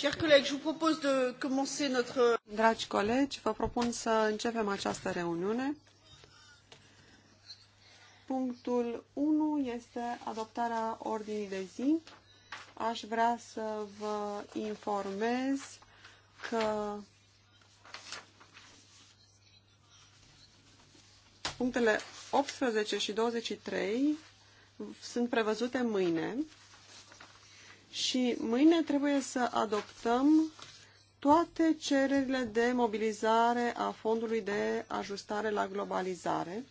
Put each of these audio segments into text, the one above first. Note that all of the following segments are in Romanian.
Dragi colegi, vă propun să începem această reuniune. Punctul 1 este adoptarea ordinii de zi. Aș vrea să vă informez că punctele 18 și 23 sunt prevăzute mâine și mâine trebuie să adoptăm toate cererile de mobilizare a Fondului de Ajustare la Globalizare,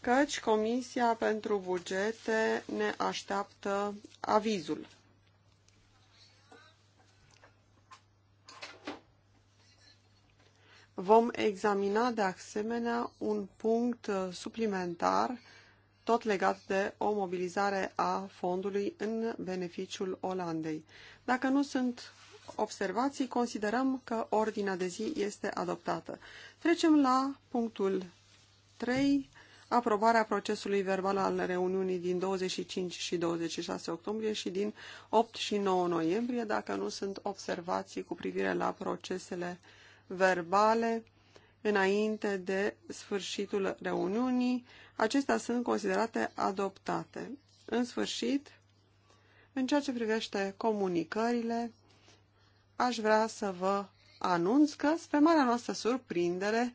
căci Comisia pentru Bugete ne așteaptă avizul. Vom examina de asemenea un punct suplimentar tot legat de o mobilizare a fondului în beneficiul Olandei. Dacă nu sunt observații, considerăm că ordinea de zi este adoptată. Trecem la punctul 3, aprobarea procesului verbal al reuniunii din 25 și 26 octombrie și din 8 și 9 noiembrie, dacă nu sunt observații cu privire la procesele verbale înainte de sfârșitul reuniunii, acestea sunt considerate adoptate. În sfârșit, în ceea ce privește comunicările, aș vrea să vă anunț că, spre marea noastră surprindere,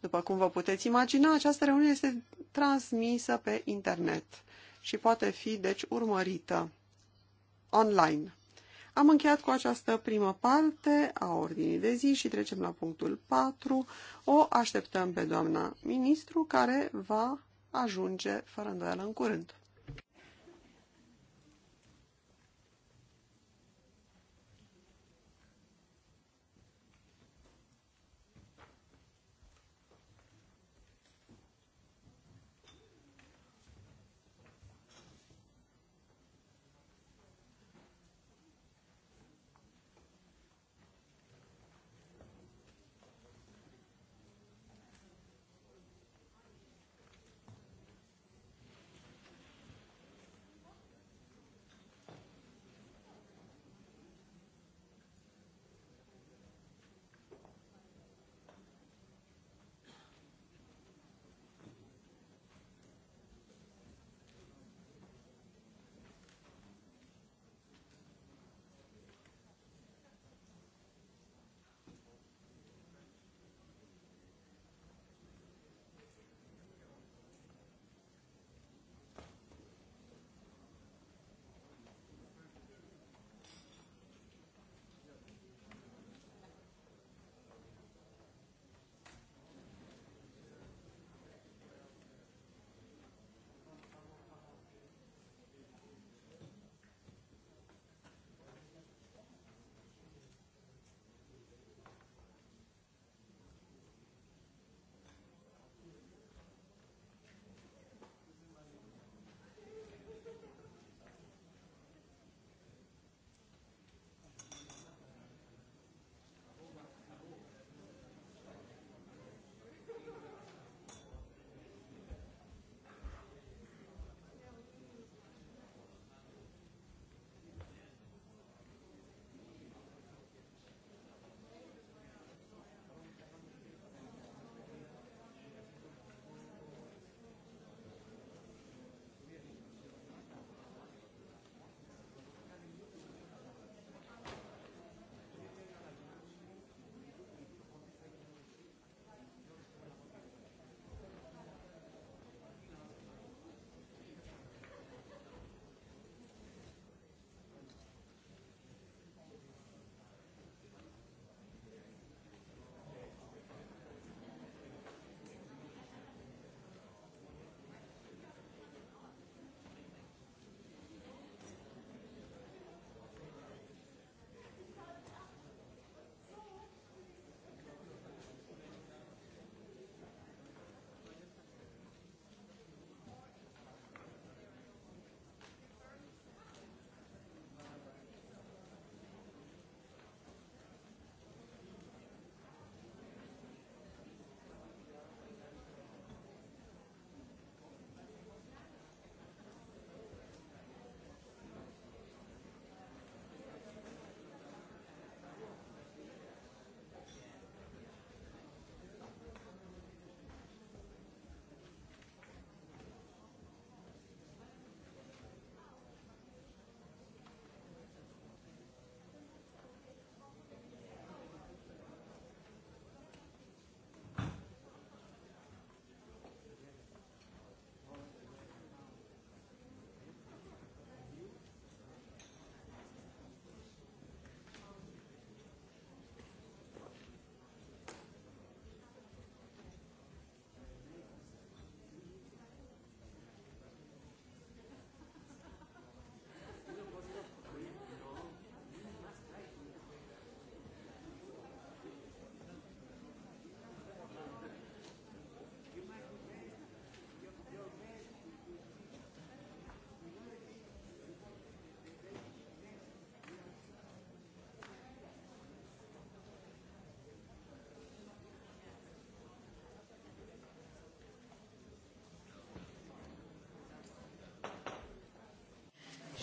după cum vă puteți imagina, această reuniune este transmisă pe internet și poate fi, deci, urmărită online. Am încheiat cu această primă parte a ordinii de zi și trecem la punctul 4. O așteptăm pe doamna ministru care va ajunge fără îndoială în curând.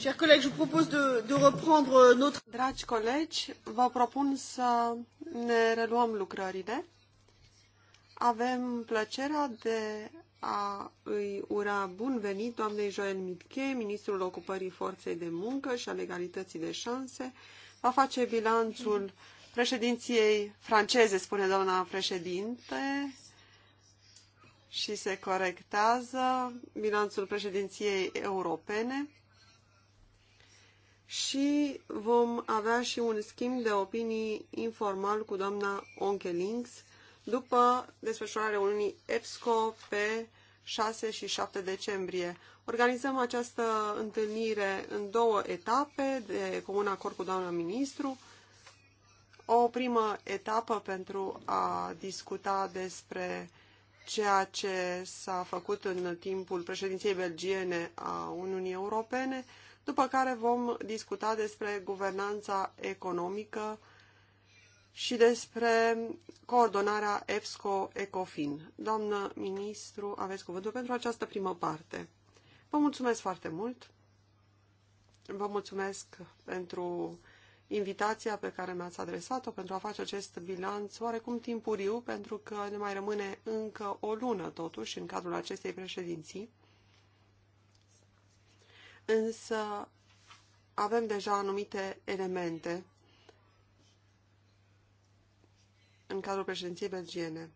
Euh, Dragi colegi, vă propun să ne reluăm lucrările. Avem plăcerea de a îi ura bun venit doamnei Joel Mitche, ministrul ocupării forței de muncă și a legalității de șanse. Va face bilanțul președinției franceze, spune doamna președinte, și se corectează bilanțul președinției europene și vom avea și un schimb de opinii informal cu doamna Links după desfășurarea unui EPSCO pe 6 și 7 decembrie. Organizăm această întâlnire în două etape, de comun acord cu doamna ministru. O primă etapă pentru a discuta despre ceea ce s-a făcut în timpul președinției belgiene a Uniunii Europene, după care vom discuta despre guvernanța economică și despre coordonarea EPSCO-ECOFIN. Doamnă ministru, aveți cuvântul pentru această primă parte. Vă mulțumesc foarte mult. Vă mulțumesc pentru invitația pe care mi-ați adresat-o pentru a face acest bilanț oarecum timpuriu, pentru că ne mai rămâne încă o lună, totuși, în cadrul acestei președinții însă avem deja anumite elemente în cadrul președinției belgiene.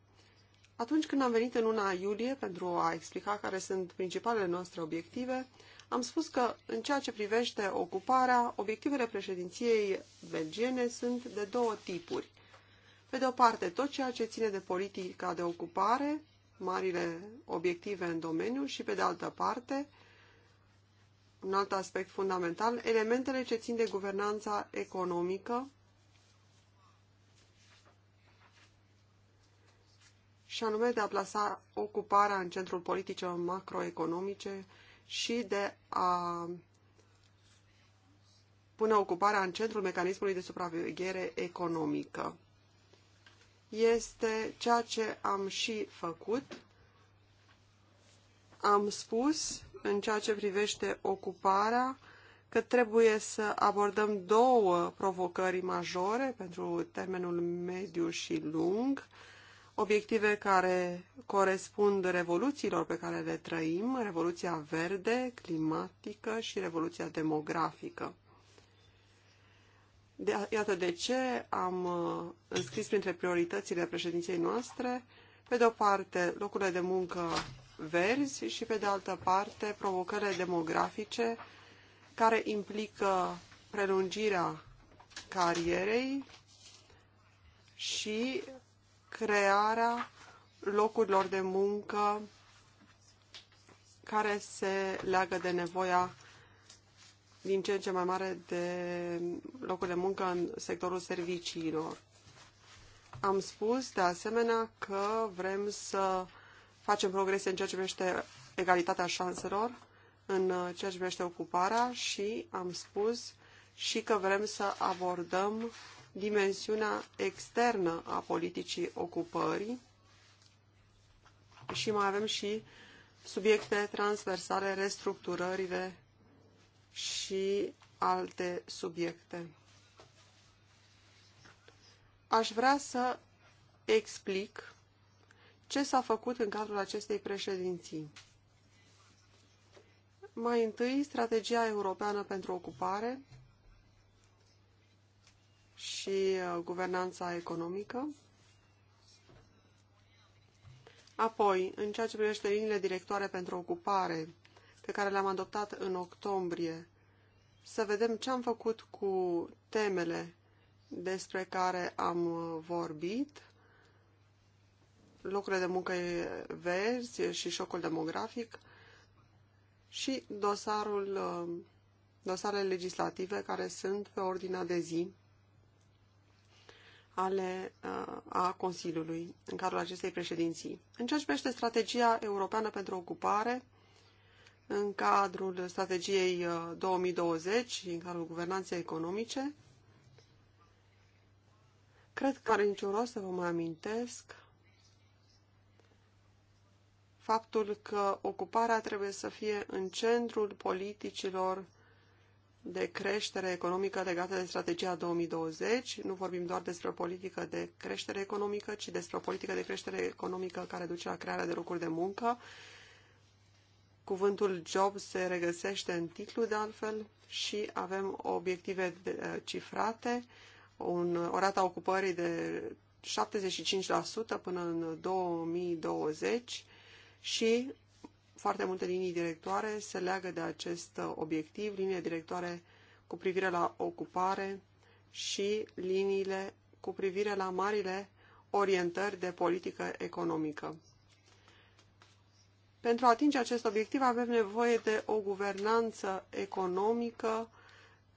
Atunci când am venit în luna iulie pentru a explica care sunt principalele noastre obiective, am spus că în ceea ce privește ocuparea, obiectivele președinției belgiene sunt de două tipuri. Pe de o parte, tot ceea ce ține de politica de ocupare, marile obiective în domeniu și, pe de altă parte, un alt aspect fundamental, elementele ce țin de guvernanța economică și anume de a plasa ocuparea în centrul politicilor macroeconomice și de a pune ocuparea în centrul mecanismului de supraveghere economică. Este ceea ce am și făcut. Am spus în ceea ce privește ocuparea că trebuie să abordăm două provocări majore pentru termenul mediu și lung, obiective care corespund revoluțiilor pe care le trăim, revoluția verde, climatică și revoluția demografică. De, iată de ce am uh, înscris printre prioritățile președinției noastre, pe de o parte, locurile de muncă verzi și, pe de altă parte, provocările demografice care implică prelungirea carierei și crearea locurilor de muncă care se leagă de nevoia din ce în ce mai mare de locuri de muncă în sectorul serviciilor. Am spus, de asemenea, că vrem să facem progrese în ceea ce privește egalitatea șanselor, în uh, ceea ce privește ocuparea și am spus și că vrem să abordăm dimensiunea externă a politicii ocupării și mai avem și subiecte transversale, restructurările și alte subiecte. Aș vrea să explic ce s-a făcut în cadrul acestei președinții. Mai întâi, strategia europeană pentru ocupare și uh, guvernanța economică. Apoi, în ceea ce privește liniile directoare pentru ocupare, pe care le-am adoptat în octombrie, să vedem ce am făcut cu temele despre care am uh, vorbit locurile de muncă verzi și șocul demografic și dosarul, uh, dosarele legislative care sunt pe ordinea de zi ale uh, a Consiliului în cadrul acestei președinții. În ceea ce privește strategia europeană pentru ocupare, în cadrul strategiei 2020, uh, în cadrul guvernanței economice, cred că are niciun rost să vă mai amintesc faptul că ocuparea trebuie să fie în centrul politicilor de creștere economică legată de strategia 2020. Nu vorbim doar despre o politică de creștere economică, ci despre o politică de creștere economică care duce la crearea de locuri de muncă. Cuvântul job se regăsește în titlu de altfel și avem obiective eh, cifrate, un, o rata ocupării de 75% până în 2020, și foarte multe linii directoare se leagă de acest obiectiv, linie directoare cu privire la ocupare și liniile cu privire la marile orientări de politică economică. Pentru a atinge acest obiectiv avem nevoie de o guvernanță economică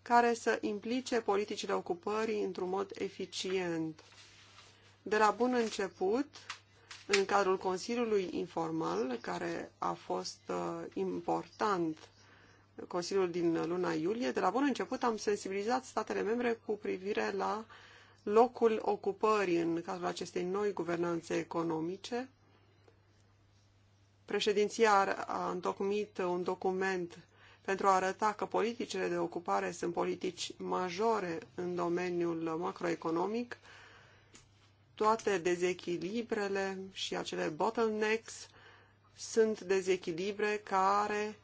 care să implice politicile ocupării într-un mod eficient. De la bun început, în cadrul Consiliului Informal, care a fost uh, important, Consiliul din luna iulie, de la bun început am sensibilizat statele membre cu privire la locul ocupării în cadrul acestei noi guvernanțe economice. Președinția a întocmit un document pentru a arăta că politicile de ocupare sunt politici majore în domeniul macroeconomic, toate dezechilibrele și acele bottlenecks sunt dezechilibre care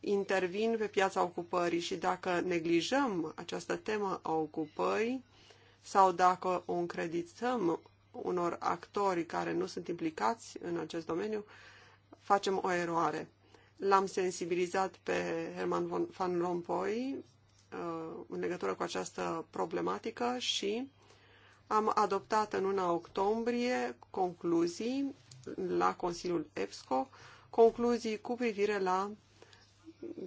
intervin pe piața ocupării și dacă neglijăm această temă a ocupării sau dacă o încredițăm unor actori care nu sunt implicați în acest domeniu, facem o eroare. L-am sensibilizat pe Herman van Rompuy uh, în legătură cu această problematică și am adoptat în luna octombrie concluzii la Consiliul EPSCO, concluzii cu privire la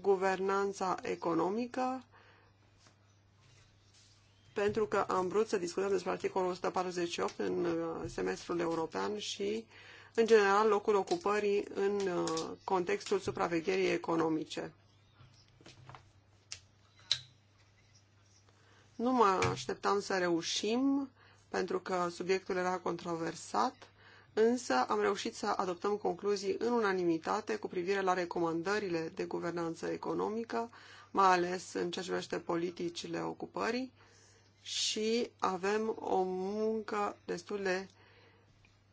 guvernanța economică, pentru că am vrut să discutăm despre articolul 148 în uh, semestrul european și, în general, locul ocupării în uh, contextul supravegherii economice. Nu mă așteptam să reușim pentru că subiectul era controversat, însă am reușit să adoptăm concluzii în unanimitate cu privire la recomandările de guvernanță economică, mai ales în ceea ce privește politicile ocupării și avem o muncă destul de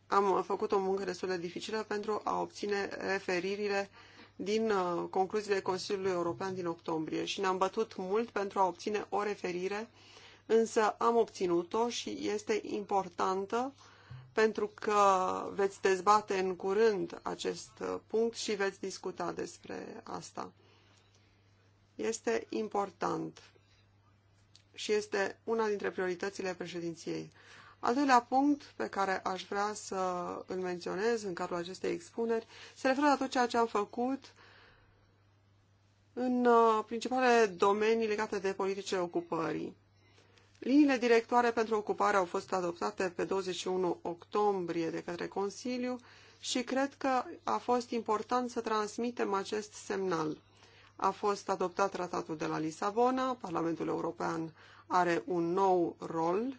am făcut o muncă destul de dificilă pentru a obține referirile din uh, concluziile Consiliului European din octombrie și ne-am bătut mult pentru a obține o referire însă am obținut-o și este importantă pentru că veți dezbate în curând acest uh, punct și veți discuta despre asta. Este important și este una dintre prioritățile președinției. Al doilea punct pe care aș vrea să îl menționez în cadrul acestei expuneri se referă la tot ceea ce am făcut în uh, principalele domenii legate de politicile ocupării. Liniile directoare pentru ocupare au fost adoptate pe 21 octombrie de către Consiliu și cred că a fost important să transmitem acest semnal. A fost adoptat tratatul de la Lisabona, Parlamentul European are un nou rol,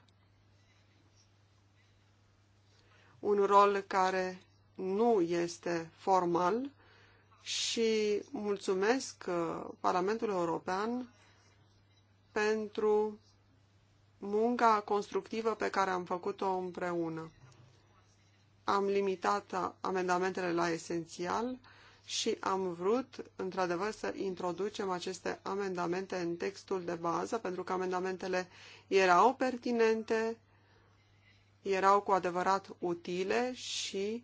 un rol care nu este formal și mulțumesc uh, Parlamentul European pentru munca constructivă pe care am făcut-o împreună. Am limitat amendamentele la esențial și am vrut, într-adevăr, să introducem aceste amendamente în textul de bază, pentru că amendamentele erau pertinente, erau cu adevărat utile și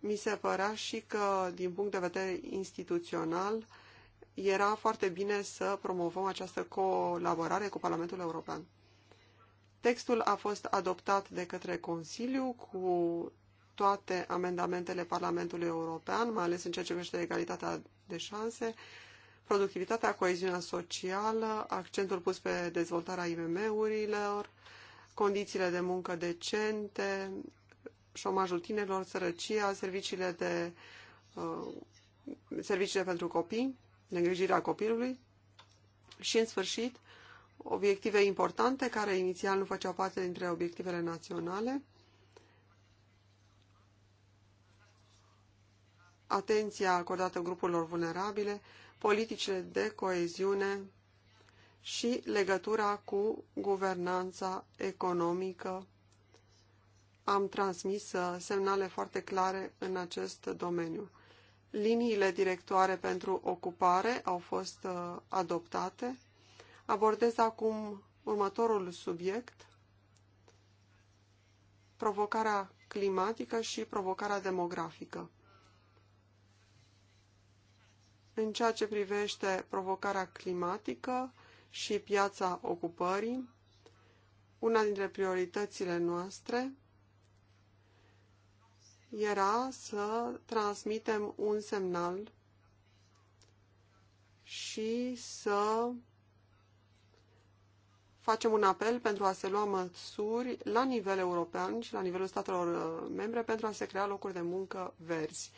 mi se părea și că, din punct de vedere instituțional, era foarte bine să promovăm această colaborare cu Parlamentul European. Textul a fost adoptat de către Consiliu cu toate amendamentele Parlamentului European, mai ales în ceea ce privește egalitatea de șanse, productivitatea, coeziunea socială, accentul pus pe dezvoltarea IMM-urilor, condițiile de muncă decente, șomajul tinerilor, sărăcia, serviciile, de, uh, serviciile pentru copii, îngrijirea copilului și, în sfârșit, obiective importante care inițial nu făceau parte dintre obiectivele naționale. Atenția acordată grupurilor vulnerabile, politicile de coeziune și legătura cu guvernanța economică. Am transmis uh, semnale foarte clare în acest domeniu. Liniile directoare pentru ocupare au fost uh, adoptate Abordez acum următorul subiect, provocarea climatică și provocarea demografică. În ceea ce privește provocarea climatică și piața ocupării, una dintre prioritățile noastre era să transmitem un semnal și să facem un apel pentru a se lua măsuri la nivel european și la nivelul statelor uh, membre pentru a se crea locuri de muncă verzi.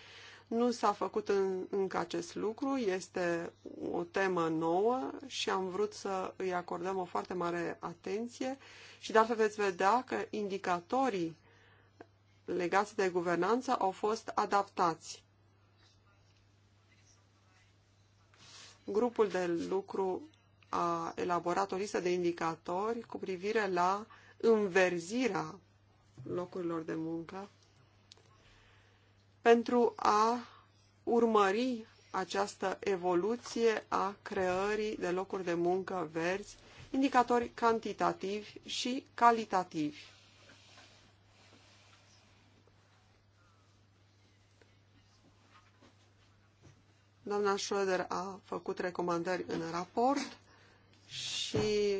Nu s-a făcut în, încă acest lucru, este o temă nouă și am vrut să îi acordăm o foarte mare atenție și de altfel veți vedea că indicatorii legați de guvernanță au fost adaptați. Grupul de lucru a elaborat o listă de indicatori cu privire la înverzirea locurilor de muncă pentru a urmări această evoluție a creării de locuri de muncă verzi, indicatori cantitativi și calitativi. Doamna Schroeder a făcut recomandări în raport și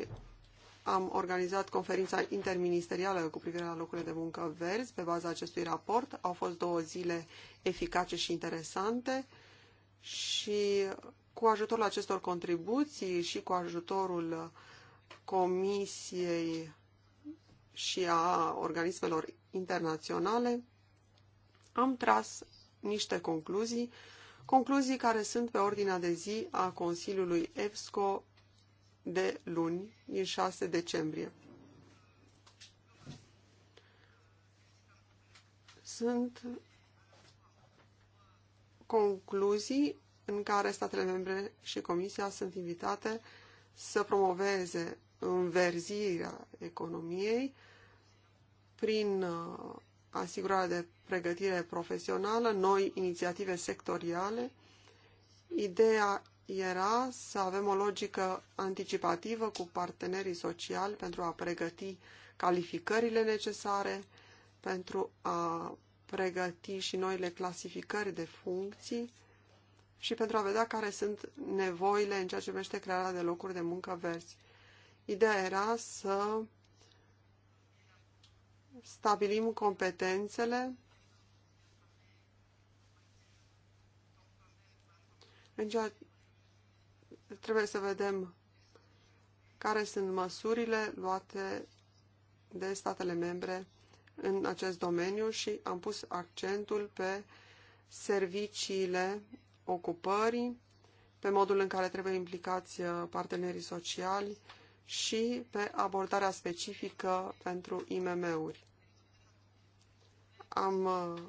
am organizat conferința interministerială cu privire la locurile de muncă verzi pe baza acestui raport. Au fost două zile eficace și interesante și cu ajutorul acestor contribuții și cu ajutorul Comisiei și a organismelor internaționale, am tras niște concluzii, concluzii care sunt pe ordinea de zi a Consiliului EFSCO de luni din 6 decembrie. Sunt concluzii în care statele membre și Comisia sunt invitate să promoveze înverzirea economiei prin uh, asigurarea de pregătire profesională, noi inițiative sectoriale, ideea era să avem o logică anticipativă cu partenerii sociali pentru a pregăti calificările necesare, pentru a pregăti și noile clasificări de funcții și pentru a vedea care sunt nevoile în ceea ce privește crearea de locuri de muncă verzi. Ideea era să stabilim competențele în ceea Trebuie să vedem care sunt măsurile luate de statele membre în acest domeniu și am pus accentul pe serviciile ocupării, pe modul în care trebuie implicați uh, partenerii sociali și pe abordarea specifică pentru IMM-uri. Am uh,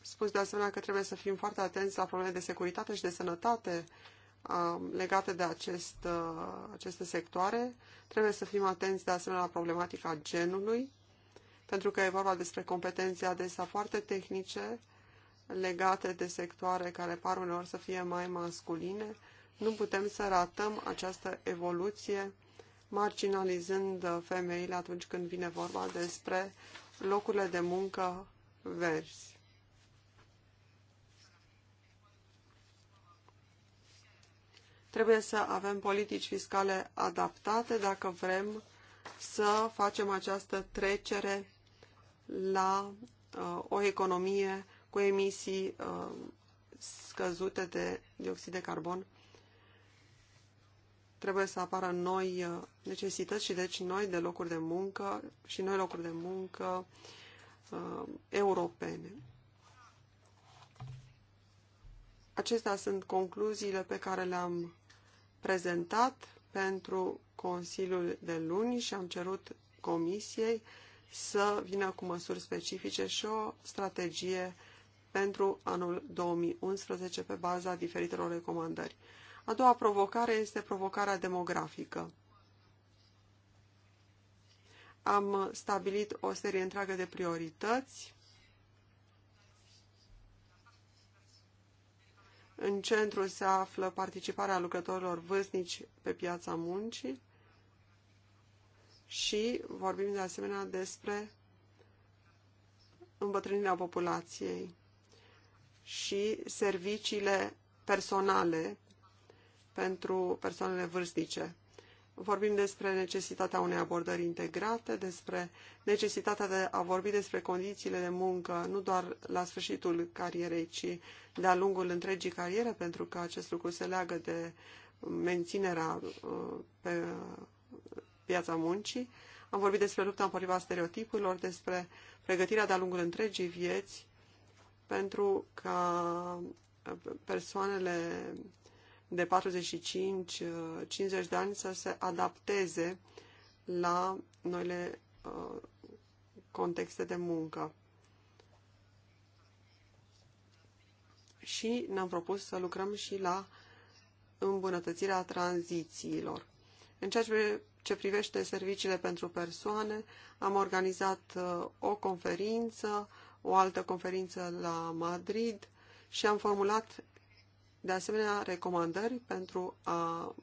spus de asemenea că trebuie să fim foarte atenți la probleme de securitate și de sănătate legate de acest, uh, aceste sectoare. Trebuie să fim atenți de asemenea la problematica genului, pentru că e vorba despre competențe adesea foarte tehnice legate de sectoare care par uneori să fie mai masculine. Nu putem să ratăm această evoluție marginalizând uh, femeile atunci când vine vorba despre locurile de muncă verzi. Trebuie să avem politici fiscale adaptate dacă vrem să facem această trecere la uh, o economie cu emisii uh, scăzute de dioxid de carbon. Trebuie să apară noi uh, necesități și deci noi de locuri de muncă și noi locuri de muncă uh, europene. Acestea sunt concluziile pe care le-am prezentat pentru Consiliul de luni și am cerut Comisiei să vină cu măsuri specifice și o strategie pentru anul 2011 pe baza diferitelor recomandări. A doua provocare este provocarea demografică. Am stabilit o serie întreagă de priorități În centrul se află participarea lucrătorilor vârstnici pe piața muncii și vorbim de asemenea despre îmbătrânirea populației și serviciile personale pentru persoanele vârstnice vorbim despre necesitatea unei abordări integrate, despre necesitatea de a vorbi despre condițiile de muncă, nu doar la sfârșitul carierei, ci de-a lungul întregii cariere, pentru că acest lucru se leagă de menținerea uh, pe piața muncii. Am vorbit despre lupta împotriva stereotipurilor, despre pregătirea de-a lungul întregii vieți, pentru ca persoanele de 45-50 uh, de ani să se adapteze la noile uh, contexte de muncă. Și ne-am propus să lucrăm și la îmbunătățirea tranzițiilor. În ceea ce privește serviciile pentru persoane, am organizat uh, o conferință, o altă conferință la Madrid și am formulat de asemenea recomandări pentru a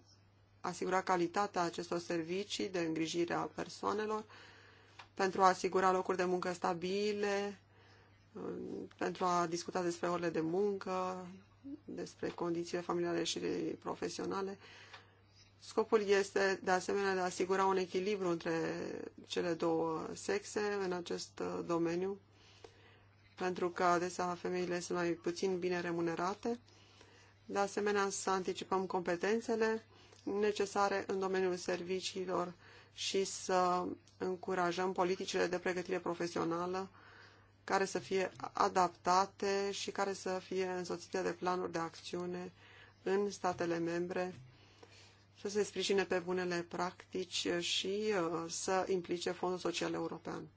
asigura calitatea acestor servicii de îngrijire a persoanelor, pentru a asigura locuri de muncă stabile, mm, pentru a discuta despre orele de muncă, despre condițiile familiale și profesionale. Scopul este, de asemenea, de a asigura un echilibru între cele două sexe în acest uh, domeniu, pentru că adesea femeile sunt mai puțin bine remunerate. De asemenea, să anticipăm competențele necesare în domeniul serviciilor și să încurajăm politicile de pregătire profesională care să fie adaptate și care să fie însoțite de planuri de acțiune în statele membre, să se sprijine pe bunele practici și uh, să implice Fondul Social European.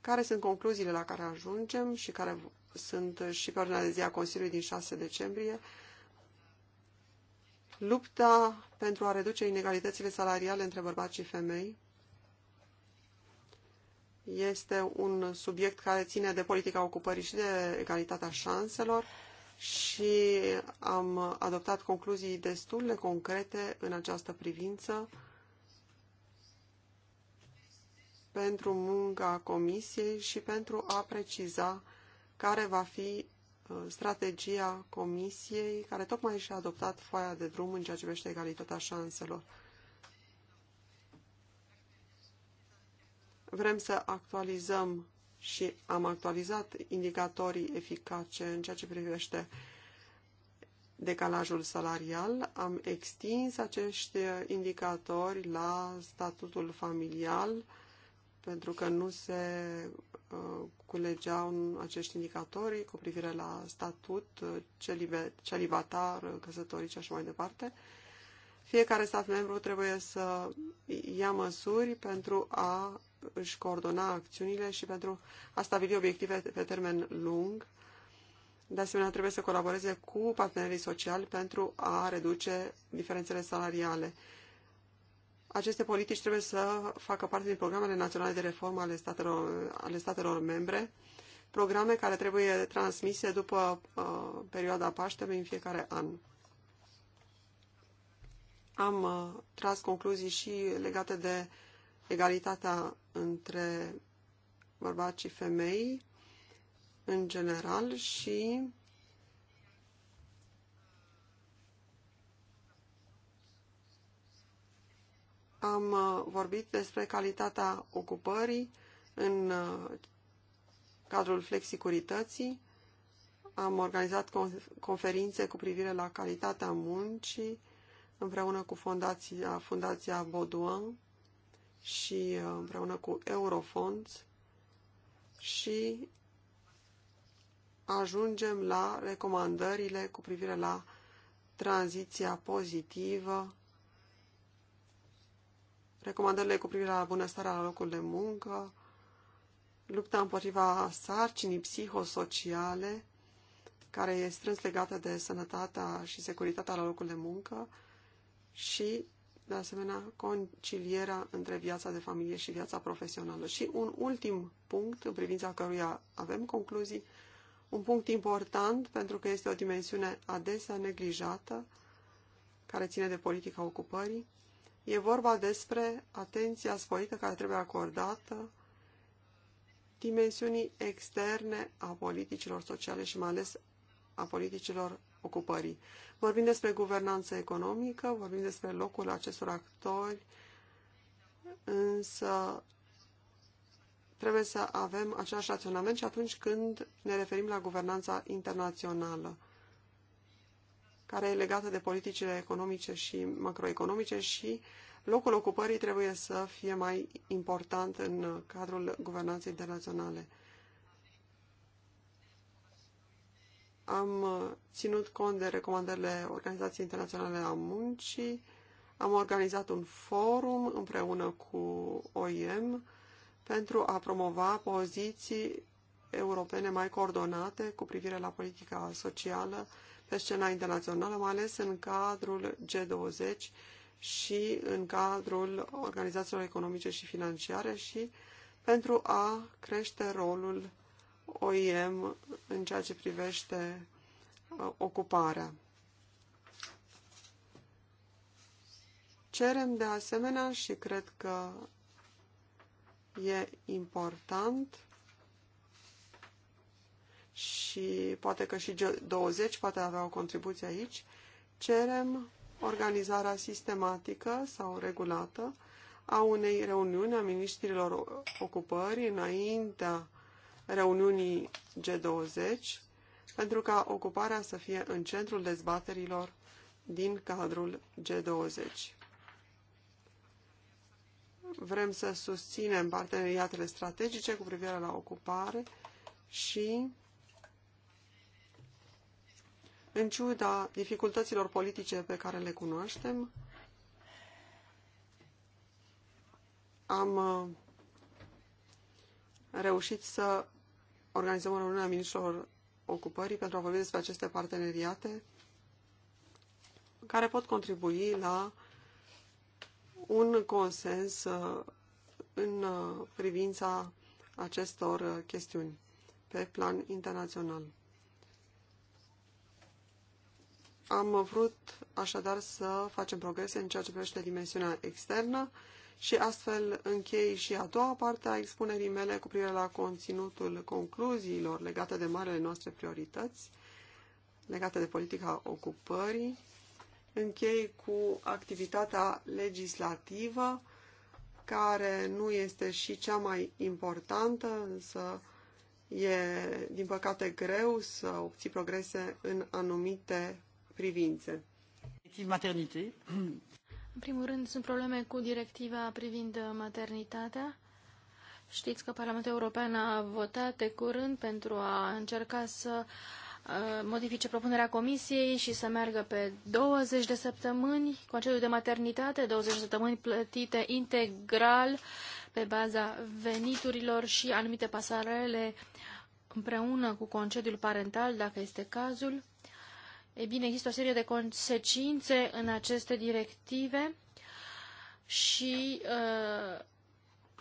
Care sunt concluziile la care ajungem și care sunt și pe ordinea de zi a Consiliului din 6 decembrie, lupta pentru a reduce inegalitățile salariale între bărbați și femei este un subiect care ține de politica ocupării și de egalitatea șanselor și am adoptat concluzii destul de concrete în această privință pentru munca comisiei și pentru a preciza care va fi uh, strategia Comisiei, care tocmai și-a adoptat foaia de drum în ceea ce privește egalitatea șanselor. Vrem să actualizăm și am actualizat indicatorii eficace în ceea ce privește decalajul salarial. Am extins acești indicatori la statutul familial, pentru că nu se Uh, culegeau acești indicatori cu privire la statut, uh, celibatar, uh, căsătorii și așa mai departe. Fiecare stat membru trebuie să ia măsuri pentru a își coordona acțiunile și pentru a stabili obiective pe termen lung. De asemenea, trebuie să colaboreze cu partenerii sociali pentru a reduce diferențele salariale. Aceste politici trebuie să facă parte din programele naționale de reformă ale statelor, ale statelor membre, programe care trebuie transmise după uh, perioada Paștelui în fiecare an. Am uh, tras concluzii și legate de egalitatea între bărbați și femei în general și am uh, vorbit despre calitatea ocupării în uh, cadrul flexicurității, am organizat conferințe cu privire la calitatea muncii împreună cu Fundația, Fundația Baudouin și uh, împreună cu Eurofonds și ajungem la recomandările cu privire la tranziția pozitivă recomandările cu privire la bunăstarea la locul de muncă, lupta împotriva sarcinii psihosociale, care e strâns legată de sănătatea și securitatea la locul de muncă și, de asemenea, concilierea între viața de familie și viața profesională. Și un ultim punct, în privința căruia avem concluzii, un punct important pentru că este o dimensiune adesea neglijată, care ține de politica ocupării, E vorba despre atenția sporită care trebuie acordată dimensiunii externe a politicilor sociale și mai ales a politicilor ocupării. Vorbim despre guvernanță economică, vorbim despre locul acestor actori, însă trebuie să avem același raționament și atunci când ne referim la guvernanța internațională care e legată de politicile economice și macroeconomice și locul ocupării trebuie să fie mai important în cadrul guvernanței internaționale. Am ținut cont de recomandările Organizației Internaționale a Muncii, am organizat un forum împreună cu OIM pentru a promova poziții europene mai coordonate cu privire la politica socială pe scena internațională, mai ales în cadrul G20 și în cadrul organizațiilor economice și financiare și pentru a crește rolul OIM în ceea ce privește uh, ocuparea. Cerem de asemenea și cred că e important și poate că și G20 poate avea o contribuție aici, cerem organizarea sistematică sau regulată a unei reuniuni a ministrilor ocupării înaintea reuniunii G20 pentru ca ocuparea să fie în centrul dezbaterilor din cadrul G20. Vrem să susținem parteneriatele strategice cu privire la ocupare și în ciuda dificultăților politice pe care le cunoaștem, am uh, reușit să organizăm o reuniune a ministrilor ocupării pentru a vorbi despre aceste parteneriate care pot contribui la un consens uh, în uh, privința acestor chestiuni pe plan internațional. Am vrut așadar să facem progrese în ceea ce privește dimensiunea externă și astfel închei și a doua parte a expunerii mele cu privire la conținutul concluziilor legate de marele noastre priorități, legate de politica ocupării. Închei cu activitatea legislativă, care nu este și cea mai importantă, însă e, din păcate, greu să obții progrese în anumite privință? Maternitate. În primul rând, sunt probleme cu directiva privind uh, maternitatea. Știți că Parlamentul European a votat de curând pentru a încerca să uh, modifice propunerea Comisiei și să meargă pe 20 de săptămâni concediu de maternitate, 20 de săptămâni plătite integral pe baza veniturilor și anumite pasarele împreună cu concediul parental, dacă este cazul. E bine, există o serie de consecințe în aceste directive și uh,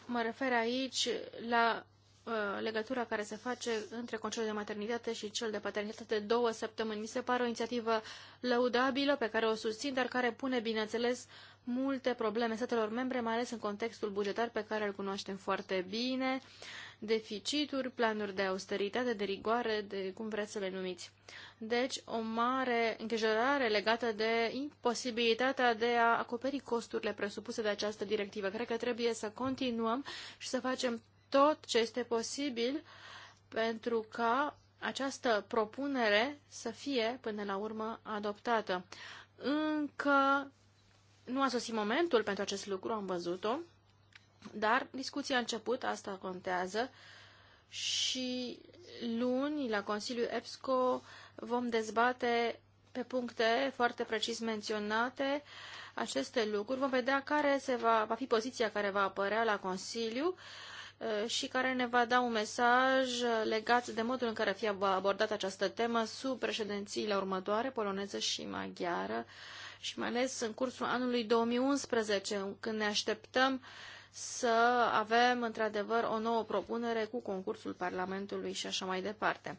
mă refer aici la uh, legătura care se face între concediul de maternitate și cel de paternitate de două săptămâni. Mi se pare o inițiativă lăudabilă pe care o susțin, dar care pune, bineînțeles, multe probleme statelor membre, mai ales în contextul bugetar pe care îl cunoaștem foarte bine. Uh, deficituri, planuri de austeritate, de rigoare, de cum vreți să le numiți. Deci, o mare îngrijorare legată de imposibilitatea de a acoperi costurile presupuse de această directivă. Cred că trebuie să continuăm și să facem tot ce este posibil pentru ca această propunere să fie, până la urmă, adoptată. Încă nu a sosit momentul pentru acest lucru, am văzut-o, dar discuția a început, asta contează, și luni la Consiliul EPSCO vom dezbate pe puncte foarte precis menționate aceste lucruri. Vom vedea care se va, va fi poziția care va apărea la Consiliu eh, și care ne va da un mesaj legat de modul în care fie abordată această temă sub președințiile următoare, poloneză și maghiară, și mai ales în cursul anului 2011, când ne așteptăm uh, să avem într-adevăr o nouă propunere cu concursul Parlamentului și așa mai departe.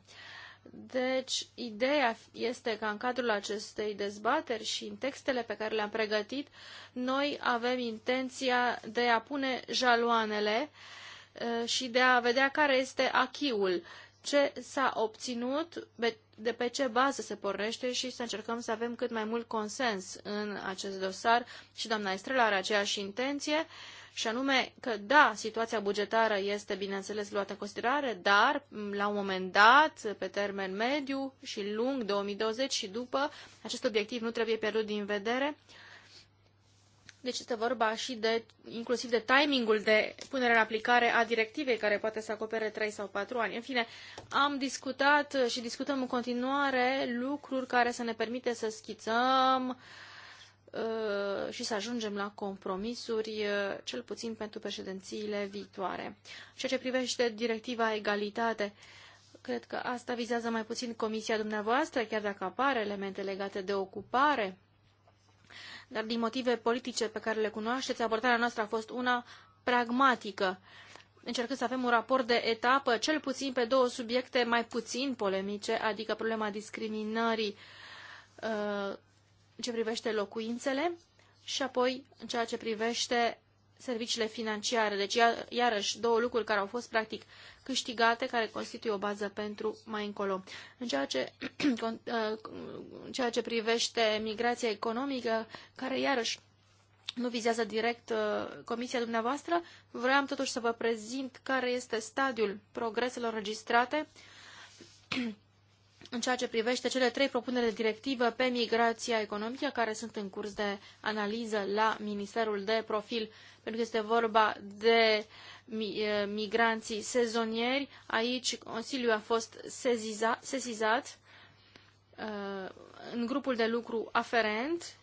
Deci, ideea este că în cadrul acestei dezbateri și în textele pe care le-am pregătit, noi avem intenția de a pune jaloanele uh, și de a vedea care este achiul, ce s-a obținut, de pe ce bază se pornește și să încercăm să avem cât mai mult consens în acest dosar și doamna Estrela are aceeași intenție și anume că, da, situația bugetară este, bineînțeles, luată în considerare, dar, la un moment dat, pe termen mediu și lung, 2020 și după, acest obiectiv nu trebuie pierdut din vedere. Deci este vorba și de, inclusiv de timingul de punere în aplicare a directivei, care poate să acopere 3 sau 4 ani. În fine, am discutat și discutăm în continuare lucruri care să ne permite să schițăm uh, Uh, și să ajungem la compromisuri, uh, cel puțin pentru președințiile viitoare. Ceea ce privește directiva egalitate, cred că asta vizează mai puțin comisia dumneavoastră, chiar dacă apar elemente legate de ocupare, dar din motive politice pe care le cunoașteți, abordarea noastră a fost una pragmatică, încercând să avem un raport de etapă, cel puțin pe două subiecte mai puțin polemice, adică problema discriminării uh, în ce privește locuințele și apoi în ceea ce privește serviciile financiare. Deci, iarăși, două lucruri care au fost practic câștigate, care constituie o bază pentru mai încolo. În ceea ce, uh, în ceea ce privește migrația economică, care iarăși nu vizează direct uh, comisia dumneavoastră, vreau totuși să vă prezint care este stadiul progreselor registrate. în ceea ce privește cele trei propuneri de directivă pe migrația economică care sunt în curs de analiză la Ministerul de Profil, pentru că este vorba de migranții sezonieri. Aici Consiliul a fost seziza, sesizat în grupul de lucru aferent.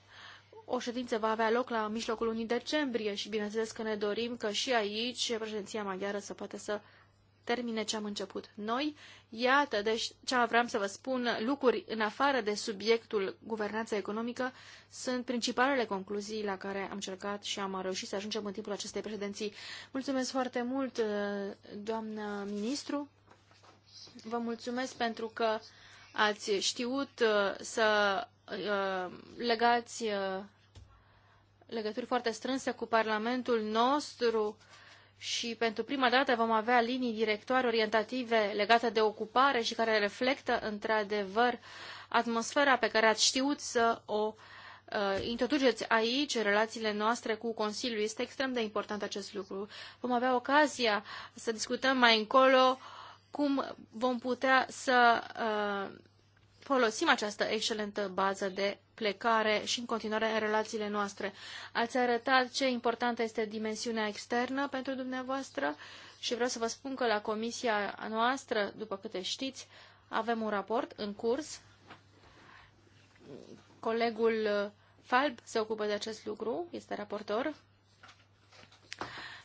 O ședință va avea loc la mijlocul lunii decembrie și bineînțeles că ne dorim că și aici președinția maghiară să poată să termine ce am început noi. Iată, deci, ce vreau să vă spun, lucruri în afară de subiectul guvernanța economică sunt principalele concluzii la care am încercat și am reușit să ajungem în timpul acestei președinții. Mulțumesc foarte mult, uh, doamnă ministru. Vă mulțumesc pentru că ați știut uh, să uh, legați legături foarte strânse cu Parlamentul nostru și pentru prima dată vom avea linii directoare orientative legate de ocupare și care reflectă într-adevăr atmosfera pe care ați știut să o uh, introduceți aici, relațiile noastre cu Consiliul. Este extrem de important acest lucru. Vom avea ocazia să discutăm mai încolo cum vom putea să uh, folosim această excelentă bază de plecare și în continuare în relațiile noastre. Ați arătat ce importantă este dimensiunea externă pentru dumneavoastră și vreau să vă spun că la comisia noastră, după câte știți, avem un raport în curs. Colegul Falb se ocupă de acest lucru, este raportor.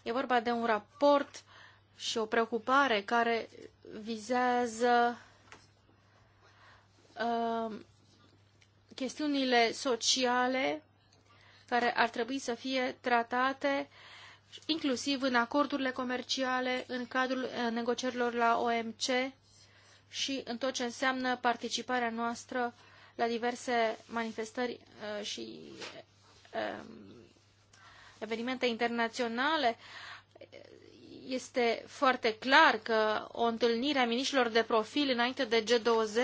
E vorba de un raport și o preocupare care vizează Uh, chestiunile sociale care ar trebui să fie tratate inclusiv în acordurile comerciale, în cadrul uh, negocierilor la OMC și în tot ce înseamnă participarea noastră la diverse manifestări uh, și evenimente internaționale. Este foarte clar că o întâlnire a miniștilor de profil înainte de G20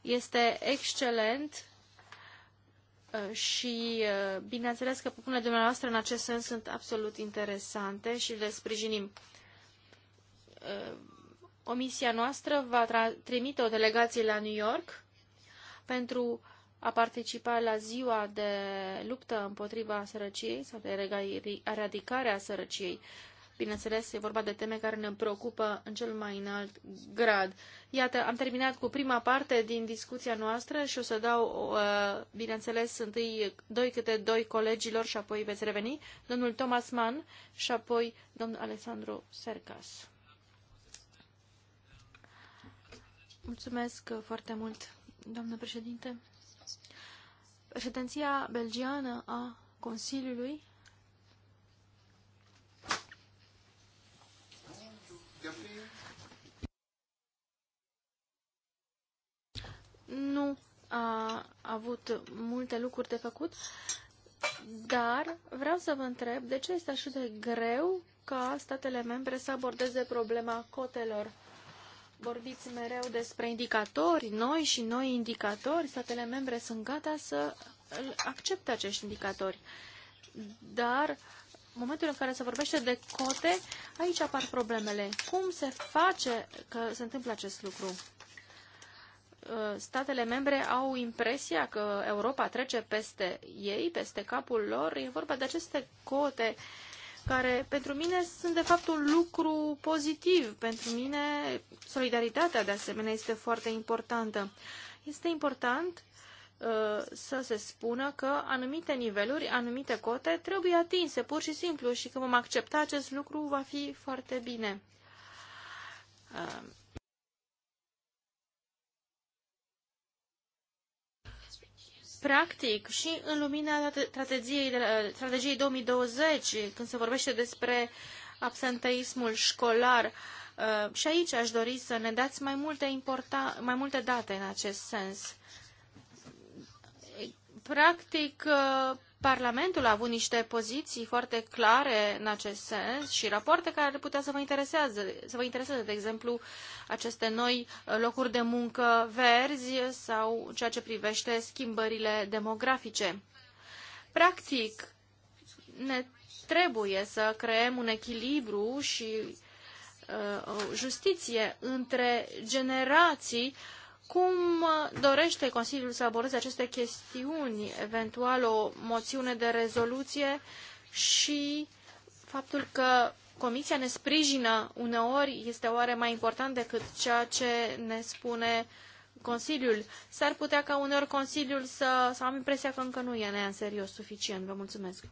este excelent uh, și uh, bineînțeles că propunerile dumneavoastră în acest sens sunt absolut interesante și le sprijinim. Uh, comisia noastră va trimite o delegație la New York pentru a participa la ziua de luptă împotriva sărăciei sau de eradicare a sărăciei Bineînțeles, e vorba de teme care ne preocupă în cel mai înalt grad. Iată, am terminat cu prima parte din discuția noastră și o să dau, uh, bineînțeles, întâi doi câte doi colegilor și apoi veți reveni, domnul Thomas Mann și apoi domnul Alessandro Sercas. Mulțumesc foarte mult, doamnă președinte. Președinția belgiană a Consiliului Nu a avut multe lucruri de făcut, dar vreau să vă întreb de ce este așa de greu ca statele membre să abordeze problema cotelor. Vorbiți mereu despre indicatori, noi și noi indicatori, statele membre sunt gata să accepte acești indicatori. Dar momentul în care se vorbește de cote, aici apar problemele. Cum se face că se întâmplă acest lucru? Uh, statele membre au impresia că Europa trece peste ei, peste capul lor. E vorba de aceste cote care pentru mine sunt de fapt un lucru pozitiv. Pentru mine solidaritatea de asemenea este foarte importantă. Este important Uh, să se spună că anumite niveluri, anumite cote trebuie atinse pur și simplu și că vom accepta acest lucru va fi foarte bine. Uh, practic, și în lumina strategiei, strategiei 2020, când se vorbește despre absenteismul școlar, uh, și aici aș dori să ne dați mai multe, importa, mai multe date în acest sens. Practic, uh, Parlamentul a avut niște poziții foarte clare în acest sens și rapoarte care ar putea să vă, intereseze, să vă intereseze, de exemplu, aceste noi uh, locuri de muncă verzi sau ceea ce privește schimbările demografice. Practic, ne trebuie să creăm un echilibru și uh, o justiție între generații uh, cum dorește Consiliul să abordeze aceste chestiuni, eventual o moțiune de rezoluție și faptul că Comisia ne sprijină uneori este oare mai important decât ceea ce ne spune Consiliul. S-ar putea ca uneori Consiliul să, să am impresia că încă nu e nea în serios suficient. Vă mulțumesc.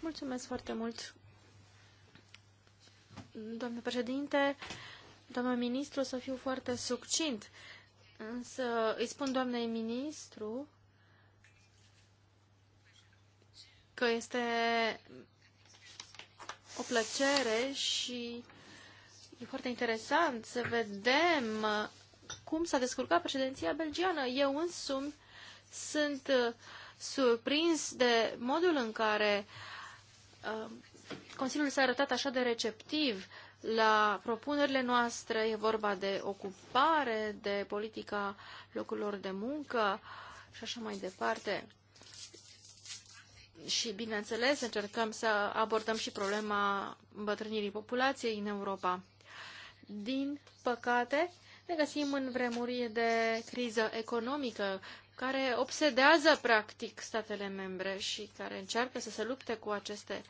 Mulțumesc foarte mult, Doamne președinte, doamnă ministru, să fiu foarte succint, însă îi spun doamnei ministru că este o plăcere și e foarte interesant să vedem cum s-a descurcat președinția belgiană. Eu însumi sunt surprins de modul în care uh, Consiliul s-a arătat așa de receptiv la propunerile noastre. E vorba de ocupare, de politica locurilor de muncă și așa mai departe. Și, bineînțeles, încercăm să abordăm și problema îmbătrânirii populației în Europa. Din păcate, ne găsim în vremuri de criză economică care obsedează, practic, statele membre și care încearcă să se lupte cu aceste uh,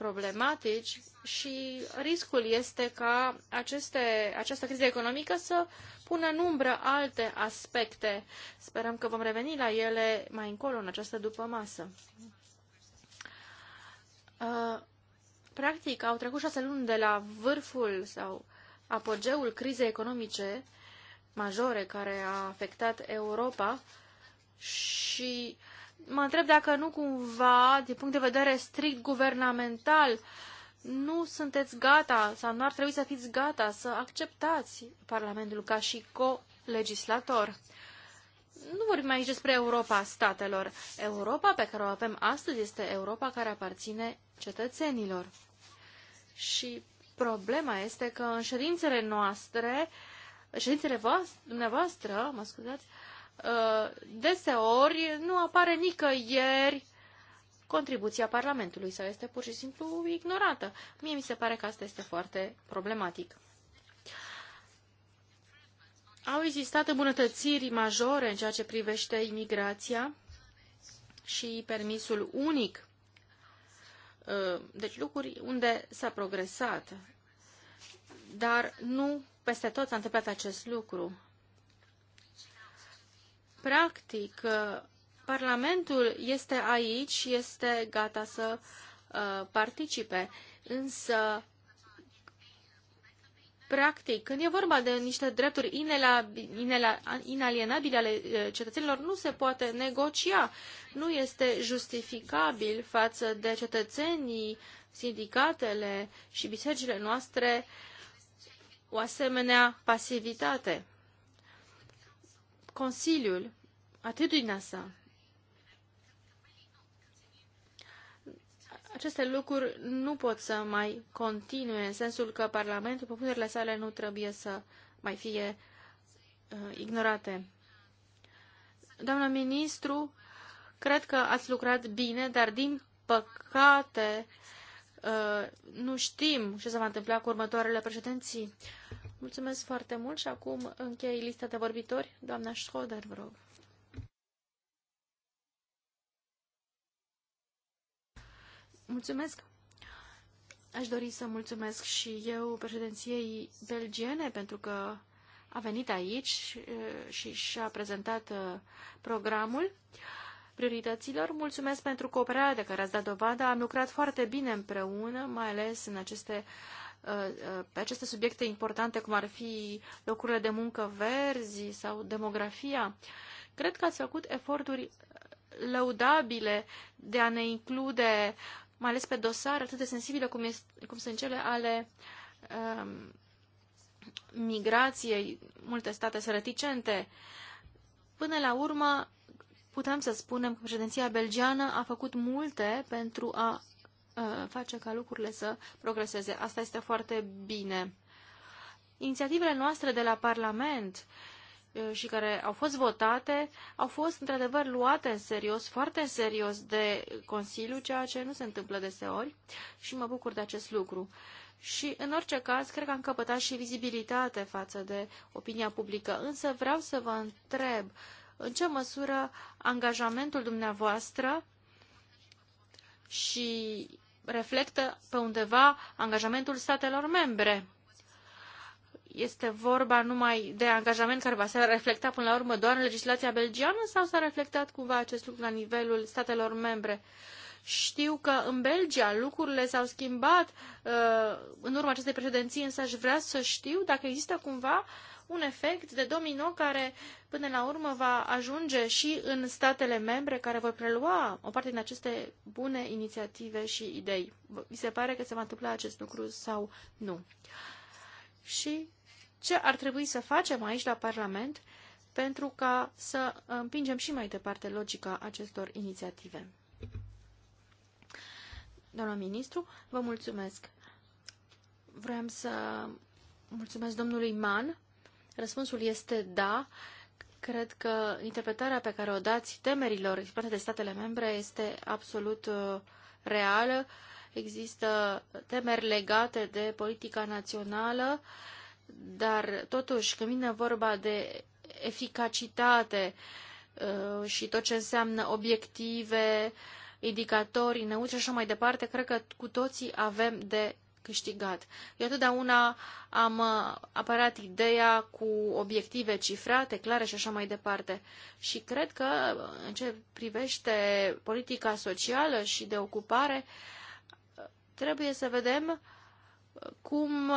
problematici și riscul este ca aceste, această criză economică să pună în umbră alte aspecte. Sperăm că vom reveni la ele mai încolo în această dupămasă. masă. Uh, practic, au trecut șase luni de la vârful sau apogeul crizei economice majore care a afectat Europa și uh, mă întreb dacă nu cumva, din punct de vedere strict guvernamental, nu sunteți gata sau nu ar trebui să fiți gata să acceptați Parlamentul ca și co-legislator. Nu vorbim aici despre Europa statelor. Europa pe care o avem astăzi este Europa care aparține cetățenilor. Și problema este că în ședințele noastre, ședințele voastre, dumneavoastră, mă scuzați, uh, Uh, deseori nu apare nicăieri contribuția Parlamentului sau este pur și simplu ignorată. Mie mi se pare că asta este foarte problematic. Au existat îmbunătățiri majore în ceea ce privește imigrația și permisul unic. Uh, deci lucruri unde s-a progresat. Dar nu peste tot s-a întâmplat acest lucru. Practic, uh, Parlamentul este aici, este gata să uh, participe, însă practic, când e vorba de niște drepturi inalienabile ale uh, cetățenilor, nu se poate negocia. Nu este justificabil față de cetățenii, sindicatele și bisericile noastre o asemenea pasivitate. Consiliul, atitudinea sa, aceste lucruri nu pot să mai continue, în sensul că Parlamentul, propunerile sale nu trebuie să mai fie uh, ignorate. Doamna ministru, cred că ați lucrat bine, dar din păcate uh, nu știm ce se va întâmpla cu următoarele președinții. Mulțumesc foarte mult și acum închei lista de vorbitori. Doamna Schroeder, vă rog. Mulțumesc. Aș dori să mulțumesc și eu președinției belgiene pentru că a venit aici și și-a prezentat uh, programul priorităților. Mulțumesc pentru cooperarea de care ați dat dovadă. Am lucrat foarte bine împreună, mai ales în aceste uh, pe aceste subiecte importante, cum ar fi locurile de muncă verzi sau demografia. Cred că ați făcut eforturi lăudabile de a ne include, mai ales pe dosare atât de sensibile cum, este, cum sunt cele ale um, migrației. Multe state sunt reticente. Până la urmă, putem să spunem că președinția belgiană a făcut multe pentru a Uh, face ca lucrurile să progreseze. Asta este foarte bine. Inițiativele noastre de la Parlament uh, și care au fost votate, au fost într-adevăr luate în serios, foarte în serios de Consiliu, ceea ce nu se întâmplă deseori și mă bucur de acest lucru. Și, în orice caz, cred că am căpătat și vizibilitate față de opinia publică. Însă vreau să vă întreb în ce măsură angajamentul dumneavoastră și reflectă pe undeva angajamentul statelor membre. Este vorba numai de angajament care va se reflecta până la urmă doar în legislația belgiană sau s-a reflectat cumva acest lucru la nivelul statelor membre? Știu că în Belgia lucrurile s-au schimbat uh, în urma acestei președinții, însă aș vrea să știu dacă există cumva uh, un efect de domino care până la urmă va ajunge și în statele membre care vor prelua o parte din aceste bune inițiative și idei. Vi se pare că se va întâmpla acest lucru sau nu? Și ce ar trebui să facem aici la Parlament pentru ca să împingem și mai departe logica acestor inițiative? Doamna ministru, vă mulțumesc. Vreau să mulțumesc domnului Mann Răspunsul este da. Cred că interpretarea pe care o dați temerilor exprimate de statele membre este absolut uh, reală. Există temeri legate de politica națională, dar totuși când vine vorba de eficacitate uh, și tot ce înseamnă obiective, indicatori, neutri și așa mai departe, cred că cu toții avem de câștigat. Eu totdeauna am uh, apărat ideea cu obiective cifrate, clare și așa mai departe. Și cred că uh, în ce privește politica socială și de ocupare, uh, trebuie să vedem cum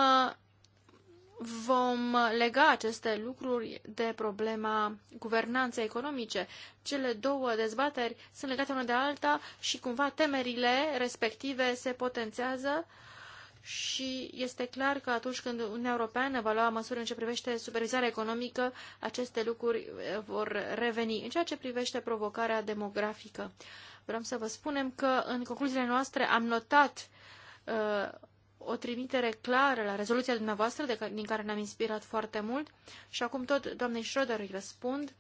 vom lega aceste lucruri de problema guvernanței economice. Cele două dezbateri sunt legate una de alta și cumva temerile respective se potențează uh, și este clar că atunci când Uniunea Europeană va lua măsuri în ce privește supervizarea economică, aceste lucruri eh, vor reveni. În ceea ce privește provocarea demografică, vreau să vă spunem că în concluziile noastre am notat uh, o trimitere clară la rezoluția dumneavoastră, de ca, din care ne-am inspirat foarte mult, și acum tot doamnei Schroeder îi răspund.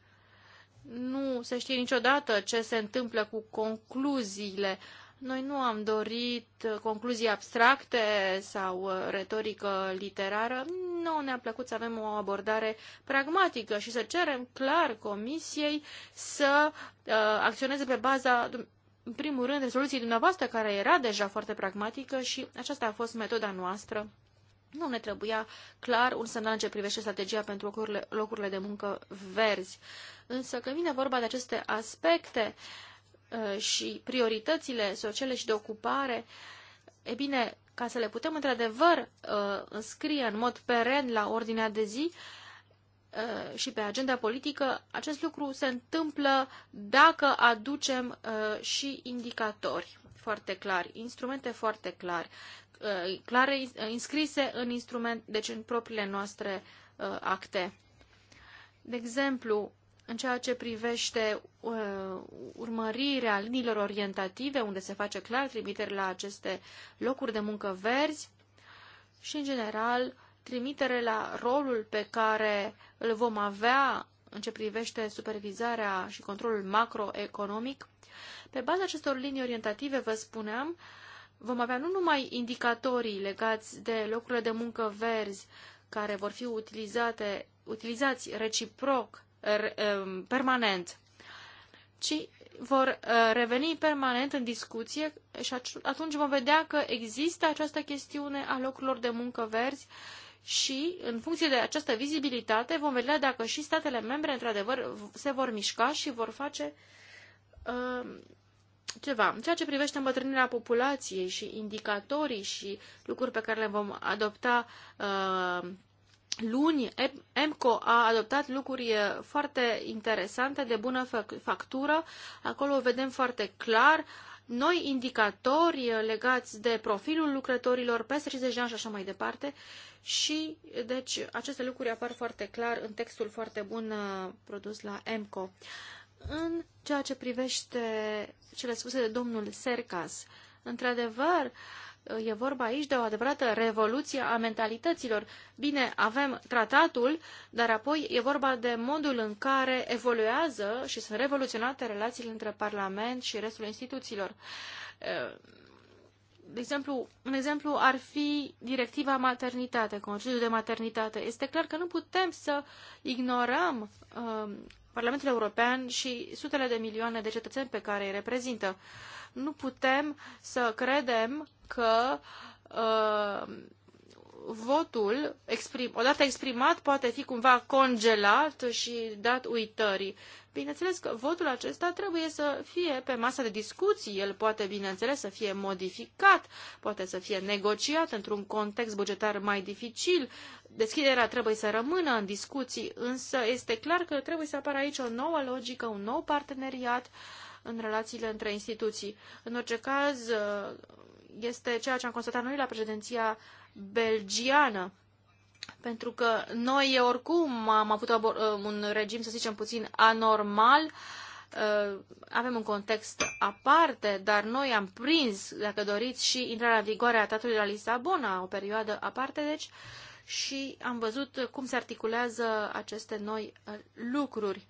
Nu se știe niciodată ce se întâmplă cu concluziile noi nu am dorit concluzii abstracte sau uh, retorică literară. Nu ne-a plăcut să avem o abordare pragmatică și să cerem clar Comisiei să uh, acționeze pe baza, în primul rând, rezoluției dumneavoastră, care era deja foarte pragmatică și aceasta a fost metoda noastră. Nu ne trebuia clar un semnal în ce privește strategia pentru locurile, locurile de muncă verzi. Însă, când vine vorba de aceste aspecte, uh, Uh, și prioritățile sociale și de ocupare, e bine, ca să le putem într-adevăr uh, înscrie în mod peren la ordinea de zi uh, și pe agenda politică, acest lucru se întâmplă dacă aducem și indicatori foarte clari, instrumente foarte clari, clare inscrise în instrument, deci în propriile noastre acte. De exemplu, în ceea ce privește uh, urmărirea liniilor orientative, unde se face clar trimitere la aceste locuri de muncă verzi și, în general, trimitere la rolul pe care îl vom avea în ce privește supervizarea și controlul macroeconomic. Pe baza acestor linii orientative, vă spuneam, vom avea nu numai indicatorii legați de locurile de muncă verzi care vor fi utilizate, utilizați reciproc Um, permanent, ci vor uh, reveni permanent în discuție și atunci vom vedea că există această chestiune a locurilor de muncă verzi și, în funcție de această vizibilitate, vom vedea dacă și statele membre, într-adevăr, se vor mișca și vor face uh, ceva. În ceea ce privește îmbătrânirea populației și indicatorii și lucruri pe care le vom adopta uh, luni EMCO a adoptat lucruri foarte interesante, de bună factură. Acolo vedem foarte clar noi indicatori legați de profilul lucrătorilor peste 30 de ani și așa mai departe. Și, deci, aceste lucruri apar foarte clar în textul foarte bun produs la EMCO. În ceea ce privește cele spuse de domnul Sercas, într-adevăr, uh, E vorba aici de o adevărată revoluție a mentalităților. Bine, avem tratatul, dar apoi e vorba de modul în care evoluează și sunt revoluționate relațiile între Parlament și restul instituțiilor. De exemplu, un exemplu ar fi directiva maternitate, concediul de maternitate. Este clar că nu putem să ignorăm Parlamentul European și sutele de milioane de cetățeni pe care îi reprezintă. Nu putem să credem că uh, votul, exprim, odată exprimat, poate fi cumva congelat și dat uitării. Bineînțeles că votul acesta trebuie să fie pe masa de discuții, el poate, bineînțeles, să fie modificat, poate să fie negociat într-un context bugetar mai dificil. Deschiderea trebuie să rămână în discuții, însă este clar că trebuie să apară aici o nouă logică, un nou parteneriat în relațiile între instituții. În orice caz, uh, este ceea ce am constatat noi la președinția belgiană. Pentru că noi oricum am avut uh, un regim, să zicem, puțin anormal, uh, avem un context aparte, dar noi am prins, dacă doriți, și intrarea în vigoare a Tratului de la Lisabona, o perioadă aparte, deci, și am văzut cum se articulează aceste noi uh, lucruri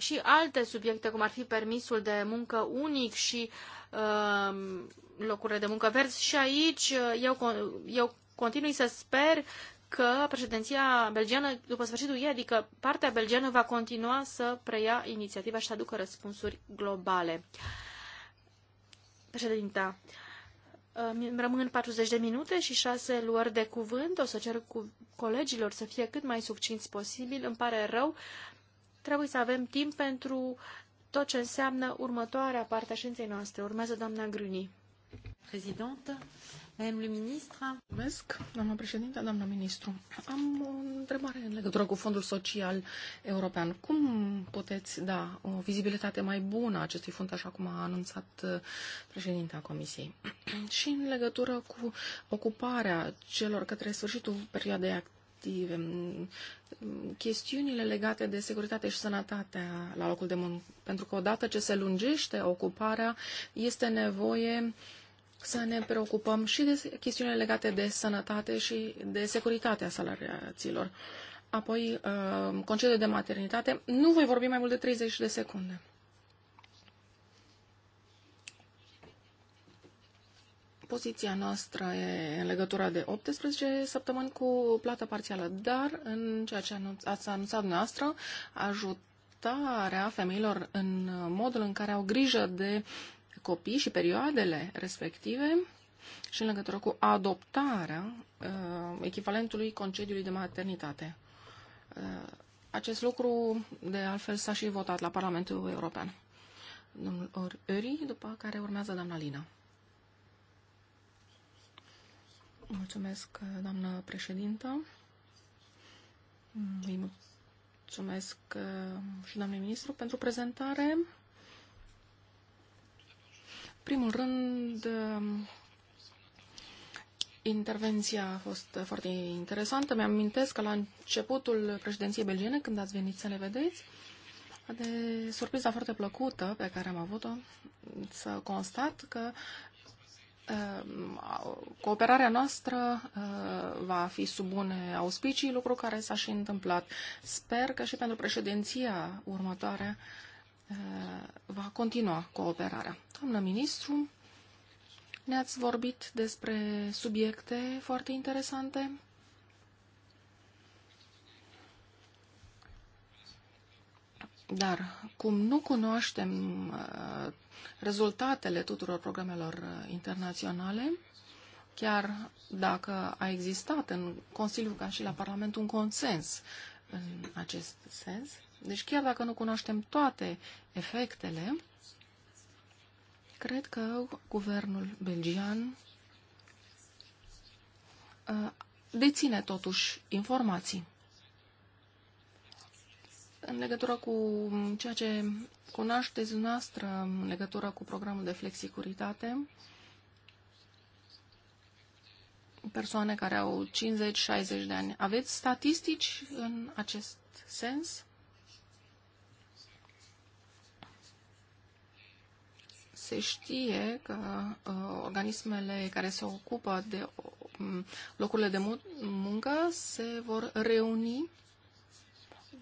și alte subiecte, cum ar fi permisul de muncă unic și uh, locurile de muncă verzi. Și aici uh, eu, eu continui să sper că președinția belgiană, după sfârșitul ei, adică partea belgiană va continua să preia inițiativa și să aducă răspunsuri globale. Președinta, îmi uh, rămân 40 de minute și 6 luări de cuvânt. O să cer cu colegilor să fie cât mai succinți posibil. Îmi pare rău trebuie să avem timp pentru tot ce înseamnă următoarea parte a științei noastre. Urmează doamna Gruni. Prezidentă, Madame le Mulțumesc, doamna președintă, doamna ministru. Am o întrebare în legătură cu Fondul Social European. Cum puteți da o vizibilitate mai bună a acestui fond, așa cum a anunțat uh, președinta Comisiei? Și în legătură cu ocuparea celor către sfârșitul perioadei directive, chestiunile legate de securitate și sănătatea la locul de muncă. Pentru că odată ce se lungește ocuparea, este nevoie să ne preocupăm și de chestiunile legate de sănătate și de securitatea salariaților. Apoi, uh, concediu de maternitate. Nu voi vorbi mai mult de 30 de secunde. poziția noastră e în legătură de 18 săptămâni cu plata parțială, dar în ceea ce ați anunțat noastră, ajutarea femeilor în modul în care au grijă de copii și perioadele respective și în legătură cu adoptarea uh, echivalentului concediului de maternitate. Uh, acest lucru, de altfel, s-a și votat la Parlamentul European. Domnul Ori, după care urmează doamna Lina. Mulțumesc, doamnă președintă. Îi mulțumesc uh, și doamnei ministru pentru prezentare. Primul rând, uh, intervenția a fost foarte interesantă. Mi-am amintesc că la începutul președinției belgiene, când ați venit să ne vedeți, de surpriza foarte plăcută pe care am avut-o, să constat că Ehm, cooperarea noastră eh, va fi sub bune auspicii, lucru care s-a și întâmplat. Sper că și pentru președinția următoare eh, va continua cooperarea. Doamnă ministru, ne-ați vorbit despre subiecte foarte interesante. Dar cum nu cunoaștem eh, rezultatele tuturor programelor uh, internaționale, chiar dacă a existat în Consiliu ca și la Parlament un consens în acest sens. Deci chiar dacă nu cunoaștem toate efectele, cred că guvernul belgian uh, deține totuși informații în legătură cu ceea ce cunoașteți noastră în legătură cu programul de flexicuritate, persoane care au 50-60 de ani, aveți statistici în acest sens? se știe că uh, organismele care se ocupă de uh, locurile de muncă se vor reuni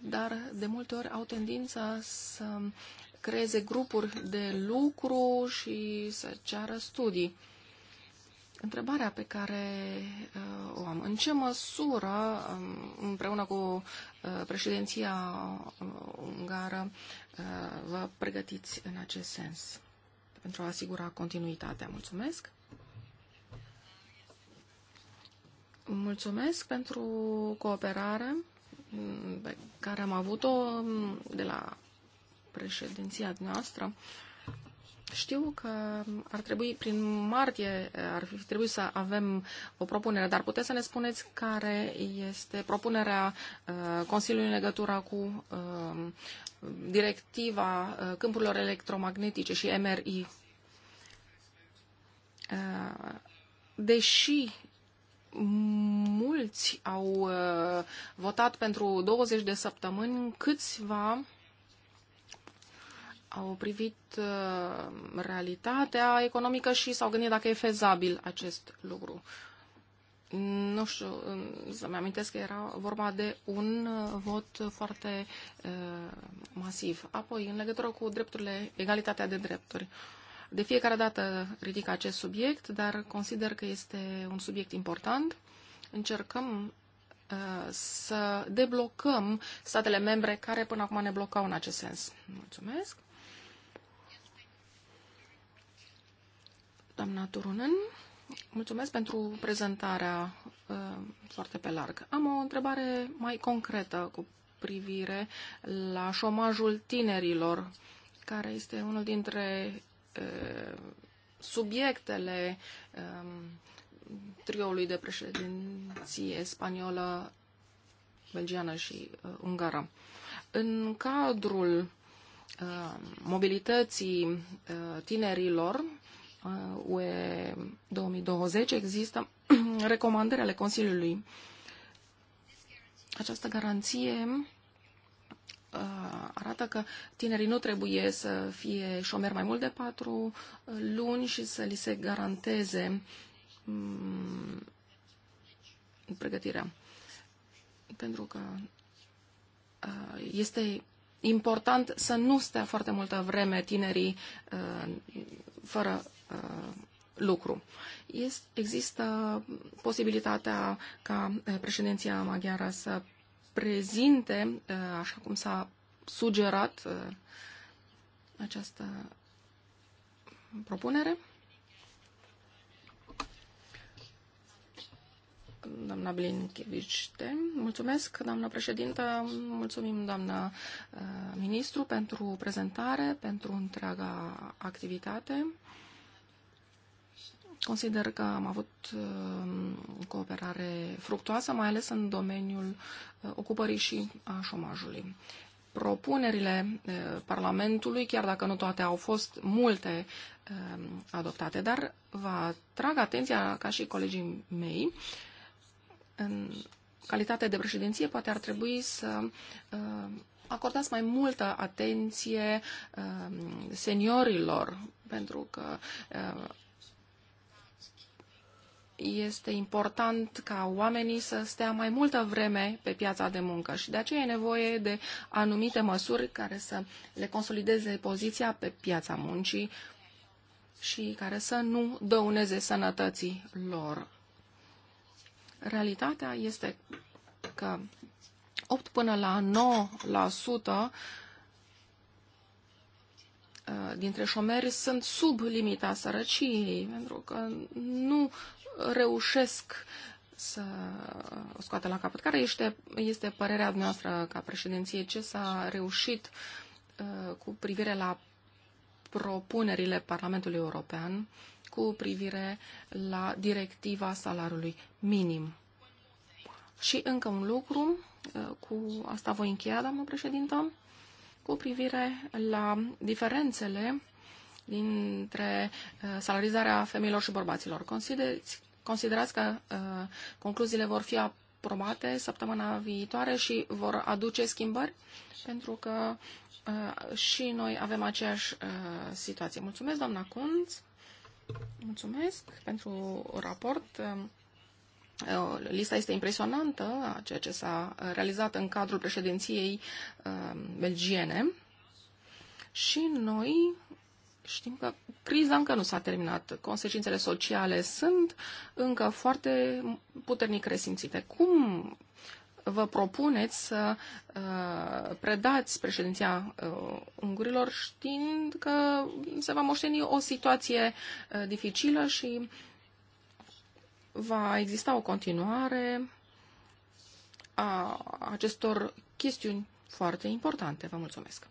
dar de multe ori au tendința să creeze grupuri de lucru și să ceară studii. Întrebarea pe care uh, o am, în ce măsură, um, împreună cu uh, președinția uh, ungară, vă pregătiți în acest sens pentru a asigura continuitatea? Mulțumesc! Mulțumesc pentru cooperare pe care am avut-o mm, de la președinția noastră, știu că ar trebui, prin martie, ar fi trebuit să avem o propunere, dar puteți să ne spuneți care este propunerea uh, Consiliului în legătură cu uh, directiva uh, câmpurilor electromagnetice și MRI. Deși mulți au uh, votat pentru 20 de săptămâni, câțiva au privit uh, realitatea economică și s-au gândit dacă e fezabil acest lucru. Nu știu, să-mi amintesc că era vorba de un uh, vot foarte uh, masiv. Apoi, în legătură cu drepturile, egalitatea de drepturi. Uh, de fiecare dată ridic acest subiect, dar consider că este un subiect important. Încercăm uh, să deblocăm statele membre care până acum ne blocau în acest sens. Mulțumesc. Doamna Turunen, mulțumesc pentru prezentarea uh, foarte pe larg. Am o întrebare mai concretă cu privire la șomajul tinerilor care este unul dintre Uh, subiectele um, trioului de președinție spaniolă, belgiană și uh, ungară. În cadrul uh, mobilității tinerilor, UE 2020 există recomandări ale Consiliului. Această garanție Uh, arată că tinerii nu trebuie să fie șomeri mai mult de patru uh, luni și să li se garanteze mm, pregătirea. Pentru că uh, este important să nu stea foarte multă vreme tinerii fără lucru. există posibilitatea ca președinția maghiară să prezinte, uh, așa cum s-a sugerat uh, această propunere. Doamna Blinkevicte, mulțumesc, doamna președintă, mulțumim, doamna uh, ministru, pentru prezentare, pentru întreaga activitate. Consider că am avut uh, cooperare fructuoasă, mai ales în domeniul uh, ocupării și a șomajului. Propunerile uh, Parlamentului, chiar dacă nu toate au fost multe adoptate, dar vă atrag atenția, ca și colegii mei, în calitate de președinție, poate ar trebui să acordați mai multă atenție seniorilor, pentru că este important ca oamenii să stea mai multă vreme pe piața de muncă și de aceea e nevoie de anumite măsuri care să le consolideze poziția pe piața muncii și care să nu dăuneze sănătății lor. Realitatea este că 8 până la 9% uh, dintre șomeri sunt sub limita sărăciei, pentru că nu reușesc să o scoată la capăt. Care este, este părerea noastră ca președinție? Ce s-a reușit uh, cu privire la propunerile Parlamentului European cu privire la directiva salarului minim? Și încă un lucru, uh, cu asta voi încheia, doamnă președintă, cu privire la diferențele dintre uh, salarizarea femeilor și bărbaților. Considerați Considerați că uh, concluziile vor fi aprobate săptămâna viitoare și vor aduce schimbări? Pentru că uh, și noi avem aceeași uh, situație. Mulțumesc, doamna Cunț. Mulțumesc pentru raport. Uh, lista este impresionantă a ceea ce s-a realizat în cadrul președinției uh, belgiene. Și noi Știm că criza încă nu s-a terminat. Consecințele sociale sunt încă foarte puternic resimțite. Cum vă propuneți să uh, predați președinția uh, ungurilor știind că se va moșteni o situație uh, dificilă și va exista o continuare a acestor chestiuni foarte importante. Vă mulțumesc!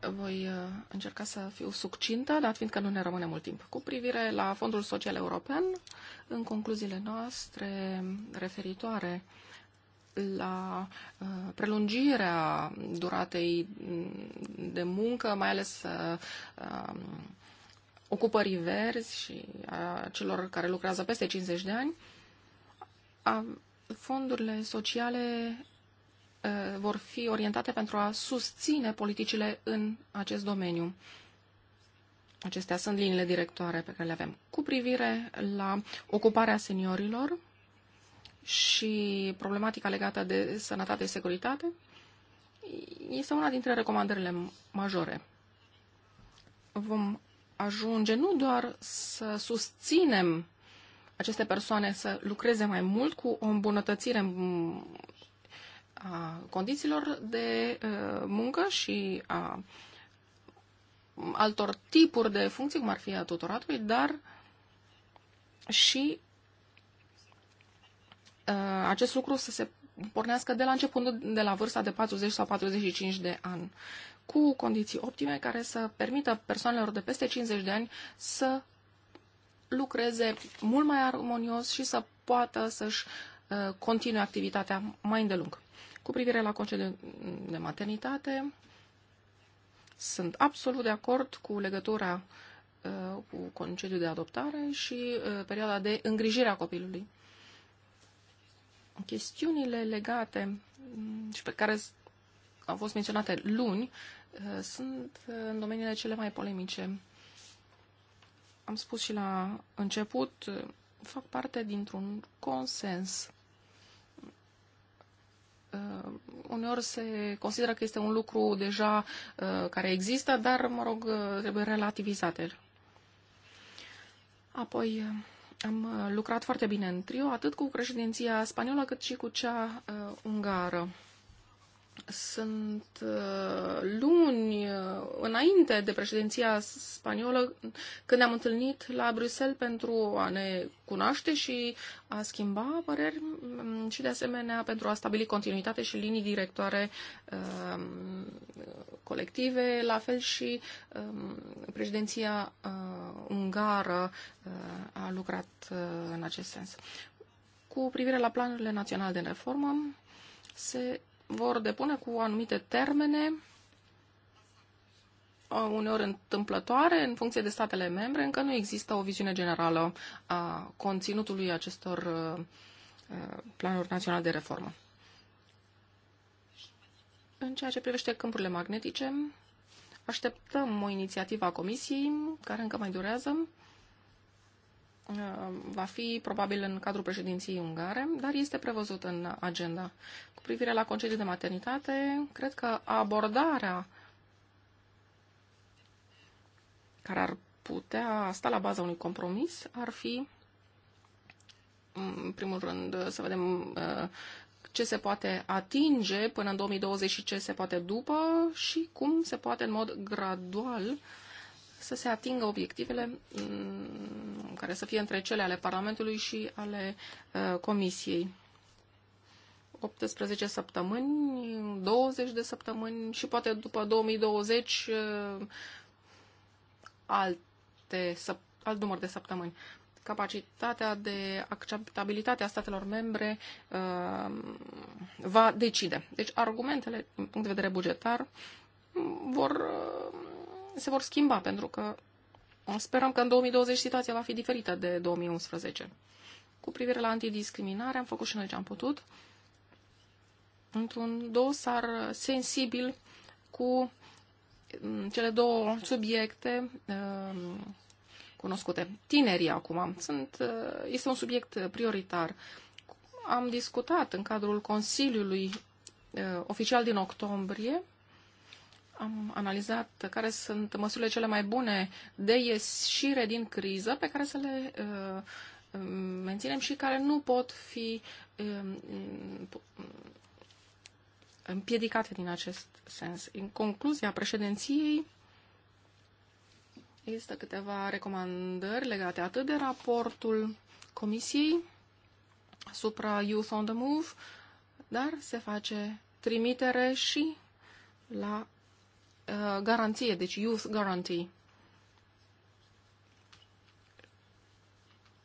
Voi uh, încerca să fiu succintă, dar fiindcă nu ne rămâne mult timp. Cu privire la Fondul Social European, în concluziile noastre referitoare la uh, prelungirea duratei mm, de muncă, mai ales uh, um, ocupării verzi și a celor care lucrează peste 50 de ani, fondurile sociale Uh, vor fi orientate pentru a susține politicile în acest domeniu. Acestea sunt liniile directoare pe care le avem. Cu privire la ocuparea seniorilor și problematica legată de sănătate și securitate, este una dintre recomandările majore. Vom ajunge nu doar să susținem aceste persoane să lucreze mai mult cu o îmbunătățire a condițiilor de uh, muncă și a altor tipuri de funcții, cum ar fi a tutoratului, dar și uh, acest lucru să se pornească de la început, de la vârsta de 40 sau 45 de ani, cu condiții optime care să permită persoanelor de peste 50 de ani să lucreze mult mai armonios și să poată să-și uh, Uh, continue activitatea mai îndelung. Cu privire la concediu de maternitate, sunt absolut de acord cu legătura uh, cu concediu de adoptare și uh, perioada de îngrijire a copilului. Chestiunile legate mm, și pe care au fost menționate luni sunt în domeniile cele mai polemice. Am spus și la început, fac parte dintr-un consens uh, uneori se consideră că este un lucru deja uh, care există, dar, mă rog, uh, trebuie relativizate. Apoi uh, am lucrat foarte bine în trio, atât cu președinția spaniolă cât și cu cea uh, ungară sunt uh, luni uh, înainte de președinția spaniolă când ne-am întâlnit la Bruxelles pentru a ne cunoaște și a schimba păreri mm, și de asemenea pentru a stabili continuitate și linii directoare um, colective, la fel și um, președinția uh, ungară a lucrat în acest sens. Cu privire la planurile naționale de reformă, se vor depune cu anumite termene, uh, uneori întâmplătoare, în funcție de statele membre, încă nu există o viziune generală a conținutului acestor uh, uh, planuri naționale de reformă. În ceea ce privește câmpurile magnetice, așteptăm o inițiativă a Comisiei, care încă mai durează. Va fi probabil în cadrul președinției ungare, dar este prevăzut în agenda privire la concediul de maternitate, cred că abordarea care ar putea sta la baza unui compromis ar fi, în primul rând, să vedem uh, ce se poate atinge până în 2020 și ce se poate după și cum se poate în mod gradual să se atingă obiectivele mm, care să fie între cele ale Parlamentului și ale uh, Comisiei. 18 săptămâni, 20 de săptămâni și poate după 2020 uh, alte, alt număr de săptămâni. Capacitatea de acceptabilitate a statelor membre uh, va decide. Deci argumentele din punct de vedere bugetar vor, uh, se vor schimba pentru că sperăm că în 2020 situația va fi diferită de 2011. Cu privire la antidiscriminare am făcut și noi ce am putut. Uh, într-un dosar sensibil cu mm, cele două subiecte mm, cunoscute. Tinerii acum sunt, mm, este un subiect prioritar. Am discutat în cadrul Consiliului oficial din octombrie am analizat care sunt măsurile cele mai bune de ieșire din criză pe care să le menținem și care nu pot fi împiedicate din acest sens. În concluzia președinției există câteva recomandări legate atât de raportul Comisiei asupra Youth on the Move, dar se face trimitere și la uh, garanție, deci Youth Guarantee.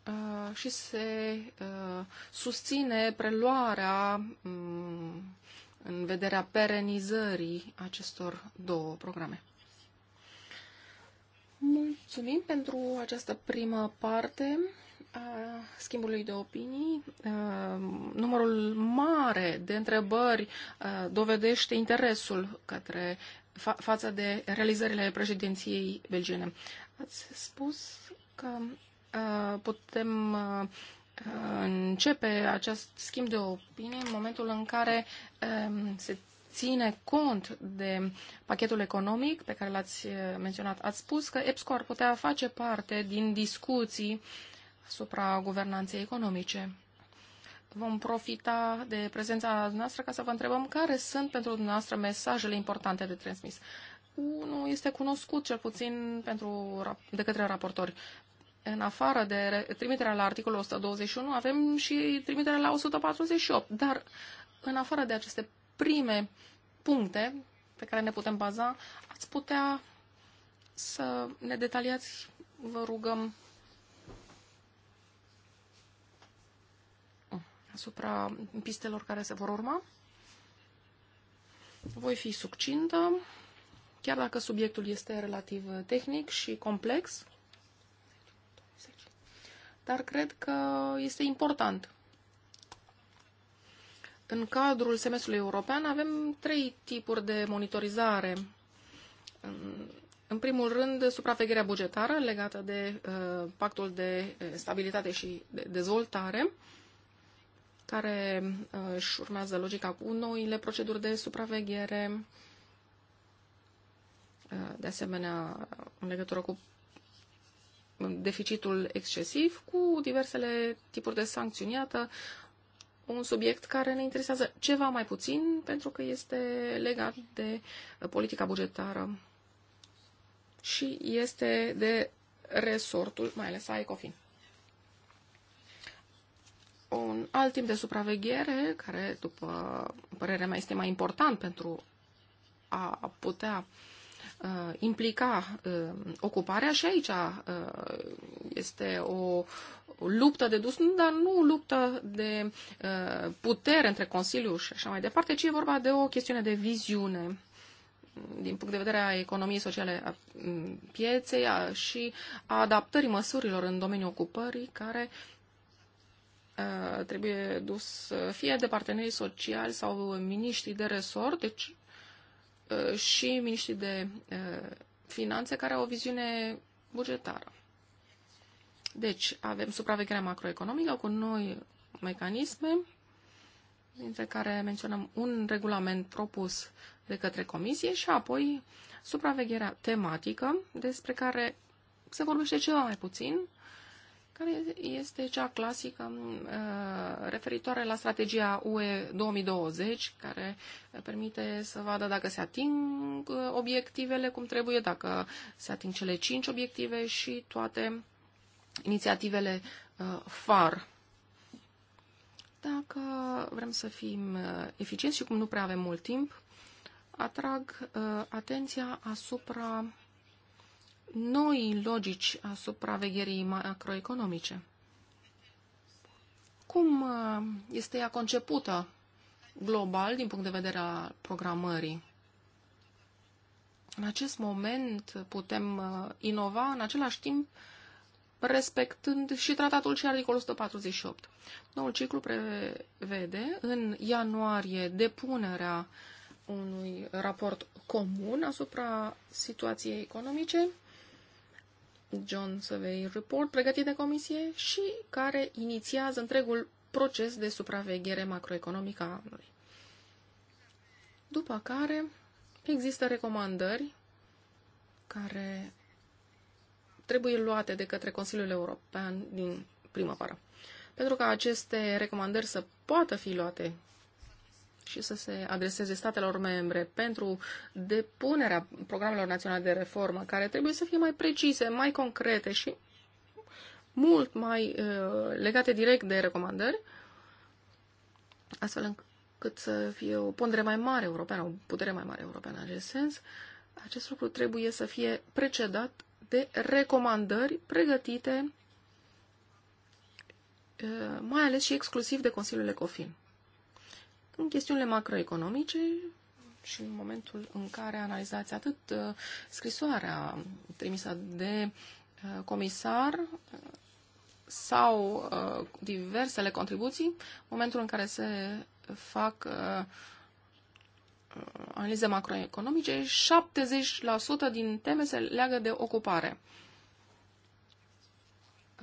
Uh, și se uh, susține preluarea um, în vederea perenizării acestor două programe. Mulțumim pentru această primă parte a schimbului de opinii. Numărul mare de întrebări dovedește interesul către fa- față de realizările președinției belgiene. Ați spus că putem începe acest schimb de opinie în momentul în care um, se ține cont de pachetul economic pe care l-ați uh, menționat. Ați spus că EPSCO ar putea face parte din discuții asupra guvernanței economice. Vom profita de prezența noastră ca să vă întrebăm care sunt pentru dumneavoastră mesajele importante de transmis. Unul este cunoscut, cel puțin pentru, de către raportori în afară de trimiterea la articolul 121, avem și trimiterea la 148. Dar în afară de aceste prime puncte pe care ne putem baza, ați putea să ne detaliați, vă rugăm, asupra pistelor care se vor urma. Voi fi succintă, chiar dacă subiectul este relativ tehnic și complex dar cred că este important. În cadrul semestrului european avem trei tipuri de monitorizare. În primul rând, supravegherea bugetară legată de uh, pactul de uh, stabilitate și de dezvoltare, care uh, își urmează logica cu noile proceduri de supraveghere, uh, de asemenea în legătură cu deficitul excesiv cu diversele tipuri de sancțiuni. Iată, un subiect care ne interesează ceva mai puțin pentru că este legat de politica bugetară și este de resortul, mai ales a ECOFIN. Un alt timp de supraveghere, care, după părerea mea, este mai important pentru a putea uh, Uh, implica uh, ocuparea și aici uh, este o luptă de dus, dar nu luptă de putere între Consiliu și așa mai departe, ci e vorba de o chestiune de viziune din punct de vedere a economiei sociale a mm, pieței a, și a adaptării măsurilor în domeniul ocupării care a, trebuie dus fie de partenerii sociali sau miniștrii de resort, deci Uh, și miniștrii de uh, finanțe care au o viziune bugetară. Deci, avem supravegherea macroeconomică cu noi mecanisme, dintre care menționăm un regulament propus de către comisie și apoi supravegherea tematică, despre care se vorbește ceva mai puțin, care este cea clasică uh, referitoare la strategia UE 2020, care permite să vadă dacă se ating uh, obiectivele cum trebuie, dacă se ating cele cinci obiective și toate inițiativele uh, FAR. Dacă vrem să fim eficienți și cum nu prea avem mult timp, atrag atenția asupra noi logici a supravegherii macroeconomice. Cum uh, este ea concepută global din punct de vedere al programării? În acest moment putem uh, inova în același timp respectând și tratatul și articolul 148. Noul ciclu prevede în ianuarie depunerea unui raport comun asupra situației economice John Survey Report pregătit de comisie și care inițiază întregul proces de supraveghere macroeconomică a anului. După care există recomandări care trebuie luate de către Consiliul European din primăvară. Pentru ca aceste recomandări să poată fi luate și să se adreseze statelor membre pentru depunerea programelor naționale de reformă, care trebuie să fie mai precise, mai concrete și mult mai uh, legate direct de recomandări, astfel încât să fie o pondere mai mare europeană, o putere mai mare europeană în acest sens, acest lucru trebuie să fie precedat de recomandări pregătite uh, mai ales și exclusiv de Consiliul Ecofin în chestiunile macroeconomice și în momentul în care analizați atât uh, scrisoarea trimisă de uh, comisar uh, sau diversele contribuții, momentul în care se fac analize macroeconomice, 70% din teme se leagă de ocupare.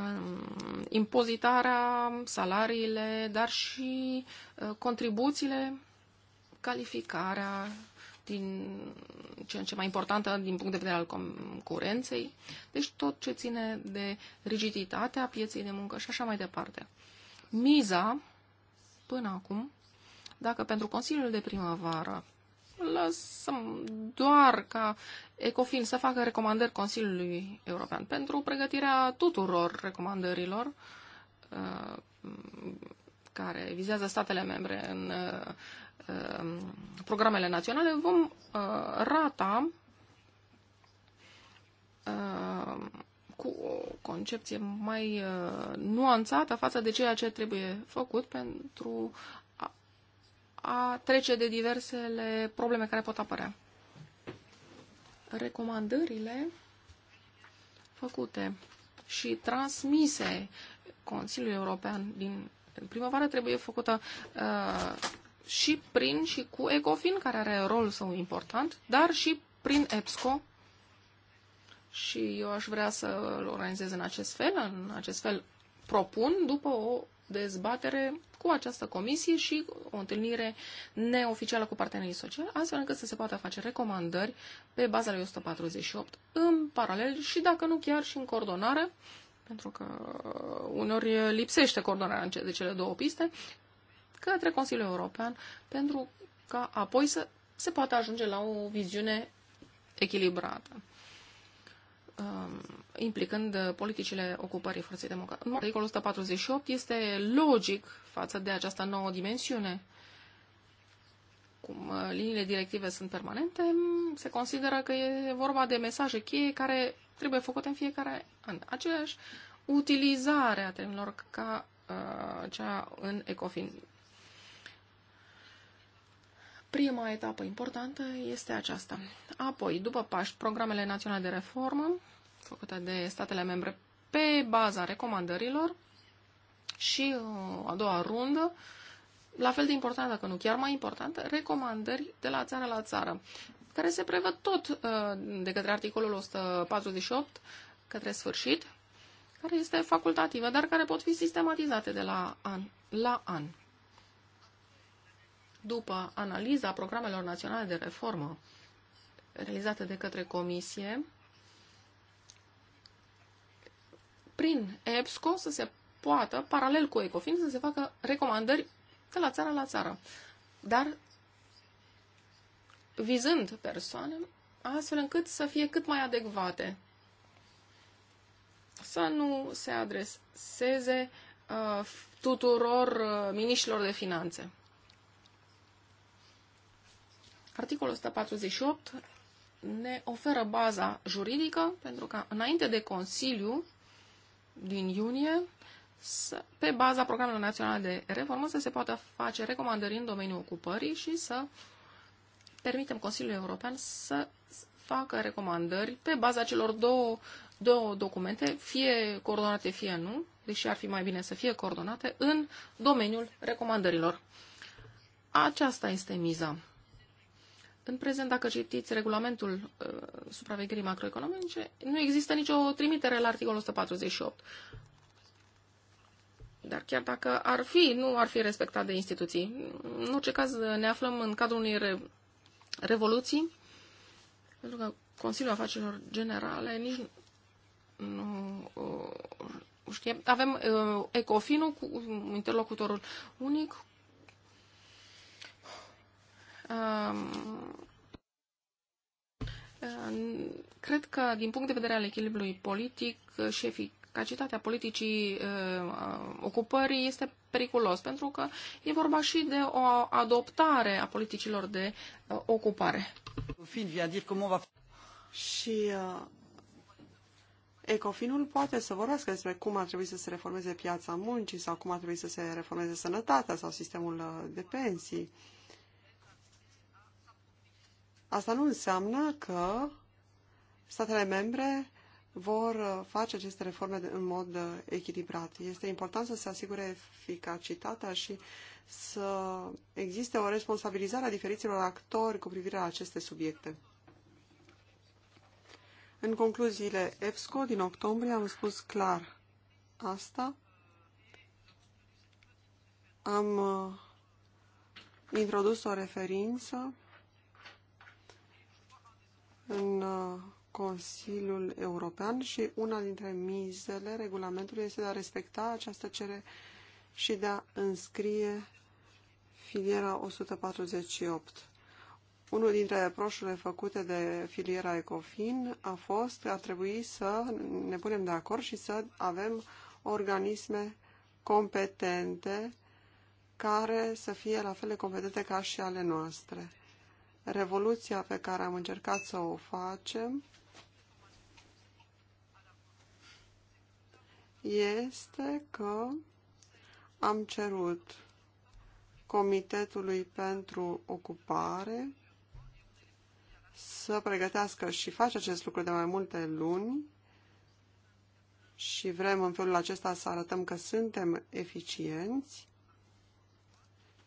Um, impozitarea, salariile, dar și uh, contribuțiile, calificarea din ce în ce mai importantă din punct de vedere al concurenței, deci tot ce ține de rigiditatea pieței de muncă și așa mai departe. Miza, până acum, dacă pentru Consiliul de primăvară lăsăm doar ca Ecofin să facă recomandări Consiliului European pentru pregătirea tuturor recomandărilor uh, care vizează statele membre în uh, uh programele naționale, vom uh, rata uh, cu o concepție mai uh, nuanțată față de ceea ce trebuie făcut pentru a trece de diversele probleme care pot apărea. Recomandările făcute și transmise Consiliului European din primăvară trebuie făcută uh, și prin și cu ECOFIN, care are rolul său important, dar și prin EPSCO. Și eu aș vrea să-l organizez în acest fel, în acest fel propun, după o dezbatere cu această comisie și o întâlnire neoficială cu partenerii sociali, astfel încât să se poată face recomandări pe baza lui 148 în paralel și dacă nu chiar și în coordonare, pentru că uneori lipsește coordonarea de cele două piste, către Consiliul European pentru ca apoi să se poată ajunge la o viziune echilibrată. Um, implicând uh, politicile ocupării forței de muncă. Articolul 148 este logic față de această nouă dimensiune. Cum uh, liniile directive sunt permanente, se consideră că e vorba de mesaje cheie care trebuie făcute în fiecare an. Aceeași utilizare a termenilor ca uh, cea în ECOFIN. Prima etapă importantă este aceasta. Apoi, după pași, programele naționale de reformă, făcute de statele membre pe baza recomandărilor și uh, a doua rundă, la fel de importantă, dacă nu chiar mai importantă, recomandări de la țară la țară, care se prevăd tot uh, de către articolul 148 către sfârșit, care este facultativă, dar care pot fi sistematizate de la an la an după analiza programelor naționale de reformă realizate de către Comisie, prin EBSCO să se poată, paralel cu ECOFIN, să se facă recomandări de la țară la țară. Dar vizând persoane astfel încât să fie cât mai adecvate. Să nu se adreseze uh, tuturor uh, miniștilor de finanțe. Articolul 148 ne oferă baza juridică pentru ca înainte de Consiliu din iunie, să, pe baza Programului Național de Reformă, să se poată face recomandări în domeniul ocupării și să permitem Consiliului European să facă recomandări pe baza celor două, două documente, fie coordonate, fie nu, deși ar fi mai bine să fie coordonate, în domeniul recomandărilor. Aceasta este miza. În prezent, dacă citiți regulamentul uh, supravegherii macroeconomice, nu există nicio trimitere la articolul 148. Dar chiar dacă ar fi, nu ar fi respectat de instituții. În orice caz, ne aflăm în cadrul unei re- revoluții, pentru că Consiliul Afacerilor Generale nici nu uh, știe. Avem uh, Ecofinul, cu, interlocutorul unic, Cred că, din punct de vedere al echilibrului politic și eficacitatea politicii uh, ocupării este periculos, pentru că e vorba și de o adoptare a politicilor de uh, ocupare. Și uh, Ecofinul poate să vorbească despre cum ar trebui să se reformeze piața muncii sau cum ar trebui să se reformeze sănătatea sau sistemul uh, de pensii. Uh, Asta nu înseamnă că statele membre vor face aceste reforme în mod uh, echilibrat. Este important să se asigure eficacitatea și să existe o responsabilizare a diferiților actori cu privire la aceste subiecte. În concluziile EFSCO din octombrie am spus clar asta. Am uh, introdus o referință în uh, Consiliul European și una dintre mizele regulamentului este de a respecta această cerere și de a înscrie filiera 148. Unul dintre reproșurile făcute de filiera Ecofin a fost că ar trebui să ne punem de acord și să avem organisme competente care să fie la fel de competente ca și ale noastre revoluția pe care am încercat să o facem este că am cerut Comitetului pentru Ocupare să pregătească și face acest lucru de mai multe luni și vrem în felul acesta să arătăm că suntem eficienți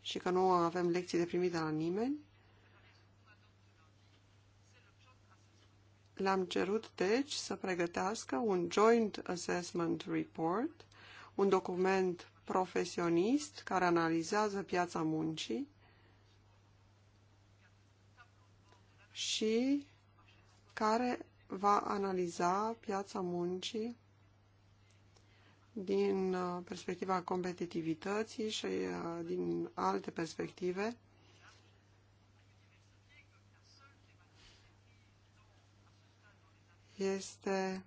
și că nu avem lecții de primit de la nimeni. Le-am cerut, deci, să pregătească un Joint Assessment Report, un document profesionist care analizează piața muncii și care va analiza piața muncii din uh, perspectiva competitivității și uh, din alte perspective este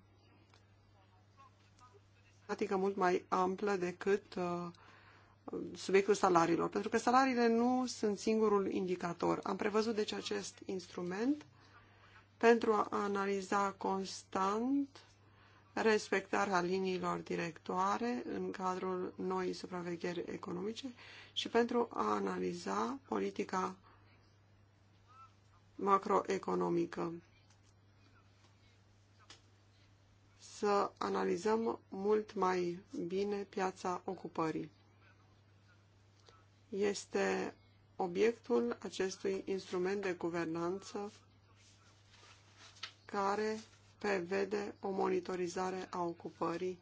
practică mult mai amplă decât uh, subiectul salariilor, pentru că salariile nu sunt singurul indicator. Am prevăzut deci acest instrument pentru a analiza constant respectarea liniilor directoare în cadrul noii supravegheri economice și pentru a analiza politica macroeconomică. să analizăm mult mai bine piața ocupării. Este obiectul acestui instrument de guvernanță care prevede o monitorizare a ocupării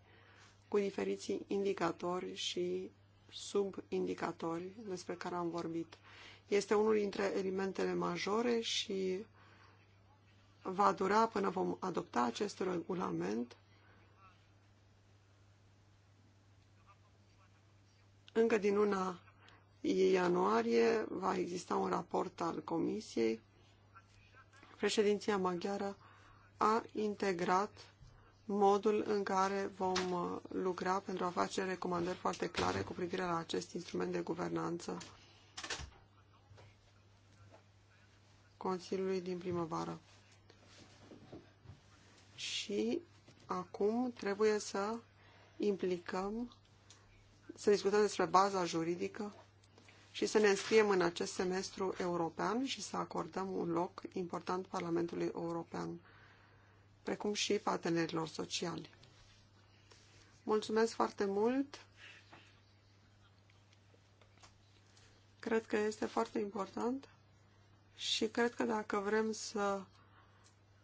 cu diferiții indicatori și subindicatori despre care am vorbit. Este unul dintre elementele majore și va dura până vom adopta acest regulament Încă din luna ianuarie va exista un raport al Comisiei. Președinția maghiară a integrat modul în care vom uh, lucra pentru a face recomandări foarte clare cu privire la acest instrument de guvernanță Consiliului din primăvară. Și acum trebuie să implicăm să discutăm despre baza juridică și să ne înscriem în acest semestru european și să acordăm un loc important Parlamentului European, precum și partenerilor sociali. Mulțumesc foarte mult! Cred că este foarte important și cred că dacă vrem să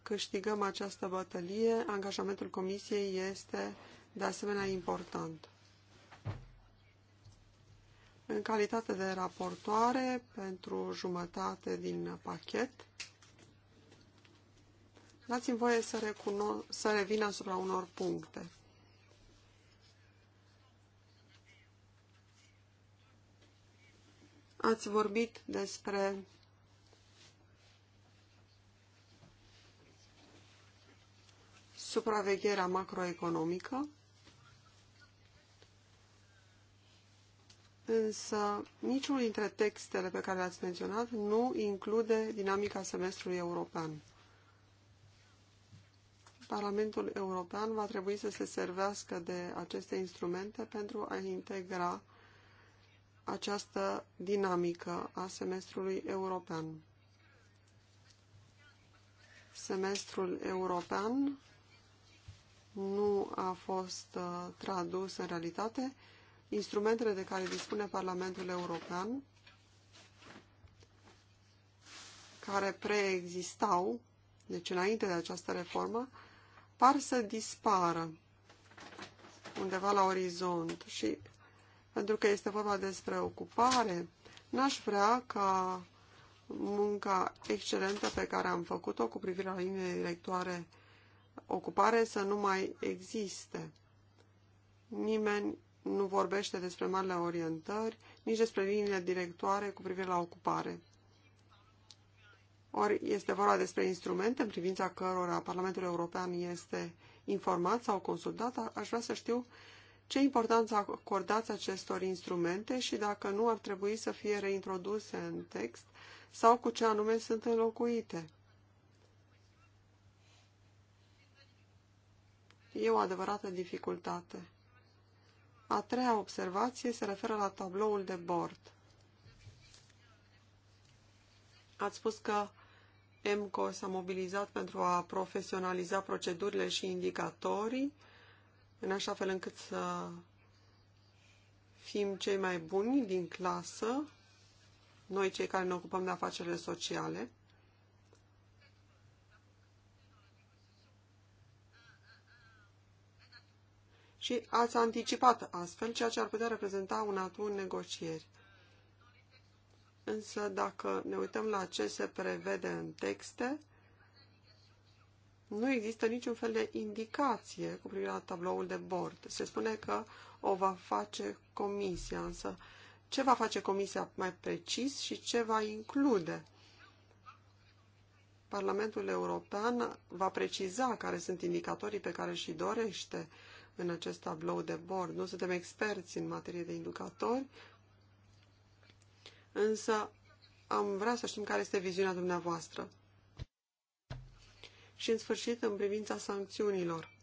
câștigăm această bătălie, angajamentul Comisiei este de asemenea important. În calitate de raportoare pentru jumătate din pachet, dați-mi voie să, să revin asupra unor puncte. Ați vorbit despre supravegherea macroeconomică însă niciunul dintre textele pe care le-ați menționat nu include dinamica semestrului european. Parlamentul European va trebui să se servească de aceste instrumente pentru a integra această dinamică a semestrului european. Semestrul european nu a fost uh, tradus în realitate, instrumentele de care dispune Parlamentul European, care preexistau, deci înainte de această reformă, par să dispară undeva la orizont și pentru că este vorba despre ocupare, n-aș vrea ca munca excelentă pe care am făcut-o cu privire la linie directoare ocupare să nu mai existe. Nimeni nu vorbește despre marile orientări, nici despre liniile directoare cu privire la ocupare. Ori este vorba despre instrumente în privința cărora Parlamentul European este informat sau consultat, aș vrea să știu ce importanță acordați acestor instrumente și dacă nu ar trebui să fie reintroduse în text sau cu ce anume sunt înlocuite. E o adevărată dificultate. A treia observație se referă la tabloul de bord. Ați spus că EMCO s-a mobilizat pentru a profesionaliza procedurile și indicatorii, în așa fel încât să fim cei mai buni din clasă, noi cei care ne ocupăm de afacerile sociale. și ați anticipat astfel ceea ce ar putea reprezenta un atu în negocieri. Însă dacă ne uităm la ce se prevede în texte, nu există niciun fel de indicație cu privire la tabloul de bord. Se spune că o va face comisia, însă ce va face comisia mai precis și ce va include? Parlamentul European va preciza care sunt indicatorii pe care și dorește în acest tablou de bord. Nu suntem experți în materie de indicatori, însă am vrea să știm care este viziunea dumneavoastră. Și, în sfârșit, în privința sancțiunilor.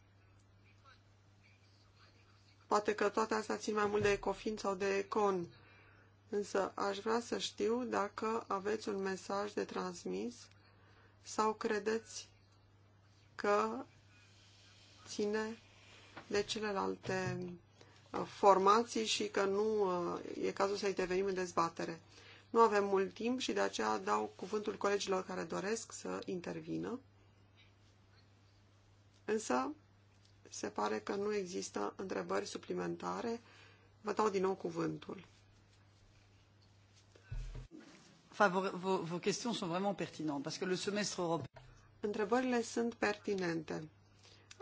Poate că toate astea țin mai mult de ecofin sau de econ, însă aș vrea să știu dacă aveți un mesaj de transmis sau credeți că ține de celelalte uh, formații și că nu uh, e cazul să intervenim în dezbatere. Nu avem mult timp și de aceea dau cuvântul colegilor care doresc să intervină. Însă, se pare că nu există întrebări suplimentare. Vă dau din nou cuvântul. Întrebările sunt pertinente.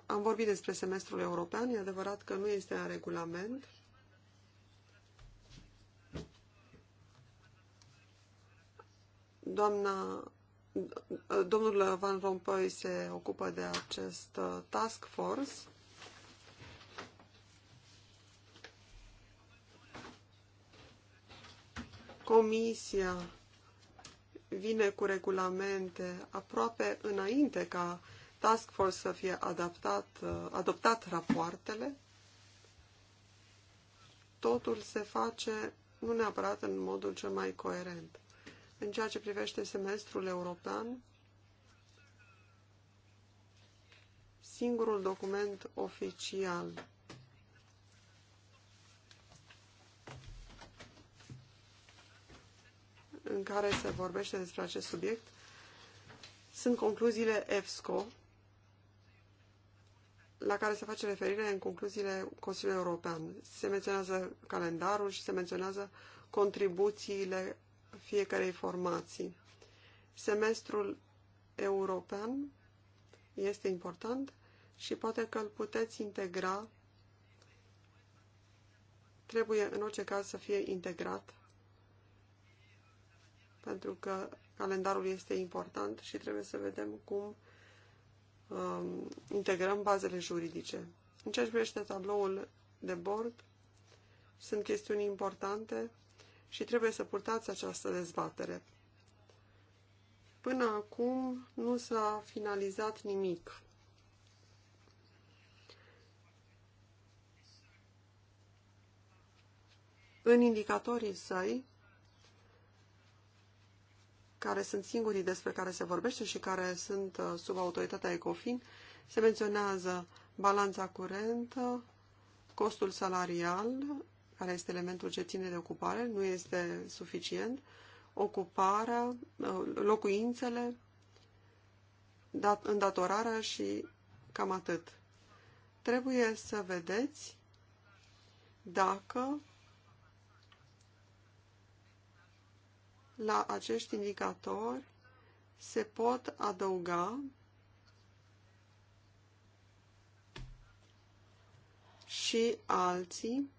Am vorbit despre semestrul european, e adevărat că nu este în regulament. Doamna, domnul Van Rompuy se ocupă de acest uh, task force. Comisia vine cu regulamente aproape înainte ca task force să fie adaptat, uh, adoptat rapoartele, totul se face nu neapărat în modul cel mai coerent. În ceea ce privește semestrul european, singurul document oficial în care se vorbește despre acest subiect sunt concluziile EFSCO la care se face referire în concluziile Consiliului European. Se menționează calendarul și se menționează contribuțiile fiecarei formații. Semestrul european este important și poate că îl puteți integra. Trebuie în orice caz să fie integrat pentru că calendarul este important și trebuie să vedem cum um, integrăm bazele juridice. În ceea ce privește tabloul de bord, sunt chestiuni importante și trebuie să purtați această dezbatere. Până acum nu s-a finalizat nimic. În indicatorii săi, care sunt singurii despre care se vorbește și care sunt uh, sub autoritatea ECOFIN, se menționează balanța curentă, costul salarial, care este elementul ce ține de ocupare, nu este suficient, ocuparea, uh, locuințele, dat, îndatorarea și cam atât. Trebuie să vedeți dacă la acești indicatori se pot adăuga și alții.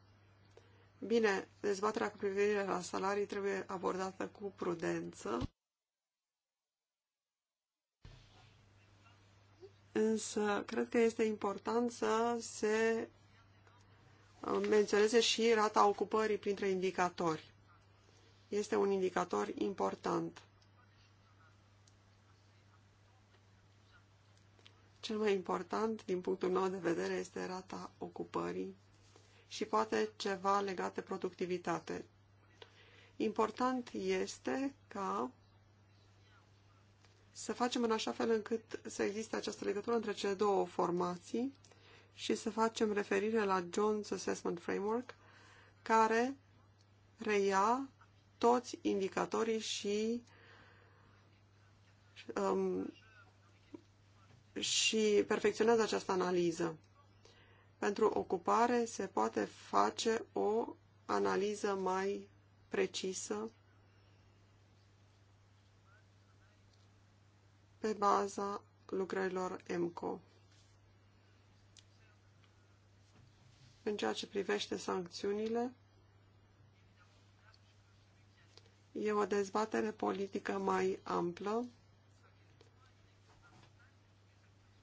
Bine, dezbaterea cu privire la salarii trebuie abordată cu prudență. Însă, cred că este important să se menționeze și rata ocupării printre indicatori este un indicator important. Cel mai important, din punctul meu de vedere, este rata ocupării și poate ceva legat de productivitate. Important este ca să facem în așa fel încât să existe această legătură între cele două formații și să facem referire la Jones Assessment Framework, care reia toți indicatorii și um, și perfecționează această analiză. Pentru ocupare se poate face o analiză mai precisă pe baza lucrărilor EMCO. În ceea ce privește sancțiunile, E o dezbatere politică mai amplă.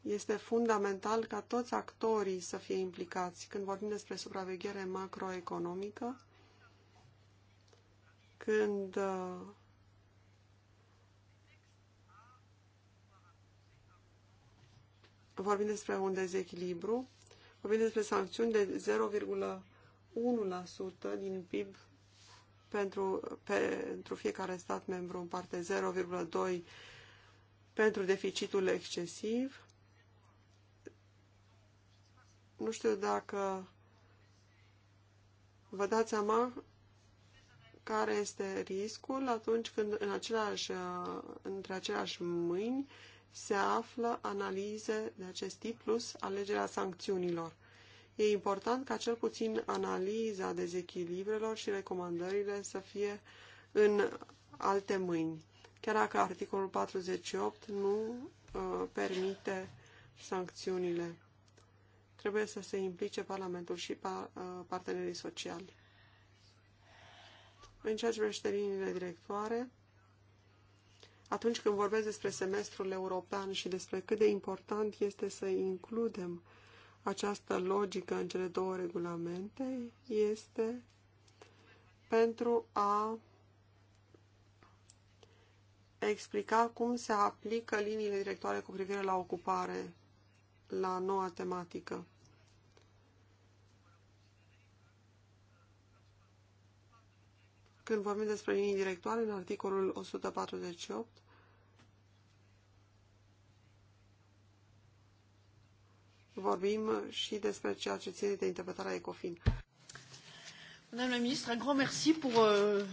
Este fundamental ca toți actorii să fie implicați când vorbim despre supraveghere macroeconomică, când uh, vorbim despre un dezechilibru, vorbim despre sancțiuni de 0,1% din PIB pentru, pentru fiecare stat membru în parte 0,2 pentru deficitul excesiv. Nu știu dacă vă dați seama care este riscul atunci când în aceleași, între aceleași mâini se află analize de acest tip plus alegerea sancțiunilor. E important ca cel puțin analiza dezechilibrelor și recomandările să fie în alte mâini, chiar dacă articolul 48 nu uh, permite sancțiunile. Trebuie să se implice Parlamentul și pa, uh, partenerii sociali. În ceea ce privește liniile directoare, atunci când vorbesc despre semestrul european și despre cât de important este să includem această logică în cele două regulamente este pentru a explica cum se aplică liniile directoare cu privire la ocupare la noua tematică. Când vorbim despre linii directoare, în articolul 148, vorbim și despre ceea ce ține de interpretarea ECOFIN. Doamna la un grand merci pour euh,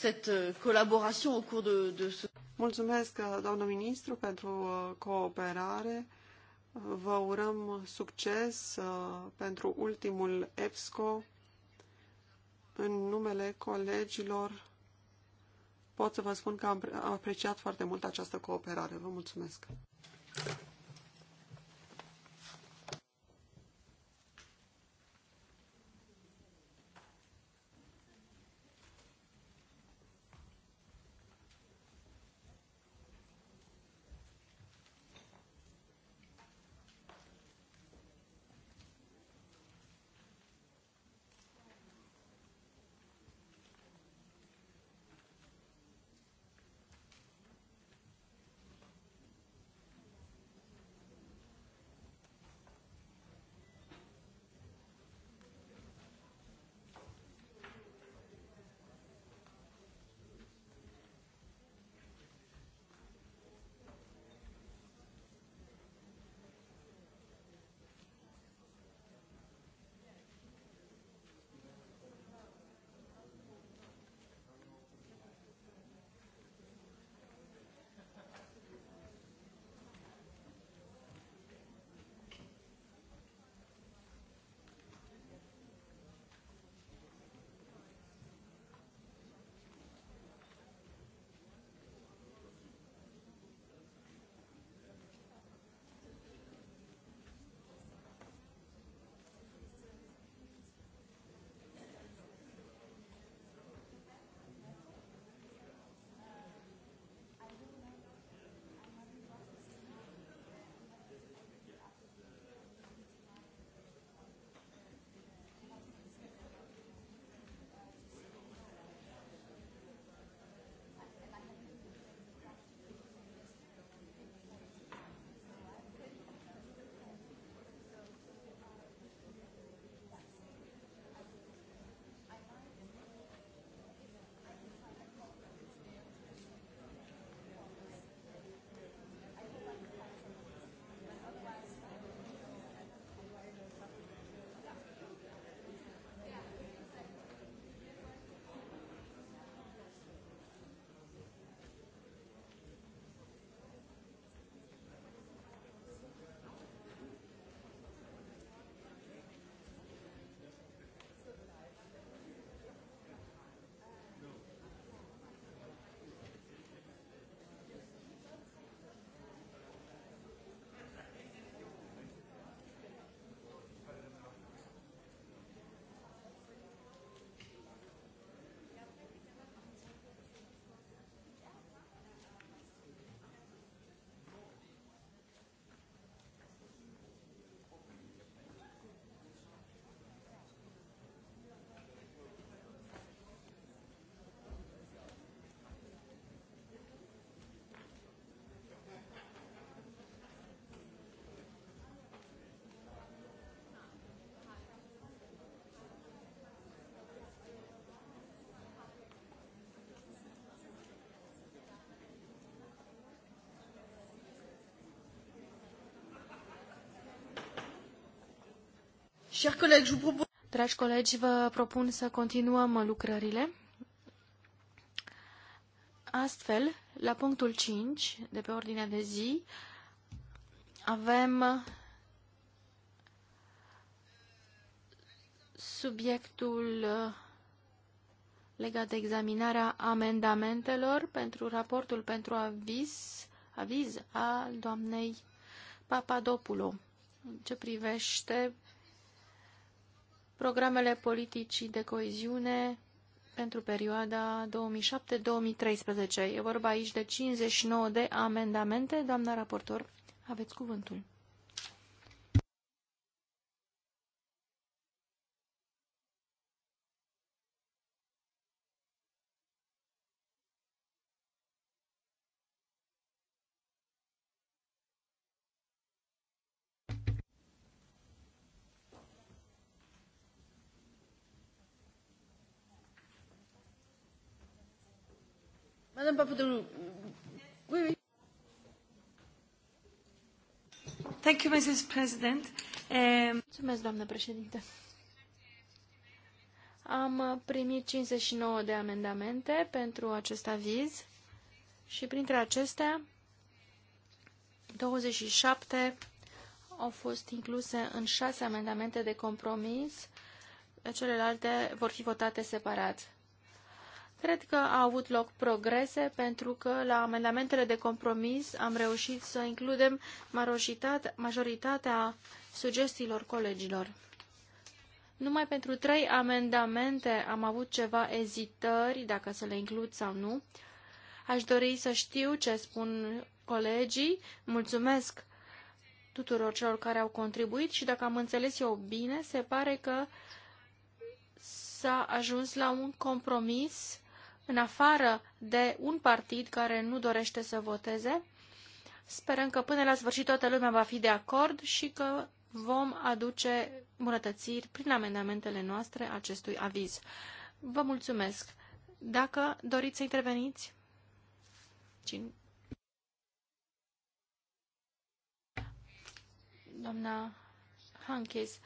cette euh, collaboration au cours de, de ce... Mulțumesc, uh, doamnă ministru, pentru uh, cooperare. Vă urăm succes uh, pentru ultimul EPSCO. În numele colegilor pot să vă spun că am apreciat foarte mult această cooperare. Vă mulțumesc! Dragi colegi, vă propun să continuăm lucrările. Astfel, la punctul 5 de pe ordinea de zi, avem subiectul uh, legat de examinarea amendamentelor pentru raportul pentru aviz, aviz al doamnei Papadopulo ce privește programele politicii de coeziune pentru perioada 2007-2013. E vorba aici de 59 de amendamente. Doamna raportor, aveți cuvântul. Madame Oui, oui. Thank you, Mrs. President. Um, Mulțumesc, doamnă președinte. Am primit 59 de amendamente pentru acest aviz și printre acestea 27 au fost incluse în 6 amendamente de compromis, celelalte vor fi votate separat. Cred că au avut loc progrese pentru că la amendamentele de compromis am reușit să includem majoritatea sugestiilor colegilor. Numai pentru trei amendamente am avut ceva ezitări, dacă să le includ sau nu. Aș dori să știu ce spun colegii. Mulțumesc tuturor celor care au contribuit și dacă am înțeles eu bine, se pare că s-a ajuns la un compromis în afară de un partid care nu dorește să voteze. Sperăm că până la sfârșit toată lumea va fi de acord și că vom aduce îmbunătățiri prin amendamentele noastre acestui aviz. Vă mulțumesc. Dacă doriți să interveniți, cine? Doamna Hankis,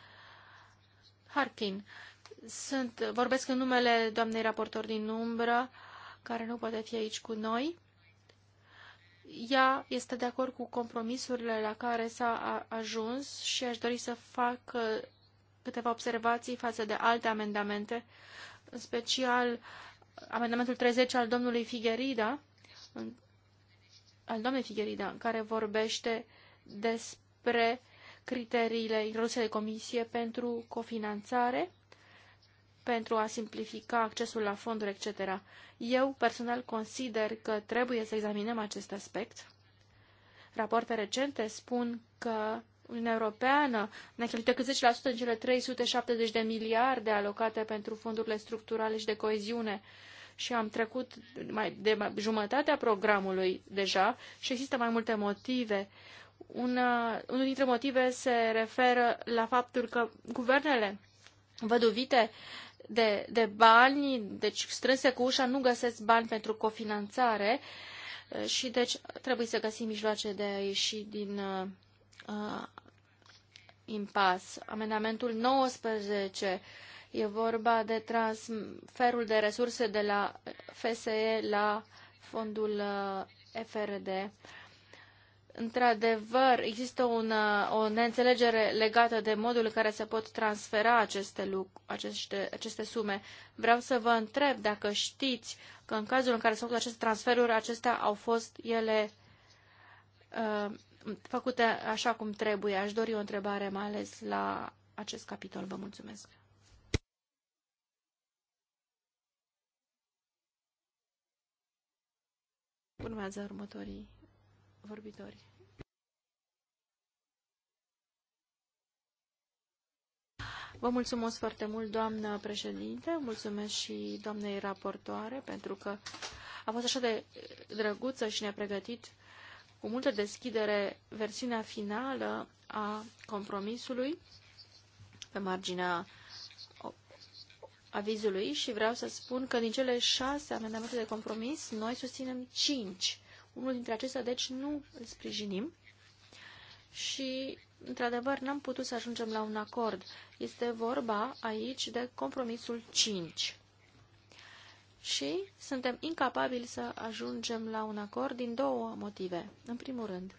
Harkin. Sunt, vorbesc în numele doamnei raportor din umbră, care nu poate fi aici cu noi. Ea este de acord cu compromisurile la care s-a ajuns și aș dori să fac uh, câteva observații față de alte amendamente, în special uh, amendamentul 30 al domnului Figherida, al doamnei Figherida, care vorbește despre criteriile introduse de comisie pentru cofinanțare pentru a simplifica accesul la fonduri, etc. Eu personal consider că trebuie să examinăm acest aspect. Rapoarte recente spun că Uniunea Europeană ne cheltuie cât 10% din cele 370 de miliarde alocate pentru fondurile structurale și de coeziune și am trecut mai de jumătatea programului deja și există mai multe motive. Una, unul dintre motive se referă la faptul că guvernele văduvite de, de bani, deci strânse cu ușa, nu găsesc bani pentru cofinanțare uh, și deci trebuie să găsim mijloace de a ieși din uh, uh impas. Amendamentul 19 e vorba de transferul de resurse de la FSE la fondul uh, FRD. Într-adevăr, există un, uh, o neînțelegere legată de modul în care se pot transfera aceste, aceste, aceste sume. Vreau să vă întreb dacă știți că în cazul în care s-au făcut aceste transferuri, acestea au fost ele uh, făcute așa cum trebuie. Aș dori o întrebare mai ales la acest capitol. Vă mulțumesc. Urmează următorii vorbitori. Vă mulțumesc foarte mult, doamnă președinte, mulțumesc și doamnei raportoare, pentru că a fost așa de drăguță și ne-a pregătit cu multă deschidere versiunea finală a compromisului pe marginea avizului și vreau să spun că din cele șase amendamente de compromis, noi susținem cinci. Unul dintre acestea, deci, nu îl sprijinim și, într-adevăr, n-am putut să ajungem la un acord. Este vorba aici de compromisul 5. Și suntem incapabili să ajungem la un acord din două motive. În primul rând,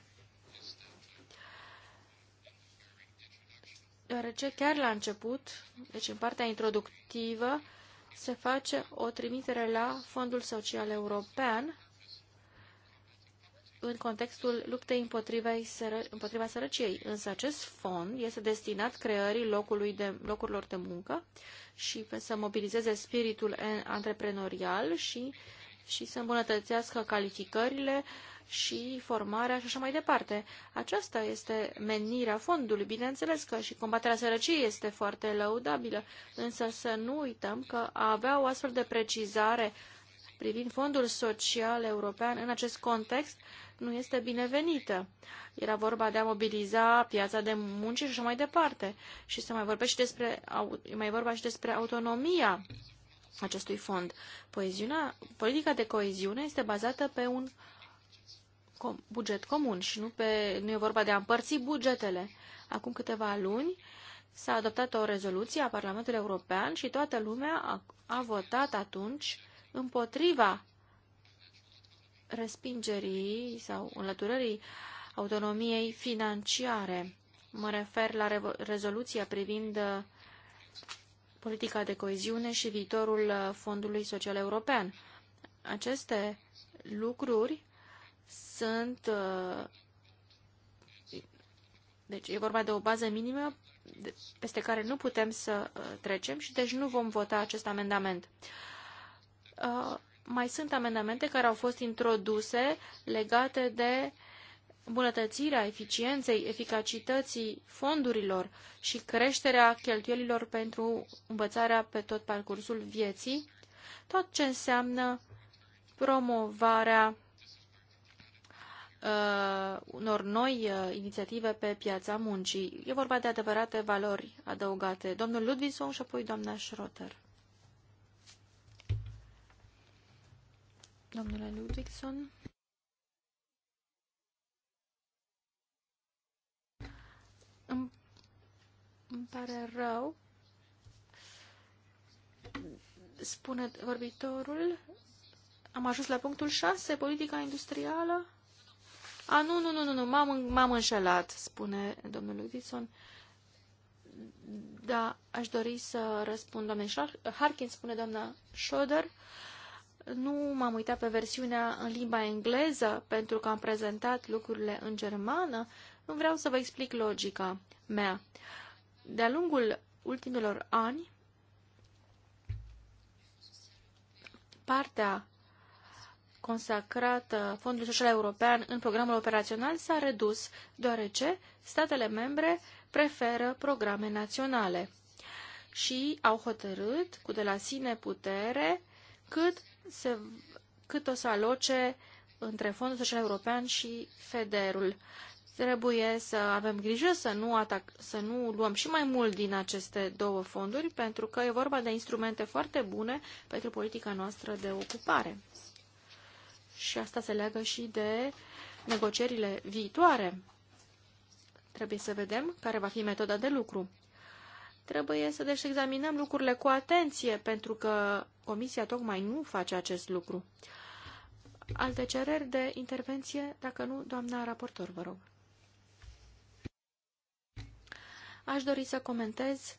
deoarece chiar la început, deci în partea introductivă, se face o trimitere la Fondul Social European, în contextul luptei împotriva, împotriva sărăciei. Însă acest fond este destinat creării locului de, locurilor de muncă și să mobilizeze spiritul antreprenorial și, și să îmbunătățească calificările și formarea și așa mai departe. Aceasta este menirea fondului. Bineînțeles că și combaterea sărăciei este foarte lăudabilă, însă să nu uităm că a avea o astfel de precizare privind Fondul Social European în acest context nu este binevenită. Era vorba de a mobiliza piața de muncii și așa mai departe. Și se mai vorbește despre, mai vorba și despre autonomia acestui fond. Poeziunea, politica de coeziune este bazată pe un com, buget comun și nu, pe, nu e vorba de a împărți bugetele. Acum câteva luni s-a adoptat o rezoluție a Parlamentului European și toată lumea a, a votat atunci împotriva respingerii sau înlăturării autonomiei financiare. Mă refer la rezoluția privind uh, politica de coeziune și viitorul uh, Fondului Social European. Aceste lucruri sunt... Uh, deci e vorba de o bază minimă peste care nu putem să trecem și deci nu vom vota acest amendament. Uh, mai sunt amendamente care au fost introduse legate de îmbunătățirea eficienței, eficacității fondurilor și creșterea cheltuielilor pentru învățarea pe tot parcursul vieții, tot ce înseamnă promovarea uh, unor noi uh, inițiative pe piața muncii. E vorba de adevărate valori adăugate. Domnul Ludvison și apoi doamna Schroter. domnule Ludwigson. Îmi, îmi pare rău, spune vorbitorul. Am ajuns la punctul 6, politica industrială. A, nu, nu, nu, nu, nu m-am înșelat, spune domnul Ludwigson. Da, aș dori să răspund doamnei Harkin, spune doamna Schroeder. Uh, nu m-am uitat pe versiunea în limba engleză pentru că am prezentat lucrurile în germană. Nu vreau să vă explic logica mea. De-a lungul ultimilor ani, partea consacrată Fondului Social European în programul operațional s-a redus, deoarece statele membre preferă programe naționale și au hotărât cu de la sine putere cât se, cât o să aloce între Fondul Social European și Federul. Trebuie să avem grijă să nu, atac, să nu luăm și mai mult din aceste două fonduri, pentru că e vorba de instrumente foarte bune pentru politica noastră de ocupare. Și asta se leagă și de negocierile viitoare. Trebuie să vedem care va fi metoda de lucru. Trebuie să deci examinăm lucrurile cu atenție, pentru că Comisia tocmai nu face acest lucru. Alte cereri de intervenție? Dacă nu, doamna raportor, vă rog. Aș dori să comentez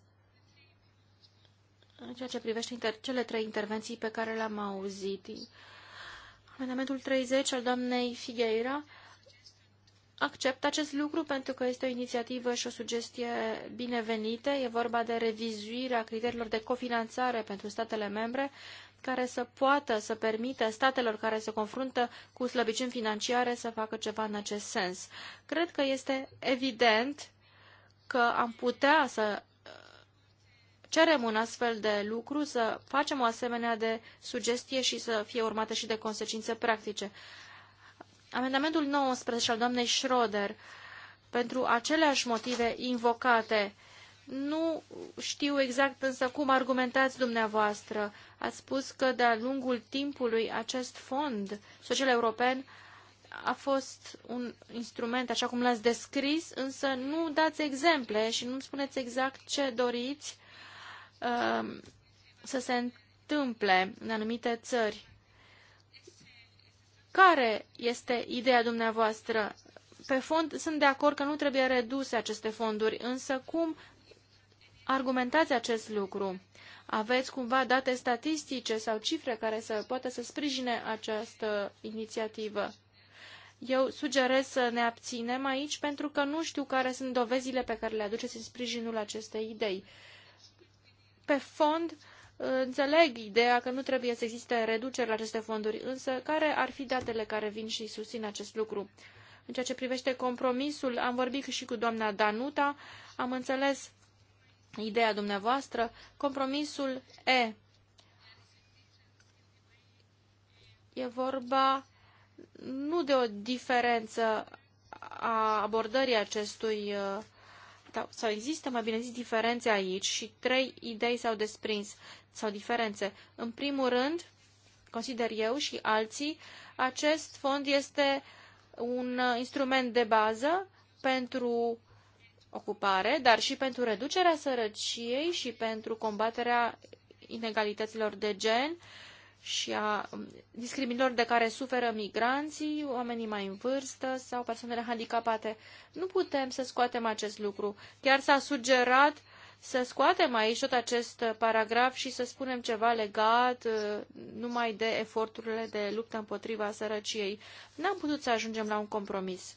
în ceea ce privește cele trei intervenții pe care le-am auzit. Amendamentul 30 al doamnei Figueira accept acest lucru pentru că este o inițiativă și o sugestie binevenite. E vorba de revizuirea criteriilor de cofinanțare pentru statele membre care să poată să permită statelor care se confruntă cu slăbiciuni financiare să facă ceva în acest sens. Cred că este evident că am putea să uh, cerem un astfel de lucru, să facem o asemenea de sugestie și să fie urmată și de consecințe practice. Amendamentul 19 al doamnei Schroeder, pentru aceleași motive invocate, nu știu exact însă cum argumentați dumneavoastră. Ați spus că de-a lungul timpului acest fond social european a fost un instrument, așa cum l-ați descris, însă nu dați exemple și nu spuneți exact ce doriți uh, să se întâmple în anumite țări. Care este ideea dumneavoastră? Pe fond, sunt de acord că nu trebuie reduse aceste fonduri, însă cum argumentați acest lucru? Aveți cumva date statistice sau cifre care să poată să sprijine această inițiativă? Eu sugerez să ne abținem aici pentru că nu știu care sunt dovezile pe care le aduceți în sprijinul acestei idei. Pe fond, Înțeleg ideea că nu trebuie să existe reduceri la aceste fonduri, însă care ar fi datele care vin și susțin acest lucru? În ceea ce privește compromisul, am vorbit și cu doamna Danuta, am înțeles ideea dumneavoastră, compromisul E. E vorba nu de o diferență a abordării acestui uh, sau există, mai bine zis, diferențe aici și trei idei s-au desprins sau diferențe. În primul rând, consider eu și alții, acest fond este un uh, instrument de bază pentru ocupare, dar și pentru reducerea sărăciei și pentru combaterea inegalităților de gen și a discriminilor de care suferă migranții, oamenii mai în vârstă sau persoanele handicapate. Nu putem să scoatem acest lucru. Chiar s-a sugerat să scoatem aici tot acest paragraf și să spunem ceva legat uh, numai de eforturile de luptă împotriva sărăciei. N-am putut să ajungem la un compromis.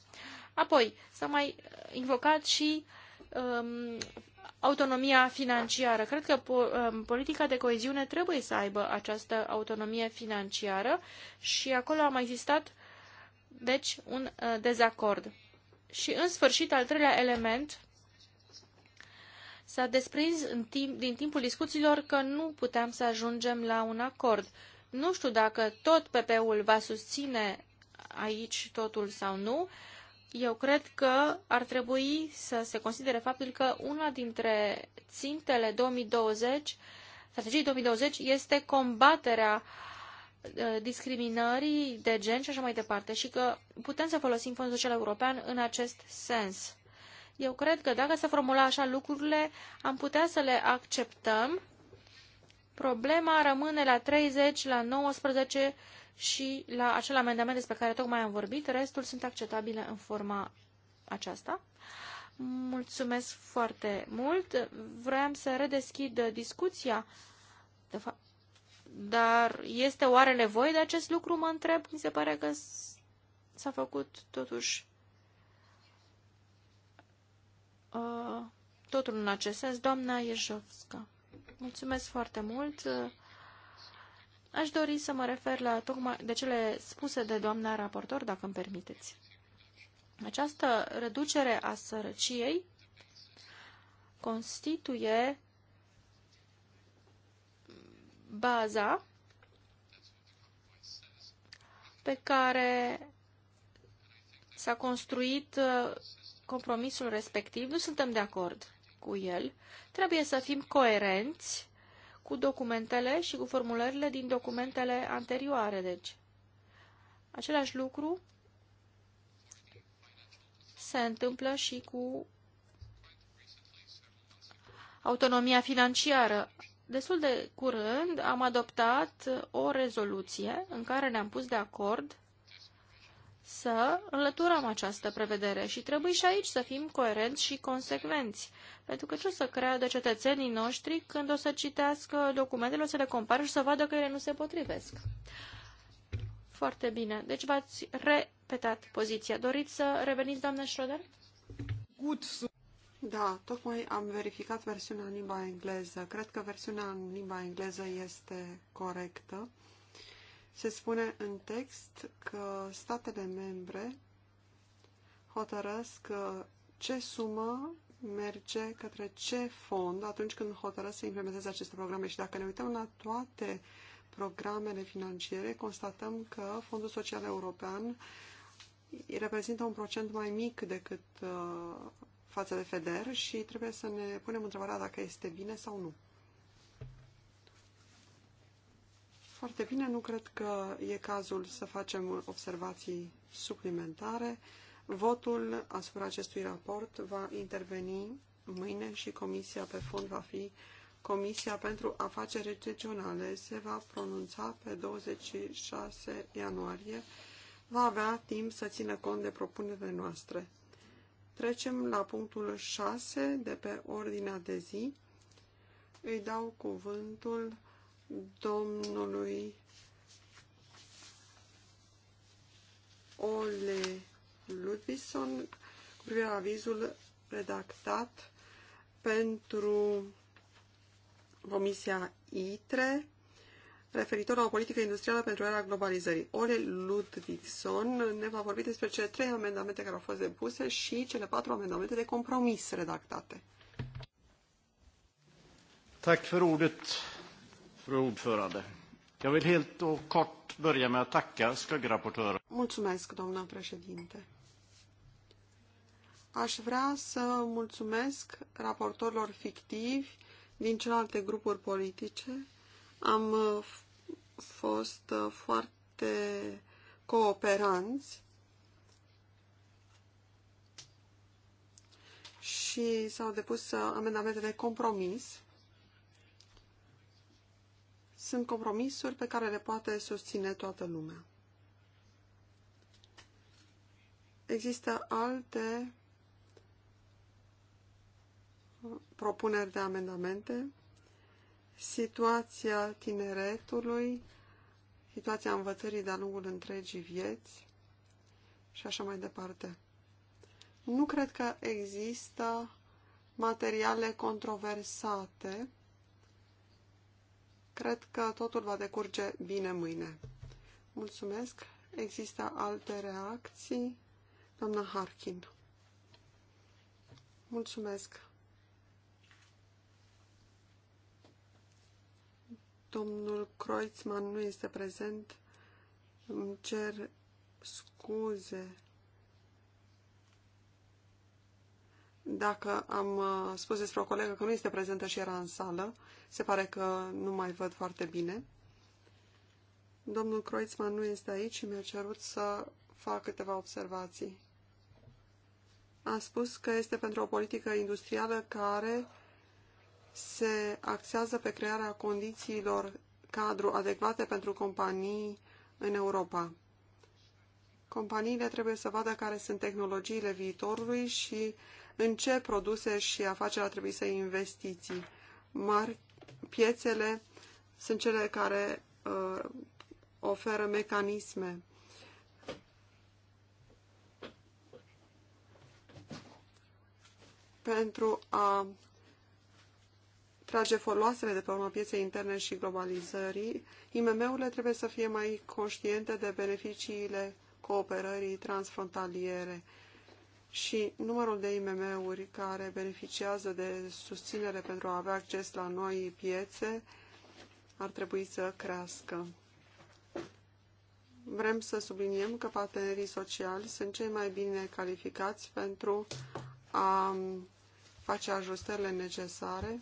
Apoi, s-a mai invocat și um, autonomia financiară. Cred că um, politica de coeziune trebuie să aibă această autonomie financiară și acolo a mai existat, deci, un uh, dezacord. Și, în sfârșit, al treilea element s-a desprins în timp, din timpul discuțiilor că nu puteam să ajungem la un acord. Nu știu dacă tot PP-ul va susține aici totul sau nu, uh, eu cred că ar trebui să se considere faptul că una dintre țintele 2020, strategiei 2020, este combaterea uh, discriminării de gen și așa mai departe și că putem să folosim Fondul Social European în acest sens. Eu cred că dacă se formula așa lucrurile, am putea să le acceptăm. Problema rămâne la 30, la 19 și la acel amendament despre care tocmai am vorbit, restul sunt acceptabile în forma aceasta. Mulțumesc foarte mult. Vroiam să redeschid discuția, de fapt, dar este oare nevoie de acest lucru, mă întreb? Mi se pare că s-a făcut totuși uh, totul în acest sens. Doamna Ieșovska, mulțumesc foarte mult. Aș dori să mă refer la tocmai de cele spuse de doamna raportor, dacă îmi permiteți. Această reducere a sărăciei constituie baza pe care s-a construit uh, compromisul respectiv. Nu suntem de acord cu el. Trebuie să fim coerenți cu documentele și cu formulările din documentele anterioare, deci. Același lucru se întâmplă și cu autonomia financiară. Destul de curând am adoptat o rezoluție în care ne-am pus de acord să înlăturăm această prevedere și trebuie și aici să fim coerenți și consecvenți. Pentru că ce o să creadă cetățenii noștri când o să citească documentele, o să le compară și să vadă că ele nu se potrivesc? Foarte bine. Deci v-ați repetat poziția. Doriți să reveniți, doamnă Schroeder? Da, tocmai am verificat versiunea în limba engleză. Cred că versiunea în limba engleză este corectă. Se spune în text că statele membre hotărăsc ce sumă merge către ce fond atunci când hotărăsc să implementeze aceste programe. Și dacă ne uităm la toate programele financiare, constatăm că Fondul Social European reprezintă un procent mai mic decât uh, față de FEDER și trebuie să ne punem întrebarea dacă este bine sau nu. Foarte bine, nu cred că e cazul să facem observații suplimentare. Votul asupra acestui raport va interveni mâine și comisia pe fond va fi Comisia pentru Afaceri Regionale se va pronunța pe 26 ianuarie. Va avea timp să țină cont de propunerile noastre. Trecem la punctul 6 de pe ordinea de zi. Îi dau cuvântul domnului Ole Ludvison cu privire la avizul redactat pentru Comisia ITRE referitor la o politică industrială pentru era globalizării. Ole Ludvigson ne va vorbi despre cele trei amendamente care au fost depuse și cele patru amendamente de compromis redactate. Tack för ordet, fru ordförande. Jag vill helt och kort börja med att tacka skuggrapportören. Mulțumesc, doamna președinte. Aș vrea să mulțumesc raportorilor fictivi din celelalte grupuri politice. Am uh, fost uh, foarte cooperanți și s-au depus uh, amendamente de compromis. Sunt compromisuri pe care le poate susține toată lumea. Există alte propuneri de amendamente, situația tineretului, situația învățării de-a lungul întregii vieți și așa mai departe. Nu cred că există materiale controversate. Cred că totul va decurge bine mâine. Mulțumesc. Există alte reacții? Doamna Harkin. Mulțumesc. Domnul Kreutzmann nu este prezent. Îmi cer scuze dacă am uh, spus despre o colegă că nu este prezentă și era în sală. Se pare că nu mai văd foarte bine. Domnul Kreutzmann nu este aici și mi-a cerut să fac câteva observații a spus că este pentru o politică industrială care se axează pe crearea condițiilor cadru adecvate pentru companii în Europa. Companiile trebuie să vadă care sunt tehnologiile viitorului și în ce produse și afaceri ar trebui să investiții. Mar piețele sunt cele care uh, oferă mecanisme pentru a trage foloasele de pe urma pieței interne și globalizării, IMM-urile trebuie să fie mai conștiente de beneficiile cooperării transfrontaliere și numărul de IMM-uri care beneficiază de susținere pentru a avea acces la noi piețe ar trebui să crească. Vrem să subliniem că partenerii sociali sunt cei mai bine calificați pentru a face ajustările necesare.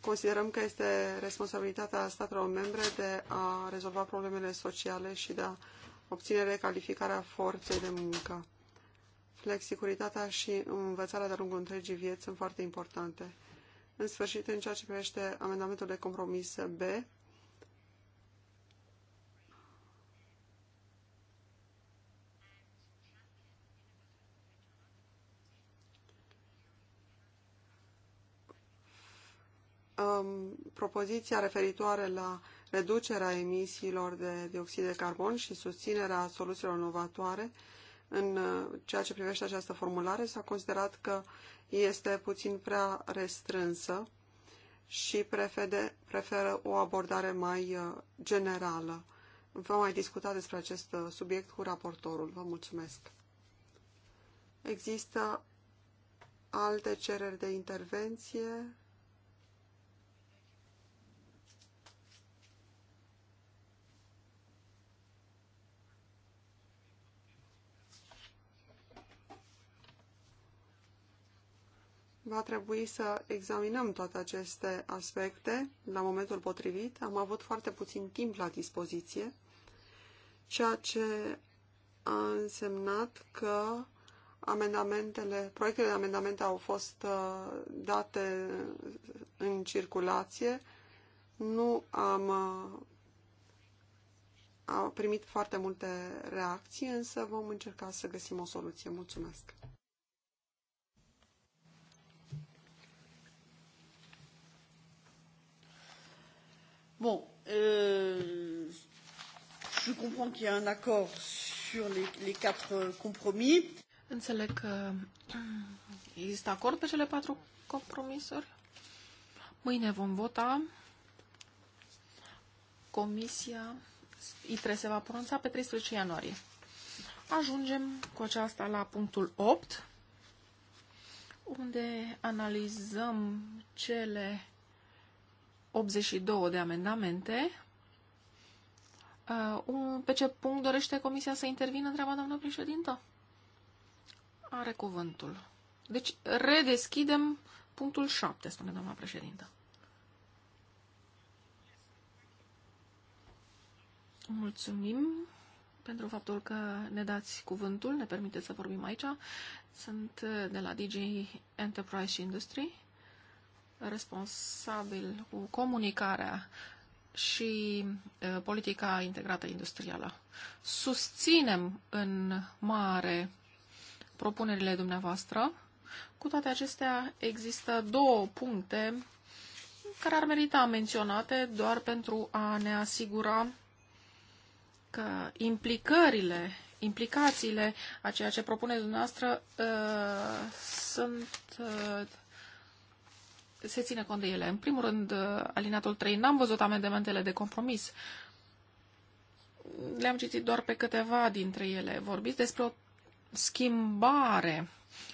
Considerăm că este responsabilitatea statelor membre de a rezolva problemele sociale și de a obține recalificarea forței de muncă. Flexicuritatea și învățarea de-a lungul întregii vieți sunt foarte importante. În sfârșit, în ceea ce privește amendamentul de compromis B, um, propoziția referitoare la reducerea emisiilor de dioxid de carbon și susținerea soluțiilor inovatoare, în uh, ceea ce privește această formulare, s-a considerat că este puțin prea restrânsă și prefede, preferă o abordare mai uh, generală. Vom mai discuta despre acest uh, subiect cu raportorul. Vă mulțumesc. Există alte cereri de intervenție? va trebui să examinăm toate aceste aspecte la momentul potrivit. Am avut foarte puțin timp la dispoziție, ceea ce a însemnat că amendamentele, proiectele de amendamente au fost uh, date în circulație. Nu am uh, a primit foarte multe reacții, însă vom încerca să găsim o soluție. Mulțumesc! Bon, euh, je comprends qu'il y a un accord sur les, les quatre compromis. Înțeleg că există acord pe cele patru compromisuri. Mâine vom vota. Comisia ITRE se va pronunța pe 13 ianuarie. Ajungem cu aceasta la punctul 8, unde analizăm cele 82 de amendamente. Uh, pe ce punct dorește Comisia să intervină, întreabă doamna președintă? Are cuvântul. Deci redeschidem punctul 7, spune doamna președintă. Mulțumim pentru faptul că ne dați cuvântul, ne permiteți să vorbim aici. Sunt de la DJ Enterprise și Industry responsabil cu comunicarea și politica integrată industrială. Susținem în mare propunerile dumneavoastră. Cu toate acestea, există două puncte care ar merita menționate doar pentru a ne asigura că implicările, implicațiile a ceea ce propune dumneavoastră uh, sunt uh, se ține cont de ele. În primul rând, uh, alinatul 3, n-am văzut amendamentele de compromis. Le-am citit doar pe câteva dintre ele. Vorbiți despre o schimbare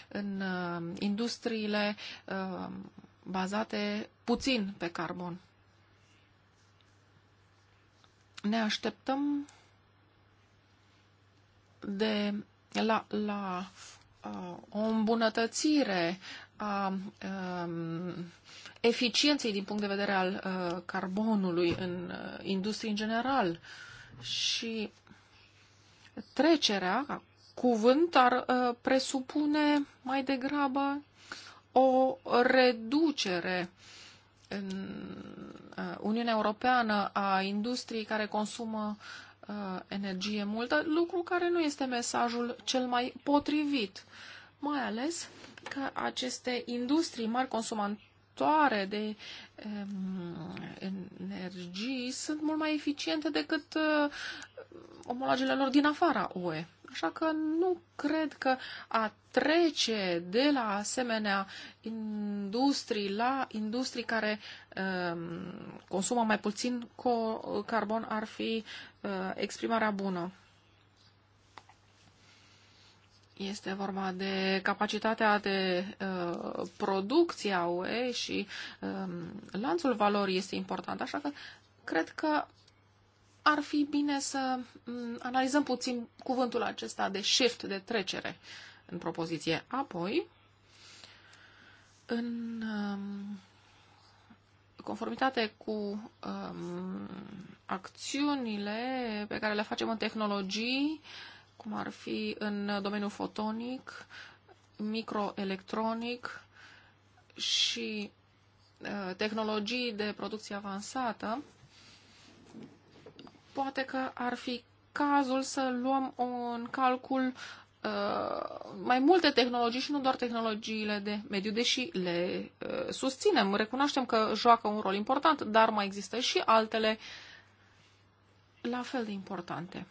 în uh, industriile uh, bazate puțin pe carbon. Ne așteptăm de la, la uh, o îmbunătățire a um, eficienței din punct de vedere al uh, carbonului în uh, industrie în general și trecerea, cuvânt, ar uh, presupune mai degrabă o reducere în uh, Uniunea Europeană a industriei care consumă uh, energie multă, lucru care nu este mesajul cel mai potrivit, mai ales că aceste industrii mari consumatoare de um, energii sunt mult mai eficiente decât uh, eh, omologele lor din afara UE. Așa că nu cred că a trece de la asemenea industrii la industrii care uh, consumă mai puțin carbon ar fi uh, exprimarea bună. Este vorba de capacitatea de uh, producție a UE și uh, lanțul valorii este important, așa că cred că ar fi bine să um, analizăm puțin cuvântul acesta de shift, de trecere în propoziție. Apoi, în um, conformitate cu um, acțiunile pe care le facem în tehnologii, uh, cum ar fi în domeniul fotonic, microelectronic și uh, tehnologii de producție avansată, poate că ar fi cazul să luăm în calcul uh, mai multe tehnologii și nu doar tehnologiile de mediu, deși le uh, susținem, recunoaștem că joacă un rol important, dar mai există și altele la fel de importante.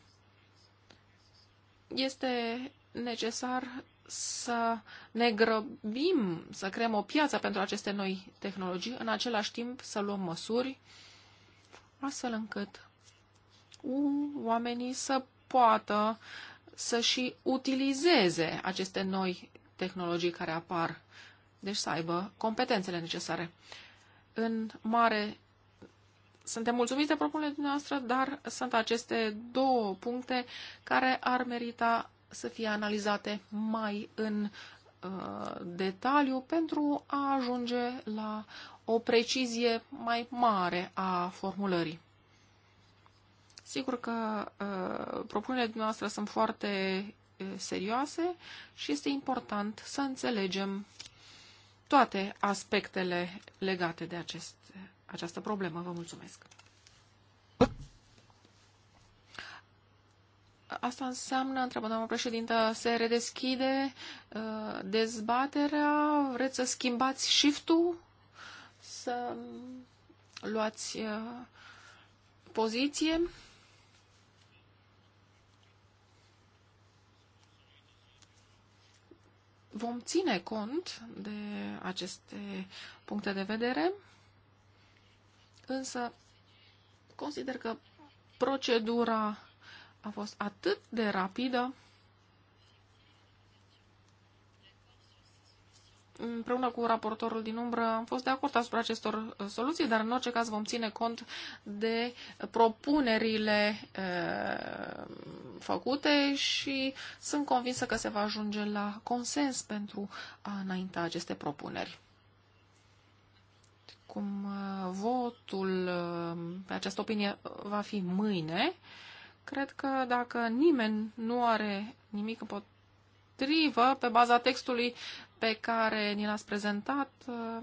Este necesar să ne grăbim să creăm o piață pentru aceste noi tehnologii, în același timp să luăm măsuri astfel încât oamenii să poată să și utilizeze aceste noi tehnologii care apar, deci să aibă competențele necesare. În mare suntem mulțumiți de propunerea dumneavoastră, dar sunt aceste două puncte care ar merita să fie analizate mai în uh, detaliu pentru a ajunge la o precizie mai mare a formulării. Sigur că uh, propunerile dumneavoastră sunt foarte uh, serioase și este important să înțelegem toate aspectele legate de acest această problemă. Vă mulțumesc! Asta înseamnă, întreabă doamna președintă, se redeschide uh, dezbaterea? Vreți să schimbați shift-ul? Să luați uh, poziție? Vom ține cont de aceste puncte de vedere. Însă, consider că procedura a fost atât de rapidă împreună cu raportorul din umbră am fost de acord asupra acestor uh, soluții, dar în orice caz vom ține cont de propunerile e, uh, făcute și sunt convinsă că se va ajunge la consens pentru a înainta aceste propuneri. Acum, uh, votul pe uh, această opinie va fi mâine. Cred că dacă nimeni nu are nimic împotrivă, pe baza textului pe care ni l-ați prezentat, uh,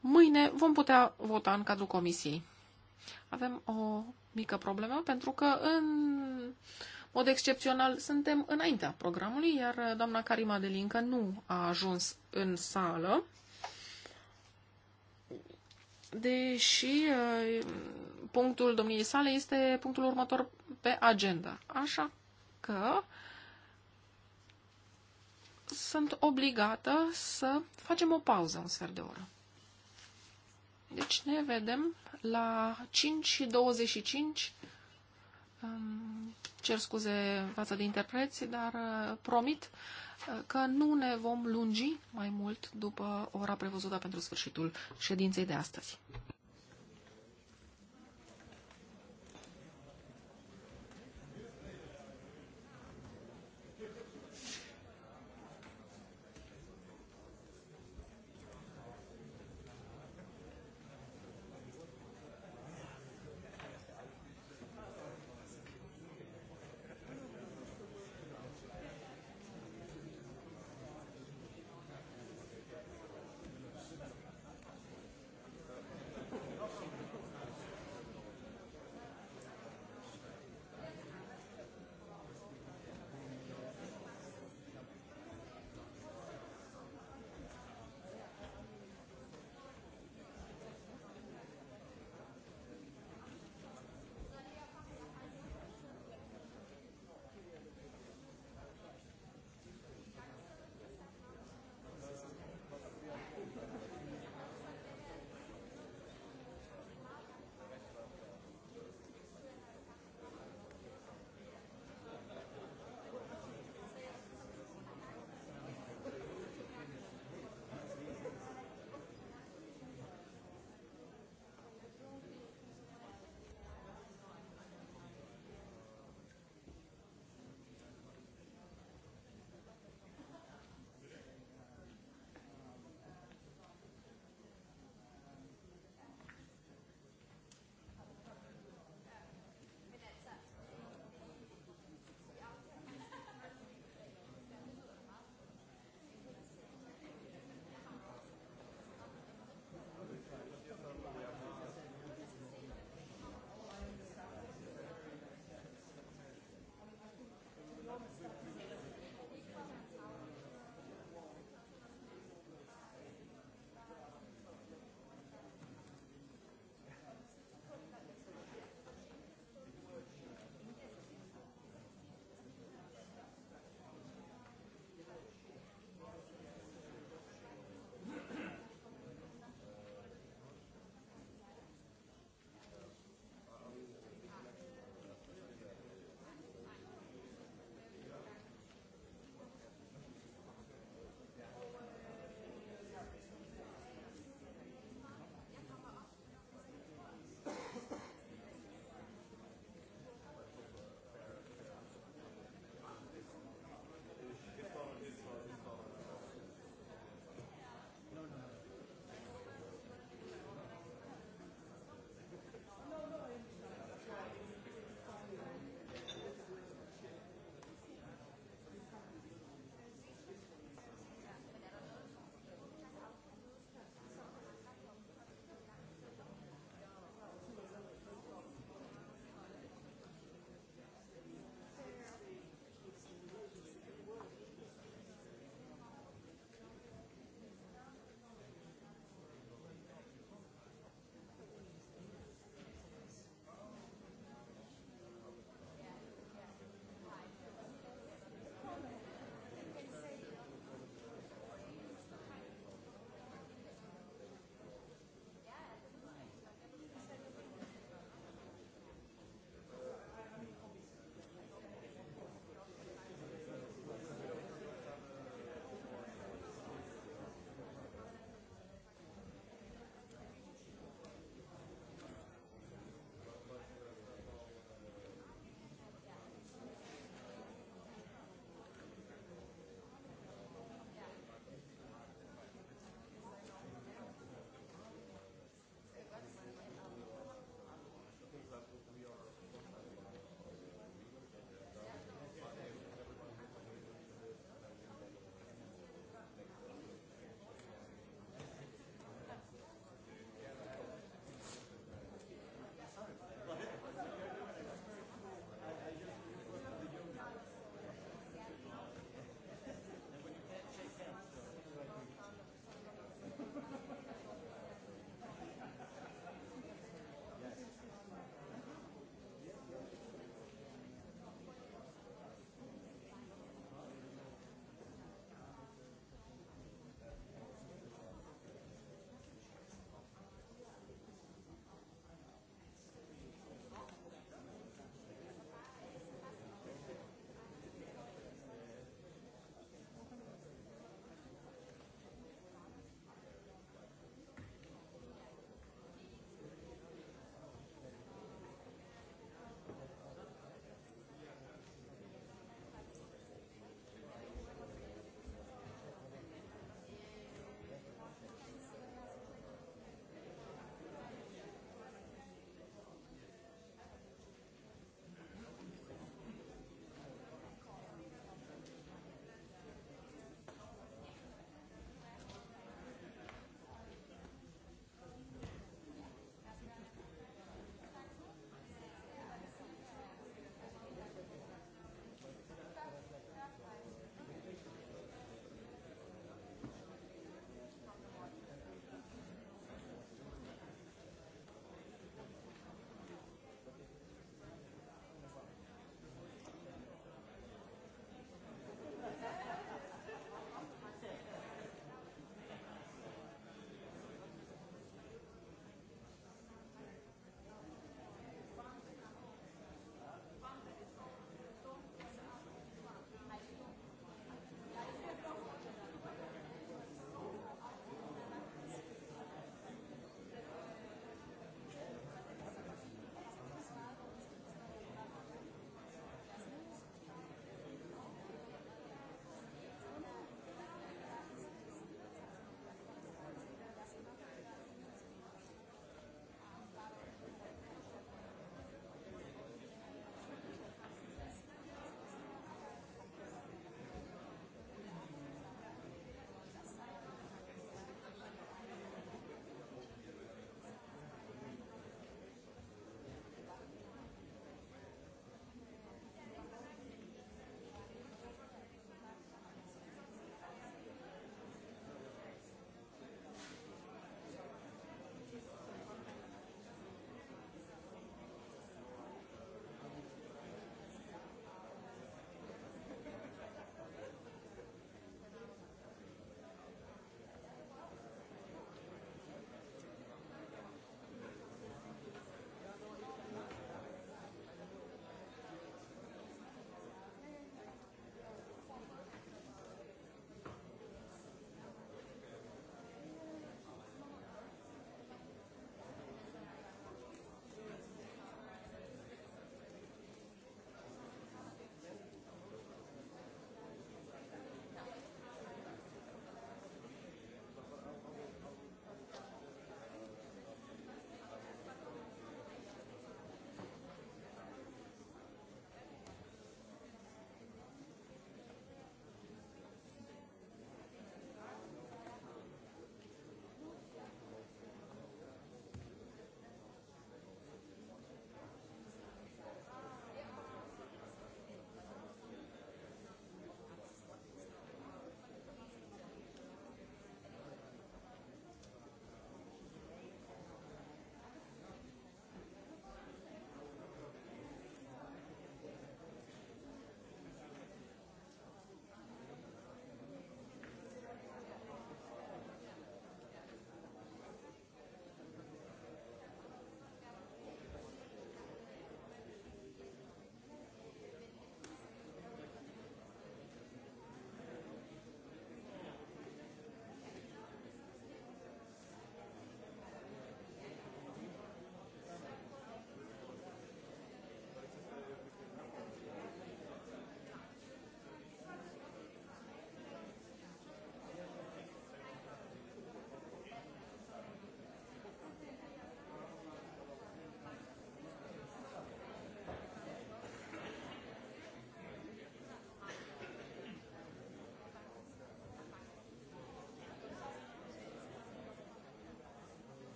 mâine vom putea vota în cadrul comisiei. Avem o mică problemă pentru că în mod excepțional suntem înaintea programului, iar doamna Karima Delincă nu a ajuns în sală deși uh, punctul domniei sale este punctul următor pe agenda. Așa că sunt obligată să facem o pauză un sfert de oră. Deci ne vedem la 5:25. și cer scuze față de interpreți, dar uh, promit uh, că nu ne vom lungi mai mult după ora prevăzută pentru sfârșitul ședinței de astăzi.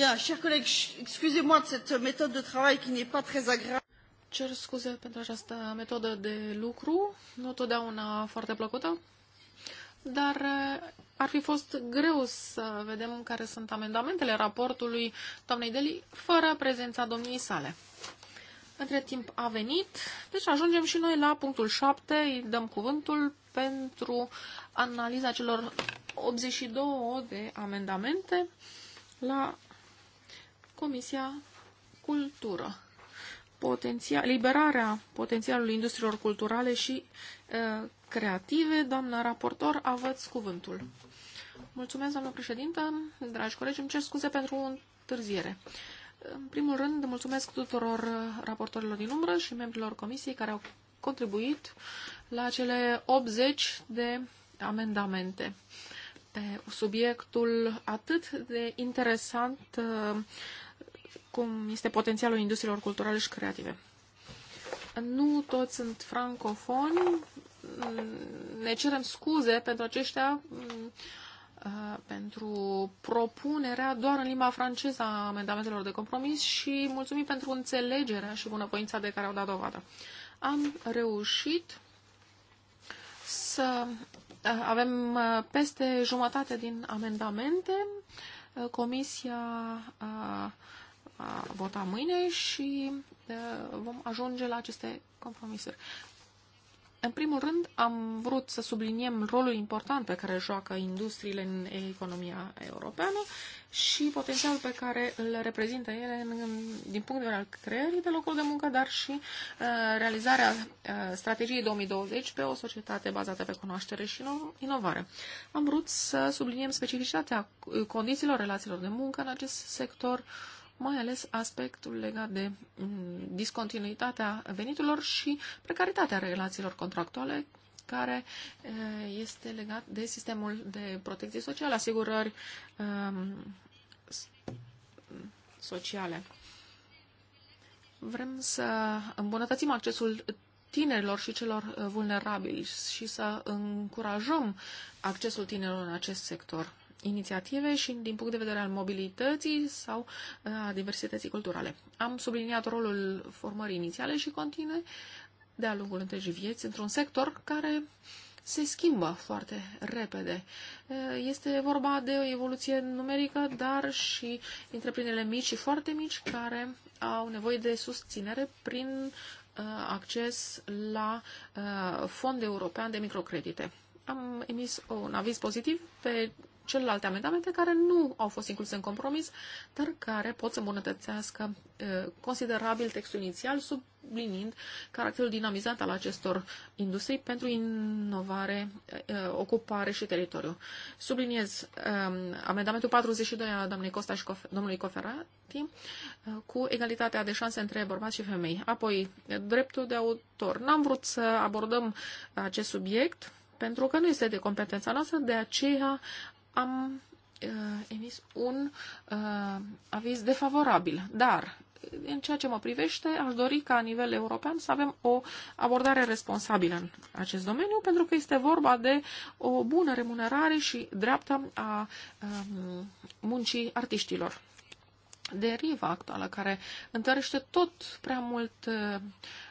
Bien, chers collègues, excusez-moi de cette méthode de travail qui n'est pas très agréable. Cer scuze pentru această metodă de lucru, nu totdeauna foarte plăcută, dar eh, ar fi fost greu să vedem care sunt amendamentele raportului doamnei Deli fără prezența domniei sale. Între timp a venit, deci ajungem și noi la punctul 7, îi dăm cuvântul pentru analiza celor 82 de amendamente la Comisia Cultură. Potenția, liberarea potențialului industriilor culturale și uh, creative. Doamna raportor, aveți cuvântul. Mulțumesc, doamnă președintă, dragi colegi, îmi cer scuze pentru întârziere. În primul rând, mulțumesc tuturor raportorilor din umbră și membrilor comisiei care au contribuit la cele 80 de amendamente pe subiectul atât de interesant cum este potențialul industriilor culturale și creative. Nu toți sunt francofoni, ne cerem scuze pentru aceștia uh, pentru propunerea doar în limba franceză a amendamentelor de compromis și mulțumim pentru înțelegerea și bunăvoința de care au dat dovadă. Am reușit să uh, avem uh, peste jumătate din amendamente. Comisia a vota mâine și vom ajunge la aceste compromisuri. În primul rând, am vrut să subliniem rolul important pe care joacă industriile în economia europeană și potențialul pe care îl reprezintă ele în, din punct de vedere al creării de locuri de muncă, dar și uh, realizarea uh, strategiei 2020 pe o societate bazată pe cunoaștere și inovare. Am vrut să subliniem specificitatea condițiilor relațiilor de muncă în acest sector, uh, mai ales aspectul legat de mm, discontinuitatea veniturilor și precaritatea relațiilor contractuale care este legat de sistemul de protecție socială, asigurări ehm, sociale. Vrem să îmbunătățim accesul tinerilor și celor vulnerabili și să încurajăm accesul tinerilor în acest sector inițiative și din punct de vedere al mobilității sau uh, a diversității culturale. Am subliniat rolul formării inițiale și continue de-a lungul întregii vieți într-un sector care se schimbă foarte repede. Uh, este vorba de o evoluție numerică, dar și întreprinderile mici și foarte mici care au nevoie de susținere prin uh, acces la fond european de microcredite am emis un aviz pozitiv pe celelalte amendamente care nu au fost incluse în compromis, dar care pot să îmbunătățească considerabil textul inițial, sublinind caracterul dinamizant al acestor industrii pentru inovare, ocupare și teritoriu. Subliniez amendamentul 42 a doamnei Costa și domnului Coferati cu egalitatea de șanse între bărbați și femei. Apoi, dreptul de autor. N-am vrut să abordăm acest subiect pentru că nu este de competența noastră, de aceea am uh, emis un uh, aviz defavorabil. Dar, în ceea ce mă privește, aș dori ca la nivel european să avem o abordare responsabilă în acest domeniu, pentru că este vorba de o bună remunerare și dreapta a uh, muncii artiștilor deriva actuală care întărește tot prea mult uh,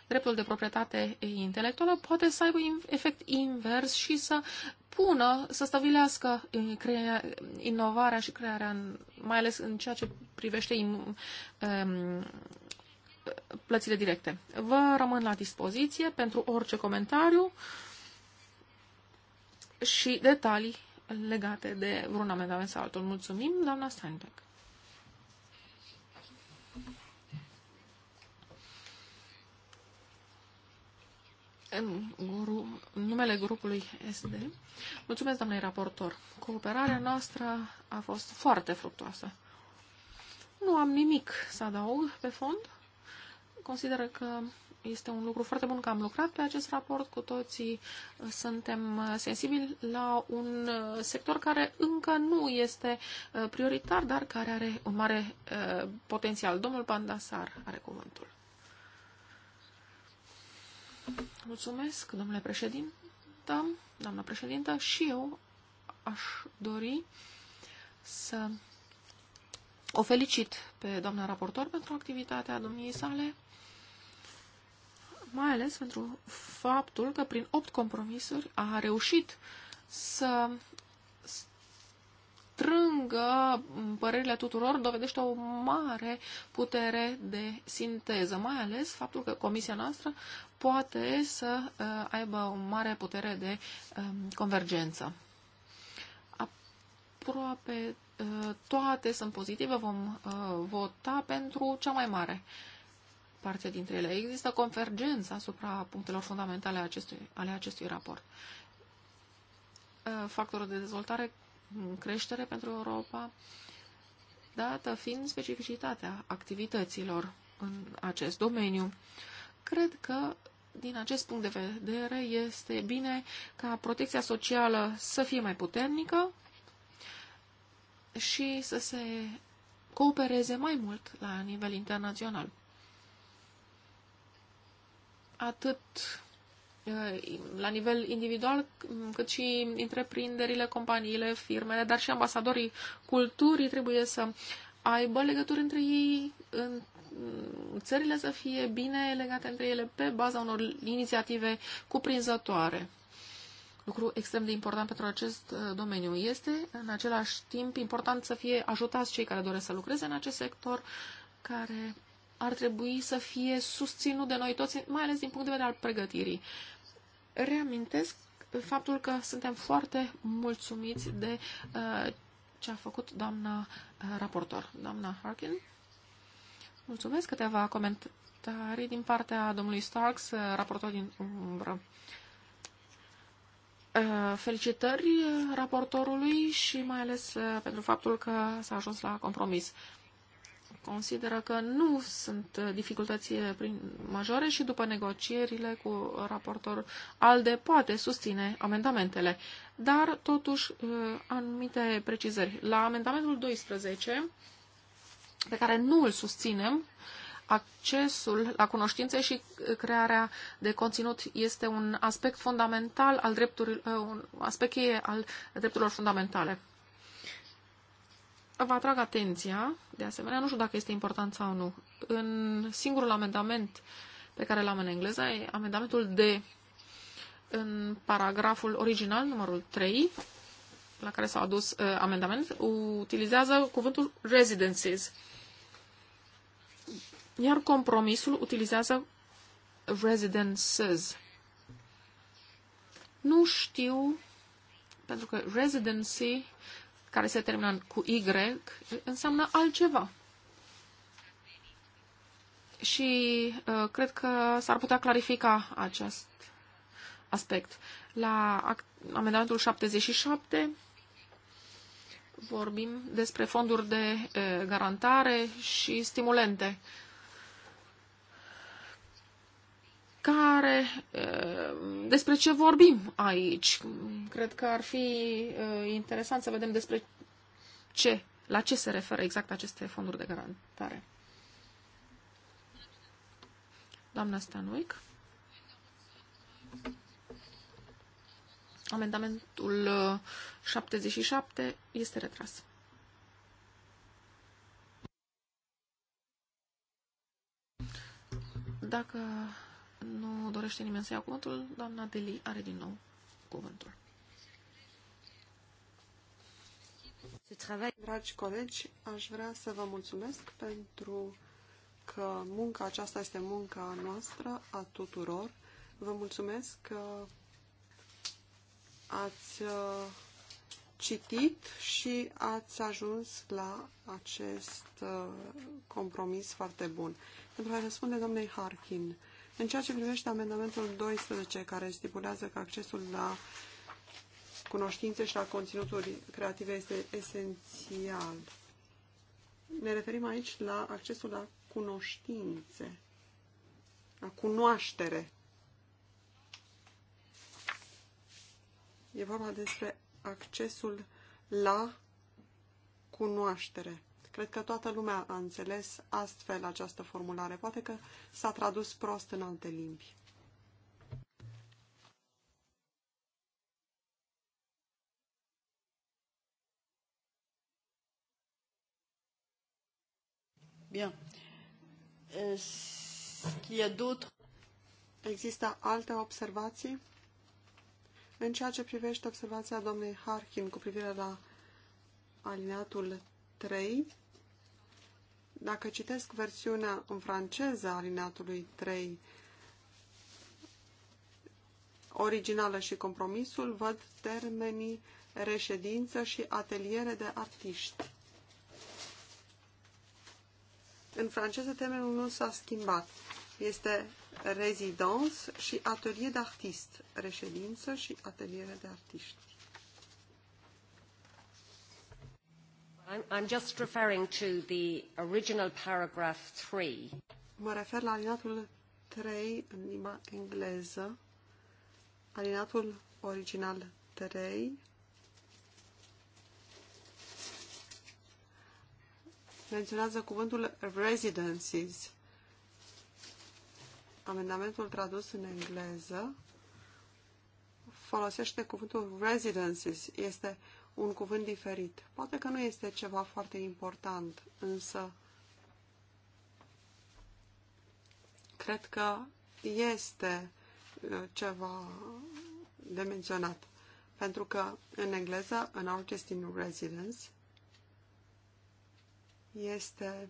dreptul de proprietate intelectuală poate să aibă efect invers și să pună, să stabilească uh, crea, inovarea și crearea, mai ales în ceea ce privește in, um, plățile directe. Vă rămân la dispoziție pentru orice comentariu și detalii legate de vreun amendament sau altul. Mulțumim, doamna Steinbeck. în guru, numele grupului SD. Mulțumesc, doamnei raportor. Cooperarea noastră a fost foarte fructoasă. Nu am nimic să adaug pe fond. Consider că este un lucru foarte bun că am lucrat pe acest raport. Cu toții suntem sensibili la un sector care încă nu este uh, prioritar, dar care are un mare uh, potențial. Domnul Pandasar are cuvântul. Mulțumesc, domnule președinte, doamna președintă, și eu aș dori să o felicit pe doamna raportor pentru activitatea domniei sale, mai ales pentru faptul că prin opt compromisuri a reușit să strângă părerile tuturor dovedește o mare putere de sinteză, mai ales faptul că comisia noastră poate să uh, aibă o mare putere de um, convergență. Aproape uh, toate sunt pozitive, vom uh, vota pentru cea mai mare parte dintre ele. Există convergență asupra punctelor fundamentale acestui, ale acestui raport. Factorul de dezvoltare creștere pentru Europa, dată fiind specificitatea activităților în acest domeniu. Cred că din acest punct de vedere, este bine ca protecția socială să fie mai puternică și să se coopereze mai mult la nivel internațional. Atât la nivel individual, cât și întreprinderile, companiile, firmele, dar și ambasadorii culturii trebuie să aibă legături între ei, în țările să fie bine legate între ele pe baza unor inițiative cuprinzătoare. Lucru extrem de important pentru acest uh, domeniu este, în același timp, important să fie ajutați cei care doresc să lucreze în acest sector, care ar trebui să fie susținut de noi toți, mai ales din punct de vedere al pregătirii. Reamintesc faptul că suntem foarte mulțumiți de uh, ce a făcut doamna uh, raportor, doamna Harkin. Mulțumesc câteva comentarii din partea domnului Starks, uh, raportor din umbră. Uh, felicitări uh, raportorului și mai ales uh, pentru faptul că s-a ajuns la compromis consideră că nu sunt dificultăți majore și după negocierile cu raportor ALDE poate susține amendamentele. Dar, totuși, uh, anumite precizări. La amendamentul 12, pe care nu îl susținem, accesul la cunoștințe și crearea de conținut este un aspect fundamental al drepturilor, uh, un aspect cheie al drepturilor fundamentale. Vă atrag atenția, de asemenea, nu știu dacă este important sau nu, în singurul amendament pe care l-am în engleză, e amendamentul de în paragraful original, numărul 3, la care s-a adus uh, amendament, utilizează cuvântul residences. Iar compromisul utilizează residences. Nu știu, pentru că residency care se termină cu Y, înseamnă altceva. Și uh, cred că s-ar putea clarifica acest aspect. La amendamentul 77 vorbim despre fonduri de uh, garantare și stimulente. Uh, care, despre ce vorbim aici. Cred că ar fi interesant să vedem despre ce, la ce se referă exact aceste fonduri de garantare. Doamna Stanuic. Amendamentul 77 este retras. Dacă nu dorește nimeni să ia cuvântul. Doamna Deli are din nou cuvântul. Dragi colegi, aș vrea să vă mulțumesc pentru că munca aceasta este munca noastră, a tuturor. Vă mulțumesc că ați uh, citit și ați ajuns la acest uh, compromis foarte bun. Pentru a răspunde domnei Harkin, în ceea ce privește amendamentul 12, care stipulează că accesul la cunoștințe și la conținuturi creative este esențial, ne referim aici la accesul la cunoștințe, la cunoaștere. E vorba despre accesul la cunoaștere. Cred că toată lumea a înțeles astfel această formulare. Poate că s-a tradus prost în alte limbi. Bien. Există alte observații? În ceea ce privește observația domnului Harkin cu privire la alineatul 3, dacă citesc versiunea în franceză a alineatului 3, originală și compromisul, văd termenii reședință și ateliere de artiști. În franceză termenul nu s-a schimbat. Este rezidence și atelier de artist, reședință și ateliere de artiști. I'm, just referring to the original paragraph 3. Mă refer la alinatul 3 în limba engleză. Alinatul original 3 menționează cuvântul residences. Amendamentul tradus în engleză folosește cuvântul residences. Este un cuvânt diferit. Poate că nu este ceva foarte important, însă cred că este uh, ceva de menționat. Pentru că în engleză, în artist in residence, este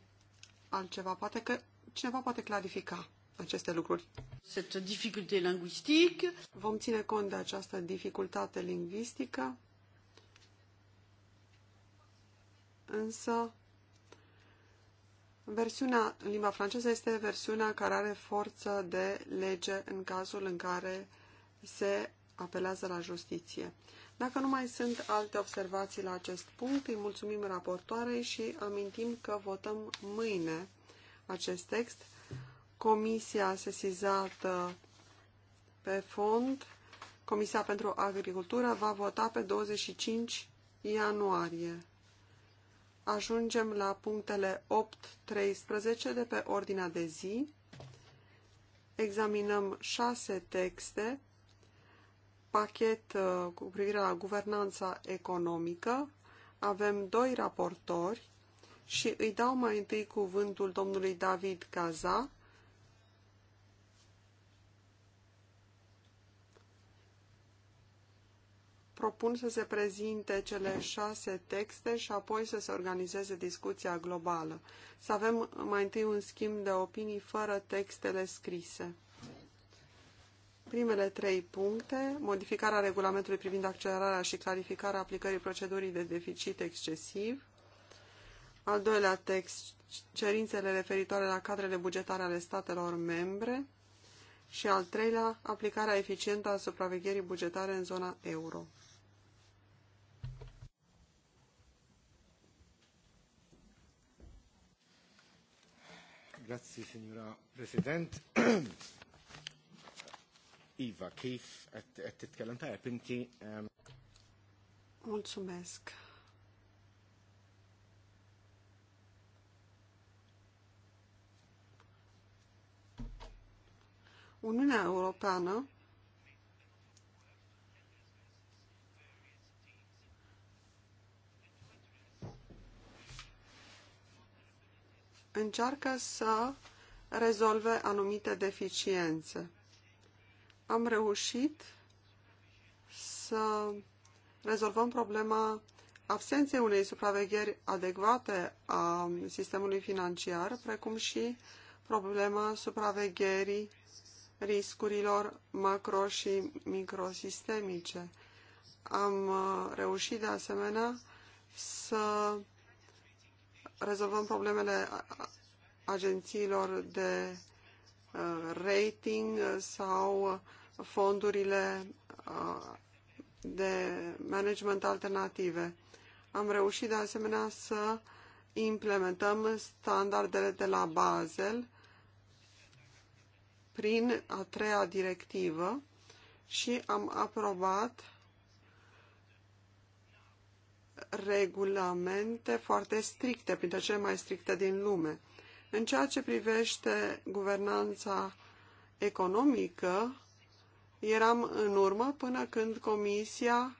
altceva. Poate că cineva poate clarifica aceste lucruri. Cette dificulté linguistique. Vom ține cont de această dificultate lingvistică. însă versiunea în limba franceză este versiunea care are forță de lege în cazul în care se apelează la justiție. Dacă nu mai sunt alte observații la acest punct, îi mulțumim raportoarei și amintim că votăm mâine acest text. Comisia sesizată pe fond, Comisia pentru Agricultură, va vota pe 25 ianuarie ajungem la punctele 8-13 de pe ordinea de zi. Examinăm șase texte, pachet uh, cu privire la guvernanța economică, avem doi raportori și îi dau mai întâi cuvântul domnului David Caza, propun să se prezinte cele șase texte și apoi să se organizeze discuția globală. Să avem mai întâi un schimb de opinii fără textele scrise. Primele trei puncte, modificarea regulamentului privind accelerarea și clarificarea aplicării procedurii de deficit excesiv, al doilea text, cerințele referitoare la cadrele bugetare ale statelor membre și al treilea, aplicarea eficientă a supravegherii bugetare în zona euro. Grazie, signora President. Ehm, Mulțumesc. Uniunea Europeană încearcă să rezolve anumite deficiențe. Am reușit să rezolvăm problema absenței unei supravegheri adecvate a sistemului financiar, precum și problema supravegherii riscurilor macro și microsistemice. Am uh, reușit de asemenea să rezolvăm problemele agențiilor de uh, rating sau fondurile uh, de management alternative. Am reușit de asemenea să implementăm standardele de la Basel prin a treia directivă și am aprobat regulamente foarte stricte, printre cele mai stricte din lume. În ceea ce privește guvernanța economică, eram în urmă până când Comisia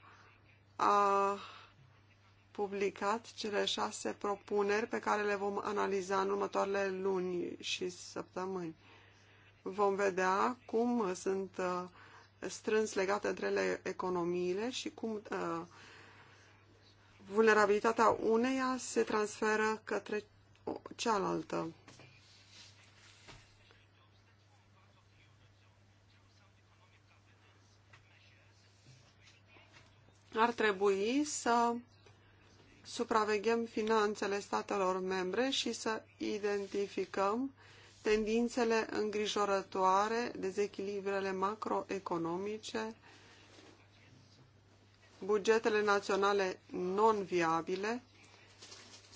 a publicat cele șase propuneri pe care le vom analiza în următoarele luni și săptămâni. Vom vedea cum sunt uh, strâns legate între ele economiile și cum uh, vulnerabilitatea uneia se transferă către cealaltă. Ar trebui să supraveghem finanțele statelor membre și să identificăm tendințele îngrijorătoare, dezechilibrele macroeconomice, bugetele naționale non-viabile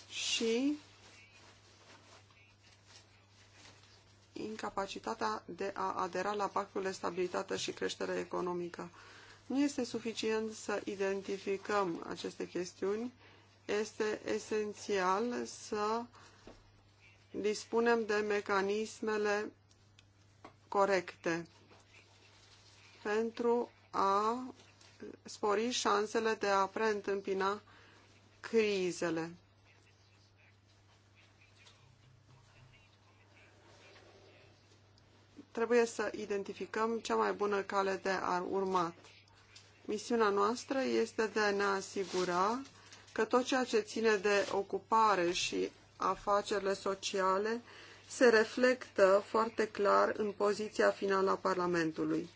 și incapacitatea de a adera la pactul de stabilitate și creștere economică. Nu este suficient să identificăm aceste chestiuni, este esențial să dispunem de mecanismele corecte pentru a spori șansele de a preîntâmpina crizele. Trebuie să identificăm cea mai bună cale de a urmat. Misiunea noastră este de a ne asigura că tot ceea ce ține de ocupare și afacerile sociale se reflectă foarte clar în poziția finală a Parlamentului.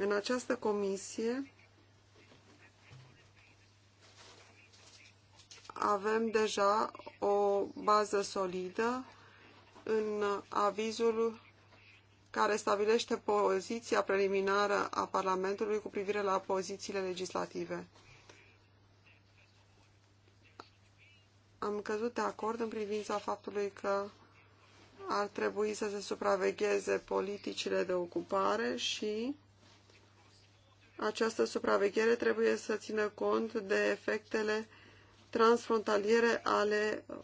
În această comisie avem deja o bază solidă în avizul care stabilește poziția preliminară a Parlamentului cu privire la pozițiile legislative. Am căzut de acord în privința faptului că ar trebui să se supravegheze politicile de ocupare și această supraveghere trebuie să țină cont de efectele transfrontaliere ale uh,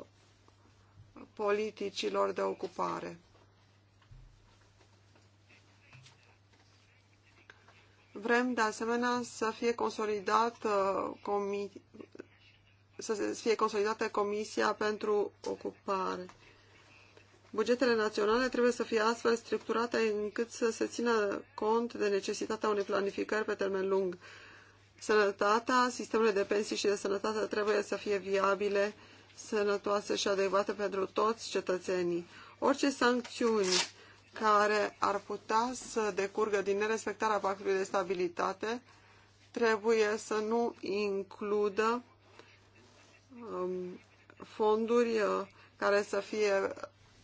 politicilor de ocupare. Vrem, de asemenea, să fie, consolidată uh, comi... să fie consolidată Comisia pentru Ocupare. Bugetele naționale trebuie să fie astfel structurate încât să se țină cont de necesitatea unei planificări pe termen lung. Sănătatea, sistemele de pensii și de sănătate trebuie să fie viabile, sănătoase și adecvate pentru toți cetățenii. Orice sancțiuni care ar putea să decurgă din nerespectarea pactului de stabilitate trebuie să nu includă um, fonduri uh, care să fie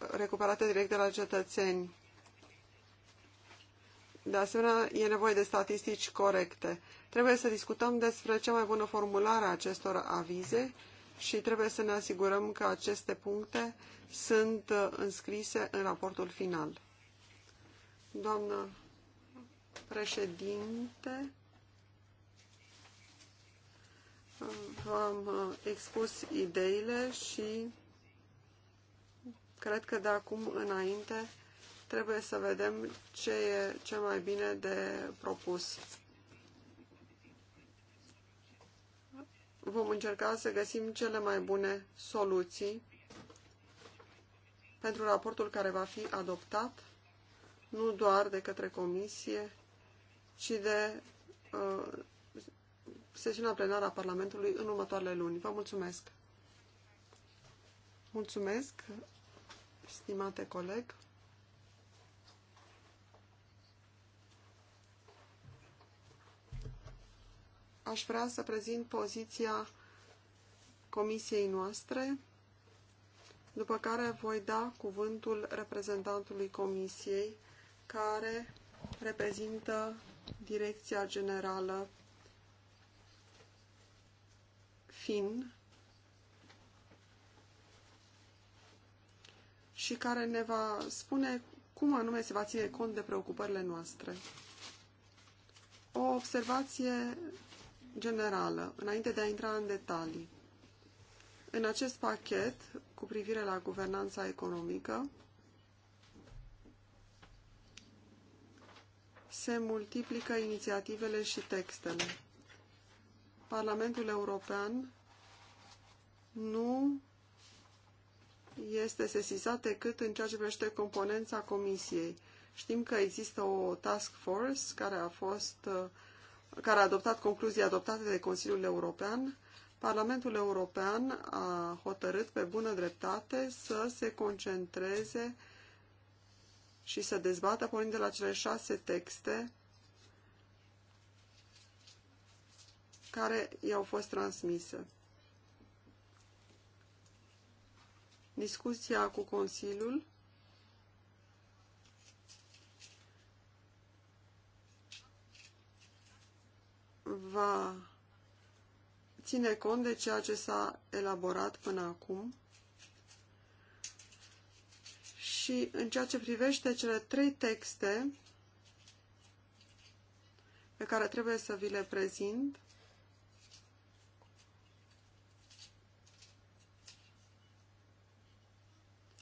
recuperate direct de la cetățeni. De asemenea, e nevoie de statistici corecte. Trebuie să discutăm despre cea mai bună formulare a acestor avize și trebuie să ne asigurăm că aceste puncte sunt uh, înscrise în raportul final. Doamnă președinte, uh, v-am uh, expus ideile și Cred că de acum înainte trebuie să vedem ce e ce mai bine de propus. Vom încerca să găsim cele mai bune soluții pentru raportul care va fi adoptat, nu doar de către comisie, ci de uh, sesiunea plenară a Parlamentului în următoarele luni. Vă mulțumesc! Mulțumesc! stimate coleg. Aș vrea să prezint poziția comisiei noastre, după care voi da cuvântul reprezentantului comisiei, care reprezintă Direcția Generală FIN, și care ne va spune cum anume se va ține cont de preocupările noastre. O observație generală, înainte de a intra în detalii. În acest pachet, cu privire la guvernanța economică, se multiplică inițiativele și textele. Parlamentul European nu este sesizat decât în ceea ce privește componența comisiei. Știm că există o task force care a fost uh, care a adoptat concluzii adoptate de Consiliul European. Parlamentul European a hotărât pe bună dreptate să se concentreze și să dezbată, pornind de la cele șase texte care i-au fost transmise. discuția cu Consiliul va ține cont de ceea ce s-a elaborat până acum și în ceea ce privește cele trei texte pe care trebuie să vi le prezint,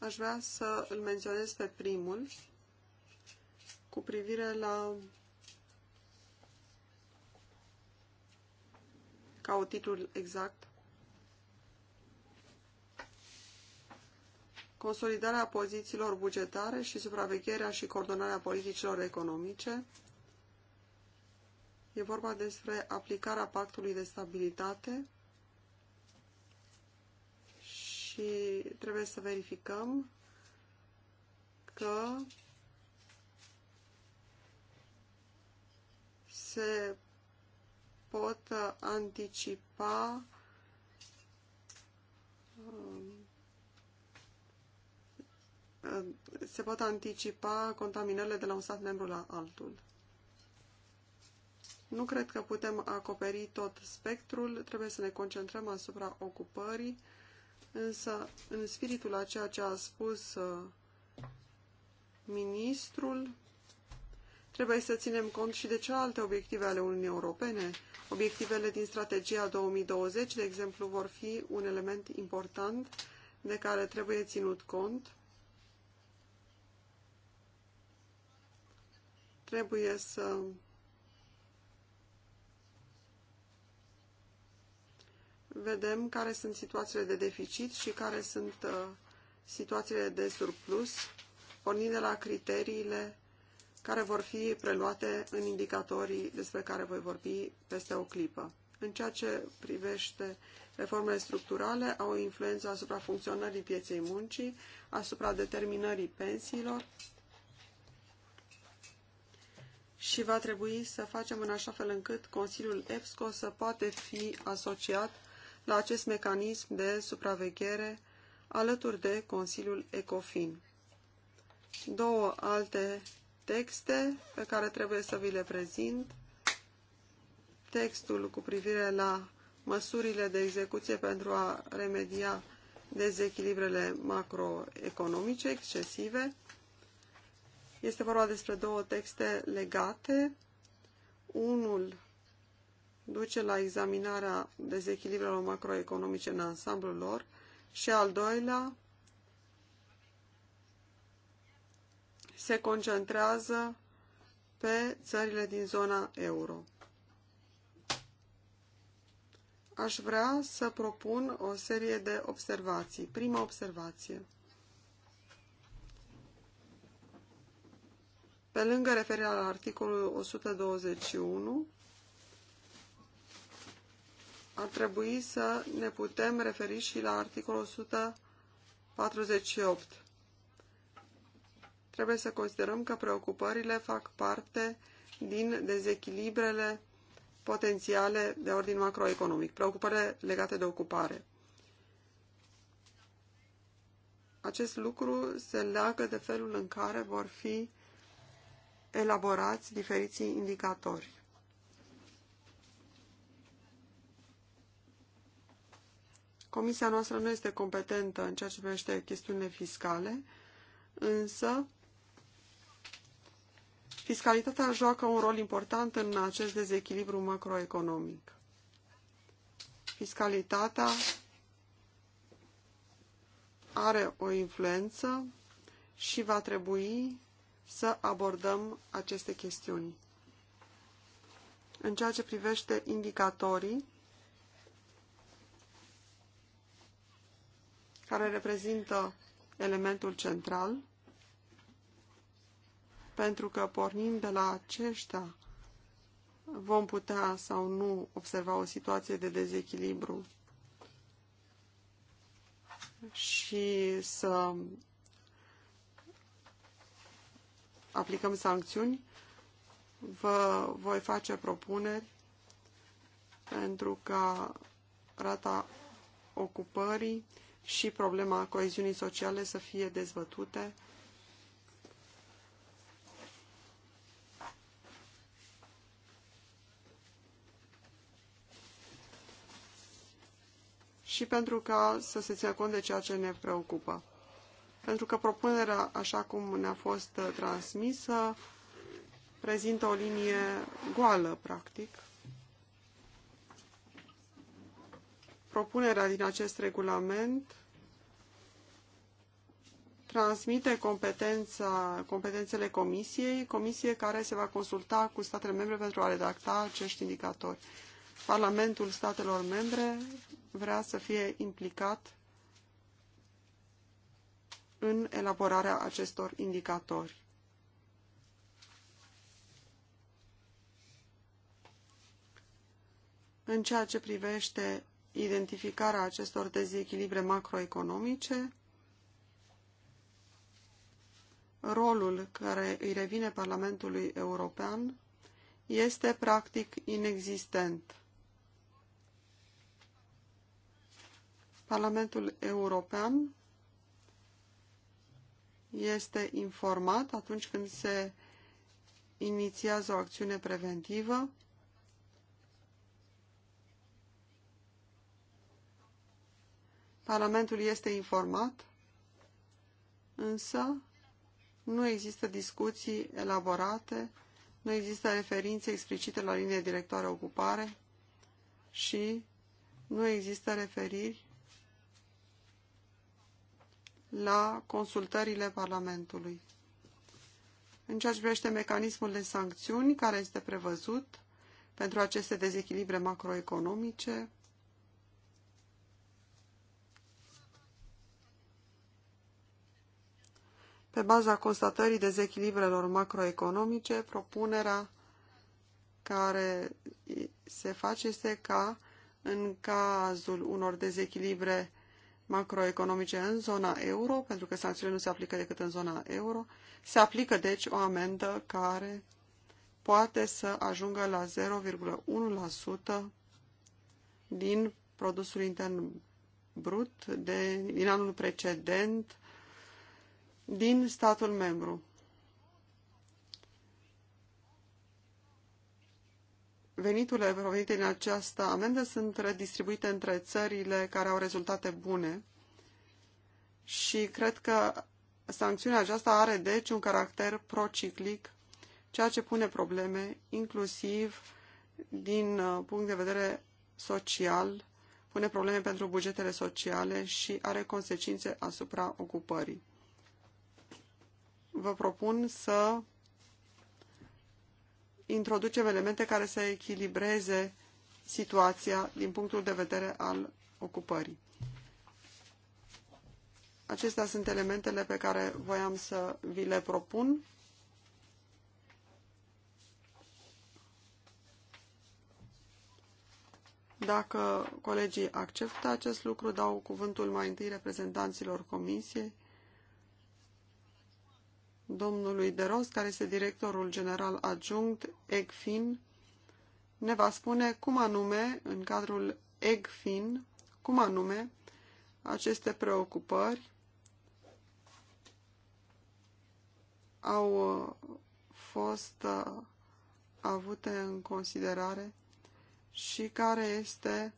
Aș vrea să îl menționez pe primul cu privire la ca o titlul exact consolidarea pozițiilor bugetare și supravegherea și coordonarea politicilor economice. E vorba despre aplicarea pactului de stabilitate și trebuie să verificăm că se pot anticipa um, se pot anticipa contaminările de la un stat membru la altul. Nu cred că putem acoperi tot spectrul, trebuie să ne concentrăm asupra ocupării însă în spiritul a ceea ce a spus uh, ministrul, trebuie să ținem cont și de celelalte obiective ale Uniunii Europene. Obiectivele din strategia 2020, de exemplu, vor fi un element important de care trebuie ținut cont. Trebuie să vedem care sunt situațiile de deficit și care sunt uh, situațiile de surplus, pornind de la criteriile care vor fi preluate în indicatorii despre care voi vorbi peste o clipă. În ceea ce privește reformele structurale, au o influență asupra funcționării pieței muncii, asupra determinării pensiilor și va trebui să facem în așa fel încât Consiliul EPSCO să poate fi asociat la acest mecanism de supraveghere alături de Consiliul ECOFIN. Două alte texte pe care trebuie să vi le prezint. Textul cu privire la măsurile de execuție pentru a remedia dezechilibrele macroeconomice excesive. Este vorba despre două texte legate. Unul duce la examinarea dezechilibrelor macroeconomice în ansamblul lor și al doilea se concentrează pe țările din zona euro. Aș vrea să propun o serie de observații. Prima observație. Pe lângă referirea la articolul 121, ar trebui să ne putem referi și la articolul 148. Trebuie să considerăm că preocupările fac parte din dezechilibrele potențiale de ordin macroeconomic, preocupările legate de ocupare. Acest lucru se leagă de felul în care vor fi elaborați diferiții indicatori. Comisia noastră nu este competentă în ceea ce privește chestiunile fiscale, însă fiscalitatea joacă un rol important în acest dezechilibru macroeconomic. Fiscalitatea are o influență și va trebui să abordăm aceste chestiuni. În ceea ce privește indicatorii, care reprezintă elementul central, pentru că pornind de la aceștia vom putea sau nu observa o situație de dezechilibru și să aplicăm sancțiuni, vă voi face propuneri pentru ca rata ocupării și problema coeziunii sociale să fie dezbătute. Și pentru ca să se țină cont de ceea ce ne preocupă. Pentru că propunerea, așa cum ne-a fost uh, transmisă, prezintă o linie goală, practic. Propunerea din acest regulament transmite competența, competențele comisiei, comisie care se va consulta cu statele membre pentru a redacta acești indicatori. Parlamentul statelor membre vrea să fie implicat în elaborarea acestor indicatori. În ceea ce privește identificarea acestor dezechilibre macroeconomice, rolul care îi revine Parlamentului European este practic inexistent. Parlamentul European este informat atunci când se inițiază o acțiune preventivă Parlamentul este informat, însă nu există discuții elaborate, nu există referințe explicite la linie directoare ocupare și nu există referiri la consultările Parlamentului. În ceea ce privește mecanismul de sancțiuni care este prevăzut pentru aceste dezechilibre macroeconomice, Pe baza constatării dezechilibrelor macroeconomice, propunerea care se face este ca, în cazul unor dezechilibre macroeconomice în zona euro, pentru că sancțiunile nu se aplică decât în zona euro, se aplică deci o amendă care poate să ajungă la 0,1% din produsul intern brut de, din anul precedent din statul membru. Veniturile provenite din această amendă sunt redistribuite între țările care au rezultate bune și cred că sancțiunea aceasta are deci un caracter prociclic, ceea ce pune probleme inclusiv din uh, punct de vedere social, pune probleme pentru bugetele sociale și are consecințe asupra ocupării vă propun să introducem elemente care să echilibreze situația din punctul de vedere al ocupării. Acestea sunt elementele pe care voiam să vi le propun. Dacă colegii acceptă acest lucru, dau cuvântul mai întâi reprezentanților comisiei domnului De Ros, care este directorul general adjunct EGFIN, ne va spune cum anume, în cadrul EGFIN, cum anume aceste preocupări au uh, fost uh, avute în considerare și care este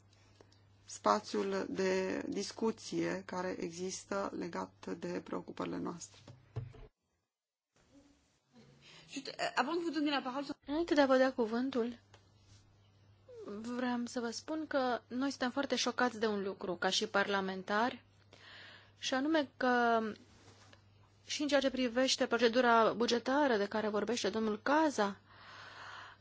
spațiul de discuție care există legat de preocupările noastre. Înainte de a vă da cuvântul, vreau să vă spun că noi suntem foarte șocați de un lucru, ca și parlamentari, și anume că și în ceea ce privește procedura bugetară de care vorbește domnul Caza,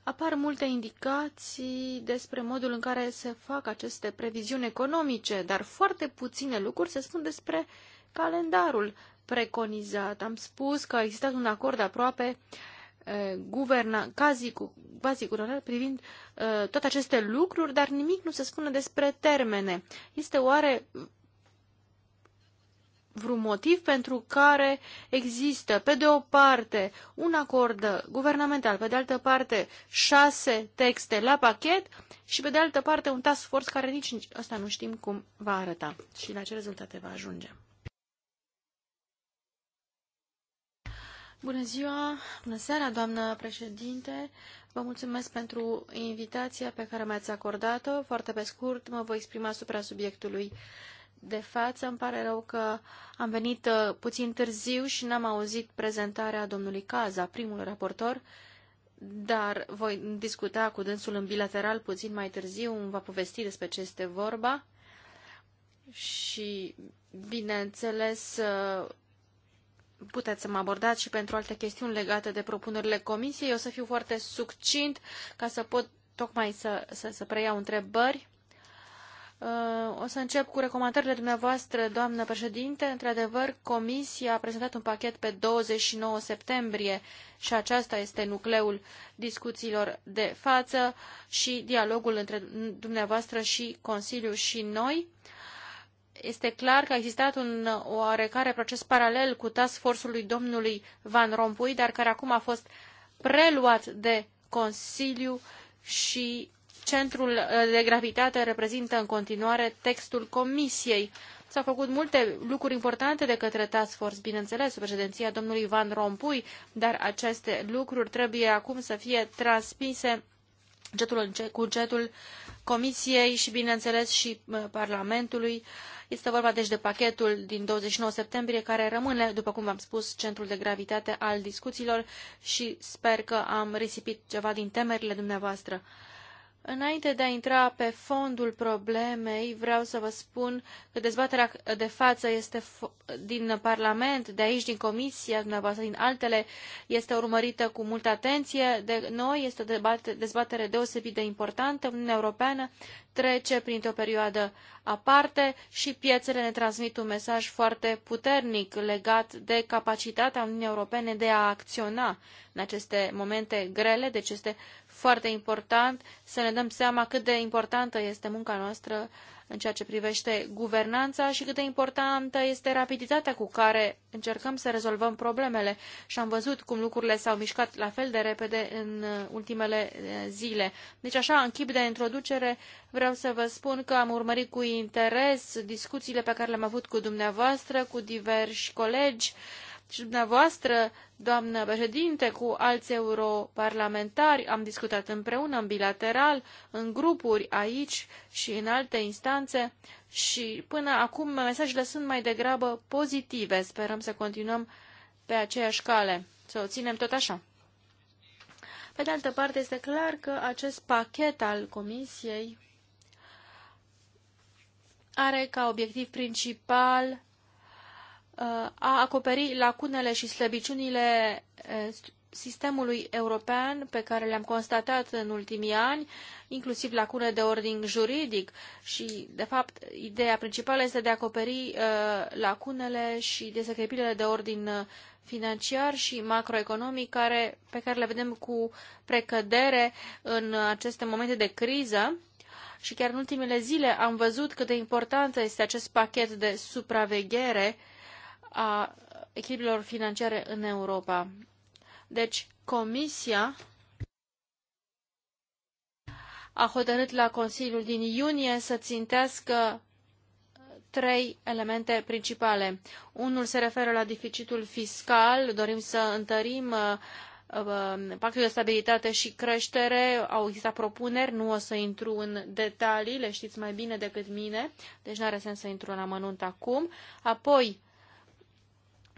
apar multe indicații despre modul în care se fac aceste previziuni economice, dar foarte puține lucruri se spun despre calendarul preconizat. Am spus că a existat un acord aproape uh, guverna, cazii cu bazii privind uh, toate aceste lucruri, dar nimic nu se spune despre termene. Este oare vreun motiv pentru care există, pe de o parte, un acord guvernamental, pe de altă parte, șase texte la pachet și, pe de altă parte, un task force care nici asta nu știm cum va arăta și la ce rezultate va ajunge. Bună ziua, bună seara, doamnă președinte. Vă mulțumesc pentru invitația pe care mi-ați acordat-o. Foarte pe scurt, mă voi exprima asupra subiectului de față. Îmi pare rău că am venit uh, puțin târziu și n-am auzit prezentarea domnului Caza, primul raportor, dar voi discuta cu dânsul în bilateral puțin mai târziu, îmi va povesti despre ce este vorba și, bineînțeles, uh, puteți să mă abordați și pentru alte chestiuni legate de propunerile comisiei. Eu să fiu foarte succint ca să pot tocmai să, să, să preiau întrebări. Uh, o să încep cu recomandările dumneavoastră, doamnă președinte. Într-adevăr, Comisia a prezentat un pachet pe 29 septembrie și aceasta este nucleul discuțiilor de față și dialogul între dumneavoastră și Consiliu și noi. Uh, este clar că a existat un oarecare proces paralel cu task force lui domnului Van Rompuy, dar care acum a fost preluat de Consiliu și centrul de gravitate reprezintă în continuare textul Comisiei. S-au făcut multe lucruri importante de către Task Force, bineînțeles, sub președinția domnului Van Rompuy, dar aceste lucruri trebuie acum să fie transmise cu cetul Comisiei și, bineînțeles, și uh, Parlamentului. Uh, este vorba deci de pachetul din 29 septembrie care rămâne, după cum v-am spus, centrul de gravitate al discuțiilor și sper că am risipit ceva din temerile dumneavoastră. Înainte de a intra pe fondul problemei, vreau să vă spun că dezbaterea de față este din Parlament, de aici, din Comisia, dumneavoastră, din altele, este urmărită cu multă atenție de noi. Este o dezbatere deosebit de importantă. Uniunea Europeană trece printr-o perioadă aparte și piețele ne transmit un mesaj foarte puternic legat de capacitatea Uniunii Europene de a acționa în aceste momente grele, deci este foarte important să ne dăm seama cât de importantă este munca noastră în ceea ce privește guvernanța și cât de importantă este rapiditatea cu care încercăm să rezolvăm problemele. Și am văzut cum lucrurile s-au mișcat la fel de repede în ultimele eh, zile. Deci așa, în chip de introducere, vreau să vă spun că am urmărit cu interes discuțiile pe care le-am avut cu dumneavoastră, cu diversi colegi, uh, și deci, dumneavoastră, doamnă președinte, cu alți europarlamentari. Am discutat împreună, în bilateral, în grupuri, aici și în alte instanțe și până acum mesajele sunt mai degrabă pozitive. Sperăm să continuăm pe aceeași cale, să o ținem tot așa. Pe de altă parte, este clar că acest pachet al Comisiei are ca obiectiv principal Uh, a acoperi lacunele și slăbiciunile uh, sistemului european pe care le-am constatat în ultimii ani, inclusiv lacune de ordin juridic și, de fapt, ideea principală este de a acoperi uh, lacunele și desecrepirile de ordin financiar și macroeconomic care, pe care le vedem cu precădere în aceste momente de criză și chiar în ultimele zile am văzut cât de important este acest pachet de supraveghere a echilibrelor financiare în Europa. Deci, Comisia a hotărât la Consiliul din iunie să țintească trei elemente principale. Unul se referă la deficitul fiscal, dorim să întărim uh, uh, pactul de stabilitate și creștere, au existat propuneri, nu o să intru în detalii, le știți mai bine decât mine, deci nu are sens să intru în amănunt acum. Apoi,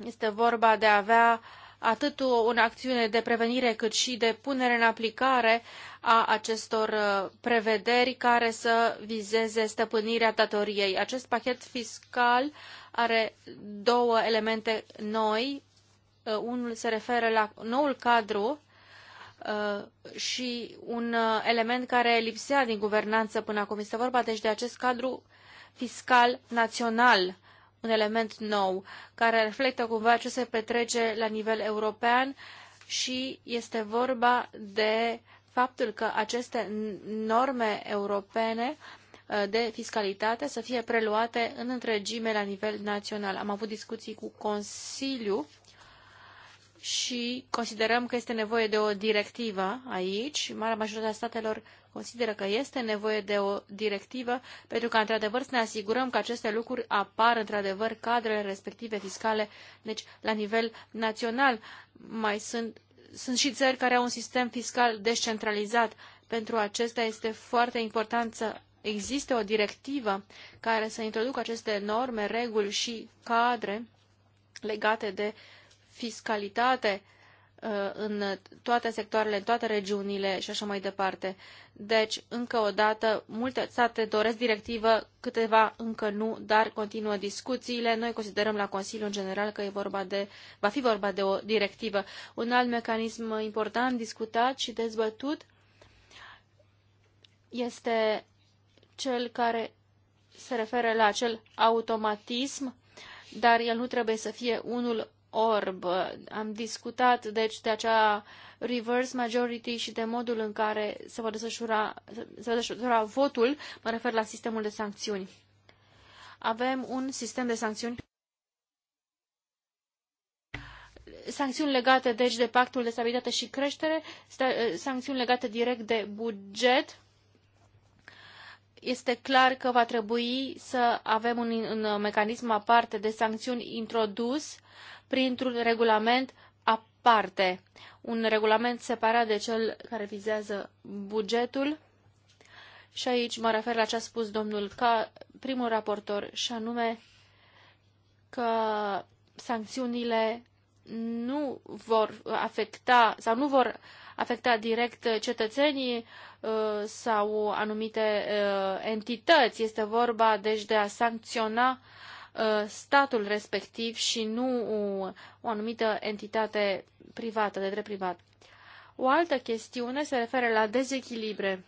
este vorba de a avea atât o acțiune de prevenire cât și de punere în aplicare a acestor uh, prevederi care să vizeze stăpânirea datoriei. Acest pachet fiscal are două elemente noi. Uh, unul se referă la noul cadru uh, și un element care lipsea din guvernanță până acum. Este vorba deci de acest cadru fiscal național un element nou care reflectă cumva ce se petrece la nivel european și este vorba de faptul că aceste norme europene uh, de fiscalitate să fie preluate în întregime la nivel național. Am avut discuții cu Consiliu și considerăm că este nevoie de o directivă aici. Marea majoritate a statelor consideră că este nevoie de o directivă pentru ca, într-adevăr, să ne asigurăm că aceste lucruri apar, într-adevăr, cadrele respective fiscale, deci la nivel național. Mai sunt, sunt și țări care au un sistem fiscal descentralizat. Pentru acestea este foarte important să existe o directivă care să introducă aceste norme, reguli și cadre legate de fiscalitate Uh, în toate sectoarele, în toate regiunile și așa mai departe. Deci, încă o dată, multe state doresc directivă, câteva încă nu, dar continuă discuțiile. Noi considerăm la Consiliu în general că e vorba de, va fi vorba de o directivă. Un alt mecanism important discutat și dezbătut este cel care se referă la acel automatism, dar el nu trebuie să fie unul orb. Am discutat, deci, de acea reverse majority și de modul în care se va desfășura, se va desfășura votul, mă refer la sistemul de sancțiuni. Avem un sistem de sancțiuni sancțiuni legate, deci, de pactul de stabilitate și creștere, sancțiuni legate direct de buget, este clar că va trebui să avem un, un mecanism aparte de sancțiuni introdus printr-un regulament aparte, un regulament separat de cel care vizează bugetul. Și aici mă refer la ce a spus domnul ca primul raportor, și anume că sancțiunile nu vor afecta sau nu vor afecta direct cetățenii uh, sau anumite uh, entități. Este vorba deci de a sancționa uh, statul respectiv și nu o anumită entitate privată, de drept privat. O altă chestiune se referă la dezechilibre,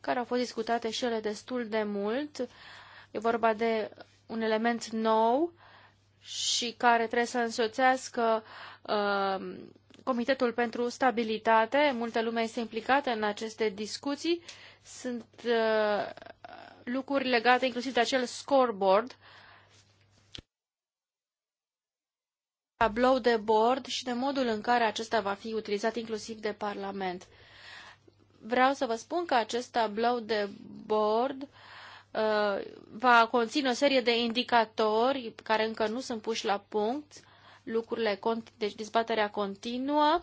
care au fost discutate și ele destul de mult. E vorba de un element nou și care trebuie să însoțească uh, Comitetul pentru Stabilitate, multă lume este implicată în aceste discuții, sunt uh, lucruri legate inclusiv de acel scoreboard, tablou de bord și de modul în care acesta va fi utilizat inclusiv de Parlament. Vreau să vă spun că acest tablou de bord uh, va conține o serie de indicatori care încă nu sunt puși la punct lucrurile, deci dezbaterea continuă,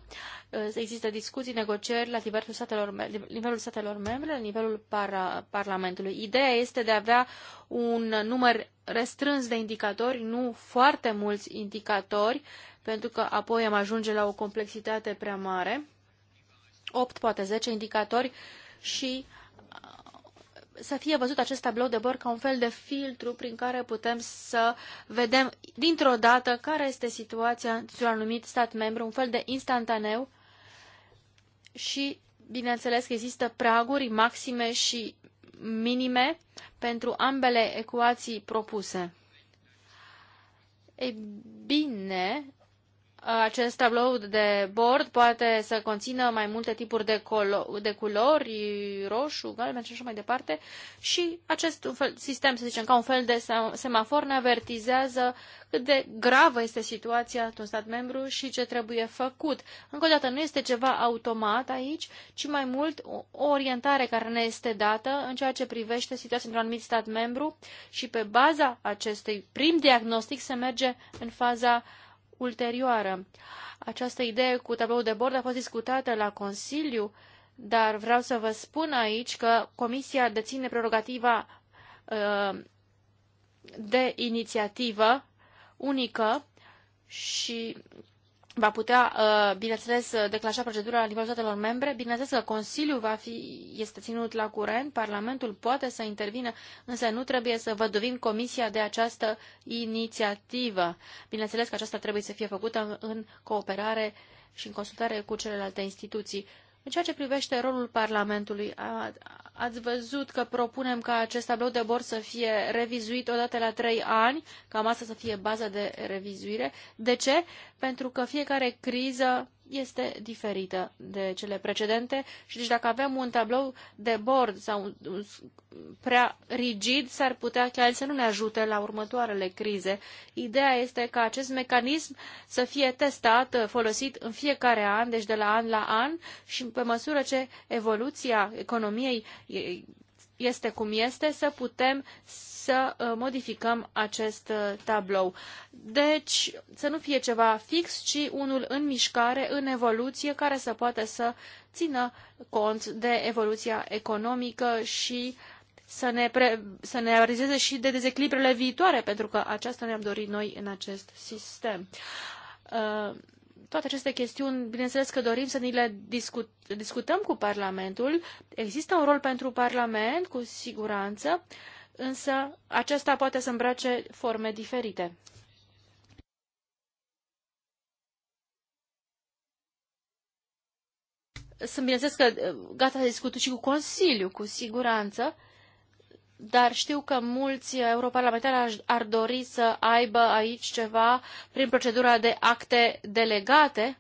există discuții, negocieri la nivelul statelor, nivelul statelor membre, la nivelul para, Parlamentului. Ideea este de a avea un număr restrâns de indicatori, nu foarte mulți indicatori, pentru că apoi am ajunge la o complexitate prea mare. 8, poate 10 indicatori și uh, să fie văzut acest tablou de bord ca un fel de filtru prin care putem să vedem dintr-o dată care este situația într-un anumit stat membru, un fel de instantaneu și, bineînțeles, că există praguri maxime și minime pentru ambele ecuații propuse. E bine, acest tablou de bord poate să conțină mai multe tipuri de, colo- de culori, roșu, galben și așa mai departe și acest fel, sistem, să zicem, ca un fel de semafor ne avertizează cât de gravă este situația într-un stat membru și ce trebuie făcut. Încă o dată, nu este ceva automat aici, ci mai mult o orientare care ne este dată în ceea ce privește situația într-un anumit stat membru și pe baza acestui prim diagnostic se merge în faza uh, ulterioară. Această idee cu tabloul de bord a fost discutată la Consiliu, dar vreau să vă spun aici că Comisia deține prerogativa uh, de inițiativă unică și va putea, uh, bineînțeles, uh, declanșa procedura la nivelul statelor membre. Bineînțeles că Consiliul va fi, este ținut la curent, Parlamentul poate să intervină, însă nu trebuie să văduvim Comisia de această inițiativă. Bineînțeles că aceasta trebuie să fie făcută în cooperare și în consultare cu celelalte instituții. În ceea ce privește rolul Parlamentului, a, ați văzut că propunem ca acest tablou de bord să fie revizuit odată la trei ani, cam asta să fie baza de revizuire. De ce? Pentru că fiecare criză este diferită de cele precedente și deci dacă avem un tablou de bord sau prea rigid, s-ar putea chiar să nu ne ajute la următoarele crize. Ideea este ca acest mecanism să fie testat, folosit în fiecare an, deci de la an la an și pe măsură ce evoluția economiei este cum este, să putem să uh, modificăm acest uh, tablou. Deci, să nu fie ceva fix, ci unul în mișcare, în evoluție, care să poată să țină cont de evoluția economică și să ne, pre, să ne arizeze și de dezechilibrele viitoare, pentru că aceasta ne-am dorit noi în acest sistem. Uh, toate aceste chestiuni, bineînțeles că dorim să ni le discut, discutăm cu Parlamentul. Există un rol pentru Parlament, cu siguranță, însă acesta poate să îmbrace forme diferite. Sunt bineînțeles că gata să discut și cu Consiliu, cu siguranță, dar știu că mulți europarlamentari ar, dori să aibă aici ceva prin procedura de acte delegate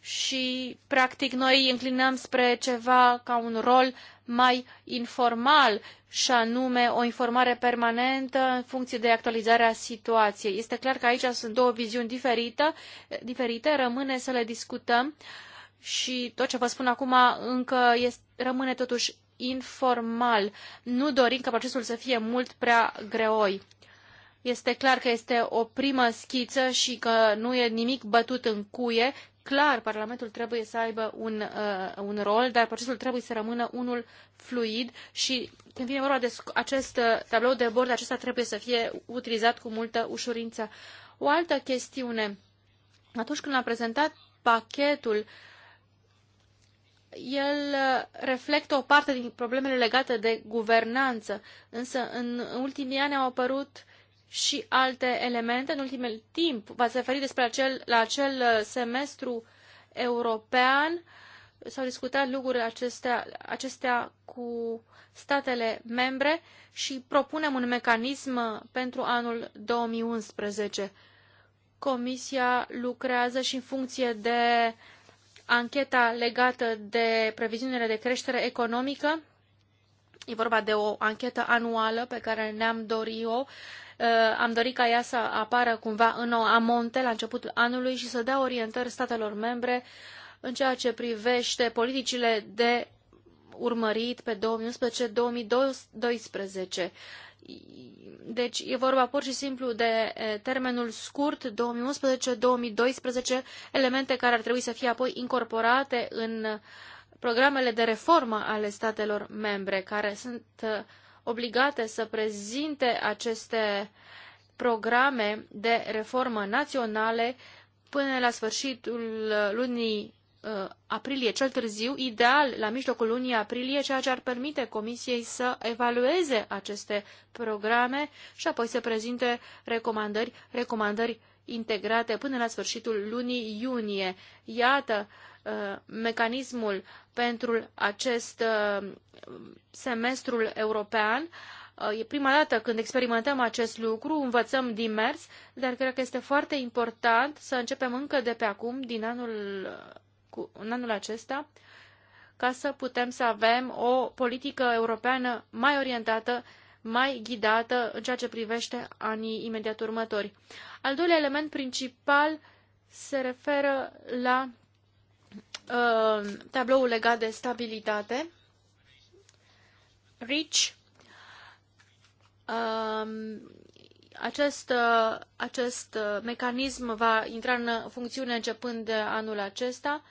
și, practic, noi înclinăm spre ceva ca un rol mai informal și anume o informare permanentă în funcție de actualizarea situației. Este clar că aici sunt două viziuni diferite, diferite rămâne să le discutăm și tot ce vă spun acum încă este, rămâne totuși informal. Nu dorim ca procesul să fie mult prea greoi. Este clar că este o primă schiță și că nu e nimic bătut în cuie. Clar, Parlamentul trebuie să aibă un, uh, un rol, dar procesul trebuie să rămână unul fluid și când vine vorba de acest uh, tablou de bord, acesta trebuie să fie utilizat cu multă ușurință. O altă chestiune. Atunci când am prezentat pachetul uh, el uh, reflectă o parte din problemele legate de guvernanță, însă în ultimii ani au apărut și alte elemente. În ultimul timp v-ați referit despre acel, la acel uh, semestru european, s-au discutat lucruri acestea, acestea cu statele membre și propunem un mecanism uh, pentru anul 2011. Comisia lucrează și în funcție de uh, ancheta legată de previziunile de creștere economică. E vorba de o anchetă anuală pe care ne-am dorit-o. Uh, am dorit ca ea să apară cumva în o amonte la începutul anului și să dea orientări statelor membre în ceea ce privește politicile de urmărit pe 2011-2012. Deci e vorba pur și simplu de termenul scurt 2011-2012, elemente care ar trebui să fie apoi incorporate în programele de reformă ale statelor membre, care sunt obligate să prezinte aceste programe de reformă naționale până la sfârșitul lunii uh, aprilie, cel târziu, ideal la mijlocul lunii aprilie, ceea ce ar permite Comisiei să evalueze aceste programe și apoi să prezinte recomandări, recomandări integrate până la sfârșitul lunii iunie. Iată uh, mecanismul pentru acest uh, semestrul european. Uh, e prima dată când experimentăm acest lucru, învățăm din mers, dar cred că este foarte important să începem încă de pe acum, din anul uh, cu, în anul acesta ca să putem să avem o politică europeană mai orientată, mai ghidată în ceea ce privește anii imediat următori. Al doilea element principal se referă la uh, tabloul legat de stabilitate. REACH uh, um, acest, acest mecanism va intra în funcțiune începând de anul acesta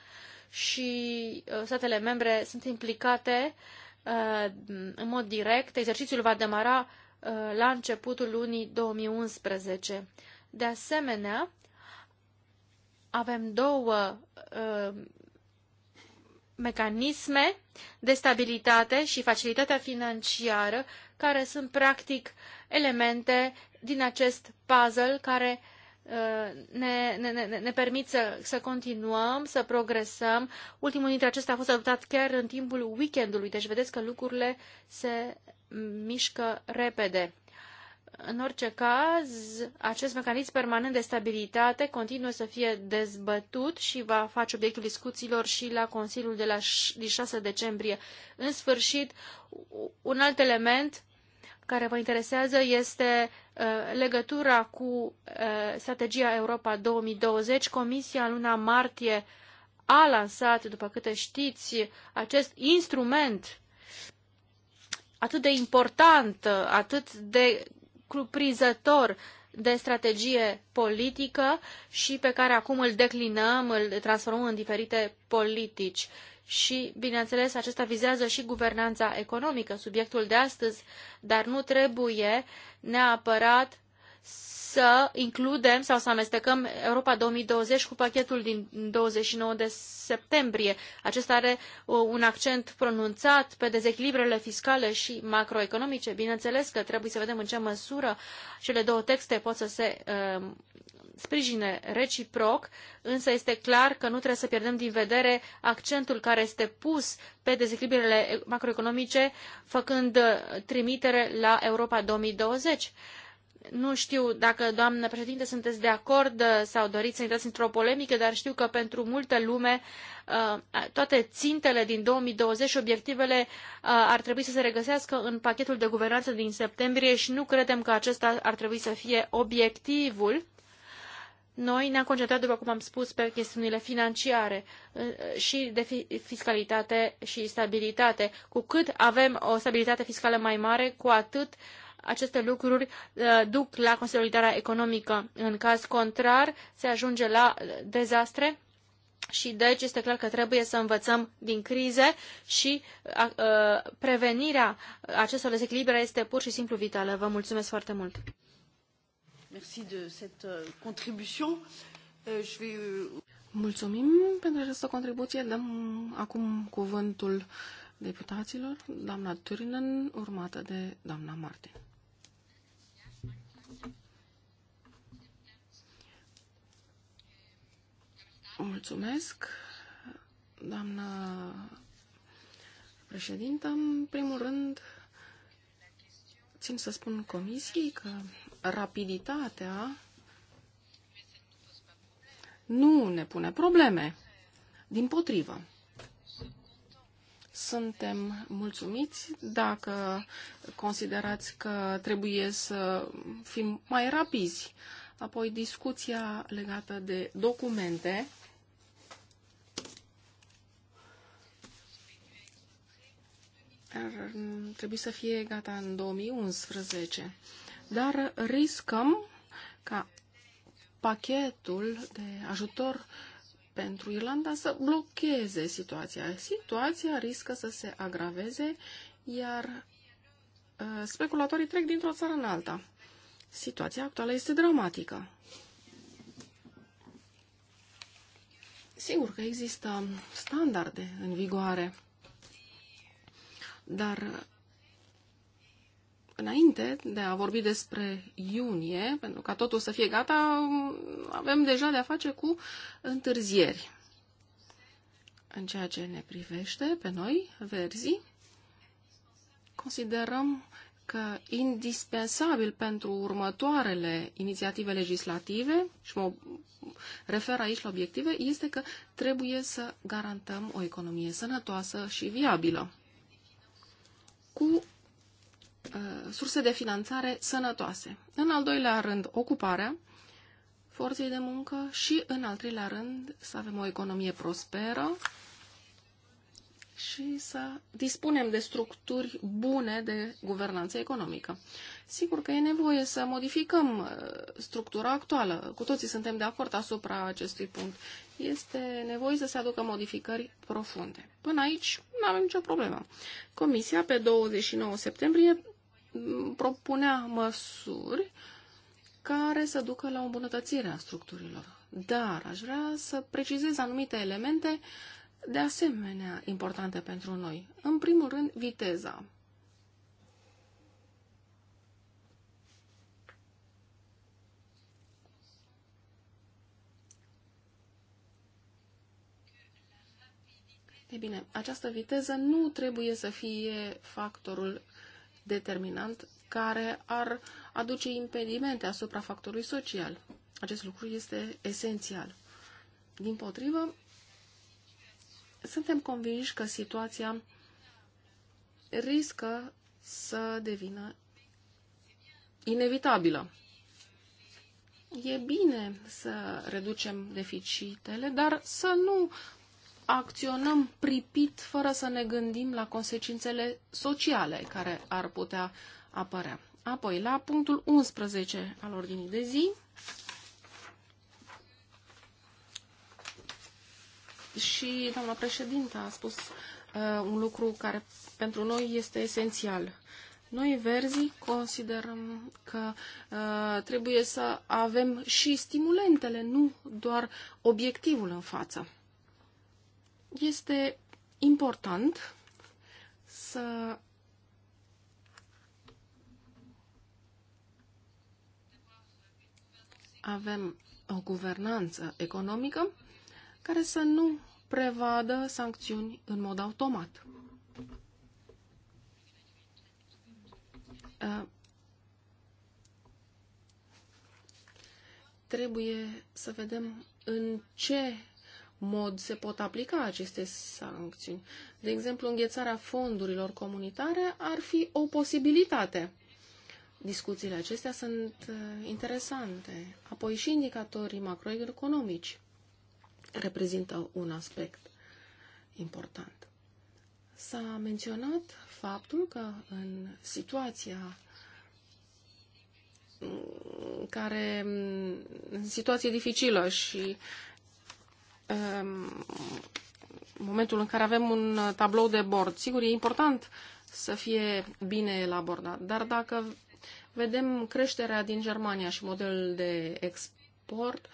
și uh, statele membre sunt implicate uh, în mod direct. Exercițiul va demara uh, la începutul lunii 2011. De asemenea, avem două mecanisme de stabilitate și facilitatea financiară care sunt practic elemente din acest puzzle care uh, ne, ne, ne, ne permit să, să continuăm, să progresăm. Ultimul dintre acestea a fost adoptat chiar în timpul weekendului, deci vedeți că lucrurile se mișcă repede. În orice caz, acest mecanism permanent de stabilitate continuă să fie dezbătut și va face obiectul discuțiilor și la Consiliul de la 6 decembrie. În sfârșit, un alt element care vă interesează este uh, legătura cu uh, strategia Europa 2020. Comisia în luna martie a lansat, după câte știți, acest instrument atât de important, atât de cuprinzător de strategie politică și pe care acum îl declinăm, îl transformăm în diferite politici și, bineînțeles, acesta vizează și guvernanța economică, subiectul de astăzi, dar nu trebuie neapărat să includem sau să amestecăm Europa 2020 cu pachetul din 29 de septembrie. Acesta are uh, un accent pronunțat pe dezechilibrele fiscale și macroeconomice. Bineînțeles că trebuie să vedem în ce măsură cele două texte pot să se uh, sprijine reciproc, însă este clar că nu trebuie să pierdem din vedere accentul care este pus pe dezechilibrele macroeconomice, făcând trimitere la Europa 2020. Nu știu dacă, doamnă președinte, sunteți de acord sau doriți să intrați într-o polemică, dar știu că pentru multă lume uh, toate țintele din 2020 și obiectivele uh, ar trebui să se regăsească în pachetul de guvernanță din septembrie și nu credem că acesta ar trebui să fie obiectivul noi ne-am concentrat, după cum am spus, pe chestiunile financiare uh, uh, și de fiscalitate și stabilitate. Cu cât avem o stabilitate fiscală mai mare, cu atât aceste lucruri uh, duc la consolidarea economică. În caz contrar, se ajunge la dezastre și deci este clar că trebuie să învățăm din crize și prevenirea acestor dezechilibre este pur și simplu vitală. Vă mulțumesc foarte mult! Merci de cette euh, contribution. Euh, je vais... Euh, Mulțumim pentru această contribuție. Dăm acum cuvântul deputaților, doamna Turinen, urmată de doamna Martin. Mulțumesc, doamna președintă. În primul rând, țin să spun comisiei că rapiditatea nu ne pune probleme. Din potrivă, suntem mulțumiți dacă considerați că trebuie să fim mai rapizi. Apoi discuția legată de documente. Ar trebui să fie gata în 2011 dar riscăm ca pachetul de ajutor pentru Irlanda să blocheze situația. Situația riscă să se agraveze, iar uh, speculatorii trec dintr-o țară în alta. Situația actuală este dramatică. Sigur că există standarde în vigoare, dar Înainte de a vorbi despre iunie, pentru ca totul să fie gata, avem deja de a face cu întârzieri. În ceea ce ne privește pe noi, verzii, considerăm că indispensabil pentru următoarele inițiative legislative, și mă refer aici la obiective, este că trebuie să garantăm o economie sănătoasă și viabilă cu Uh, surse de finanțare sănătoase. În al doilea rând, ocuparea forței de muncă și, în al treilea rând, să avem o economie prosperă și să dispunem de structuri bune de guvernanță economică. Sigur că e nevoie să modificăm uh, structura actuală. Cu toții suntem de acord asupra acestui punct. Este nevoie să se aducă modificări profunde. Până aici nu avem nicio problemă. Comisia, pe 29 septembrie, propunea măsuri care să ducă la o îmbunătățire a structurilor. Dar aș vrea să precizez anumite elemente de asemenea importante pentru noi. În primul rând, viteza. Ei bine, această viteză nu trebuie să fie factorul determinant care ar aduce impedimente asupra factorului social. Acest lucru este esențial. Din potrivă, suntem convinși că situația riscă să devină inevitabilă. E bine să reducem deficitele, dar să nu acționăm pripit fără să ne gândim la consecințele sociale care ar putea apărea. Apoi, la punctul 11 al ordinii de zi, și doamna președintă a spus uh, un lucru care pentru noi este esențial. Noi, verzii, considerăm că uh, trebuie să avem și stimulentele, nu doar obiectivul în față. Este important să avem o guvernanță economică care să nu prevadă sancțiuni în mod automat. Uh, trebuie să vedem în ce mod se pot aplica aceste sancțiuni. De exemplu, înghețarea fondurilor comunitare ar fi o posibilitate. Discuțiile acestea sunt uh, interesante. Apoi și indicatorii macroeconomici reprezintă un aspect important. S-a menționat faptul că în situația care în situație dificilă și Um, momentul în care avem un tablou de bord. Sigur, e important să fie bine elaborat, dar dacă vedem creșterea din Germania și modelul de export,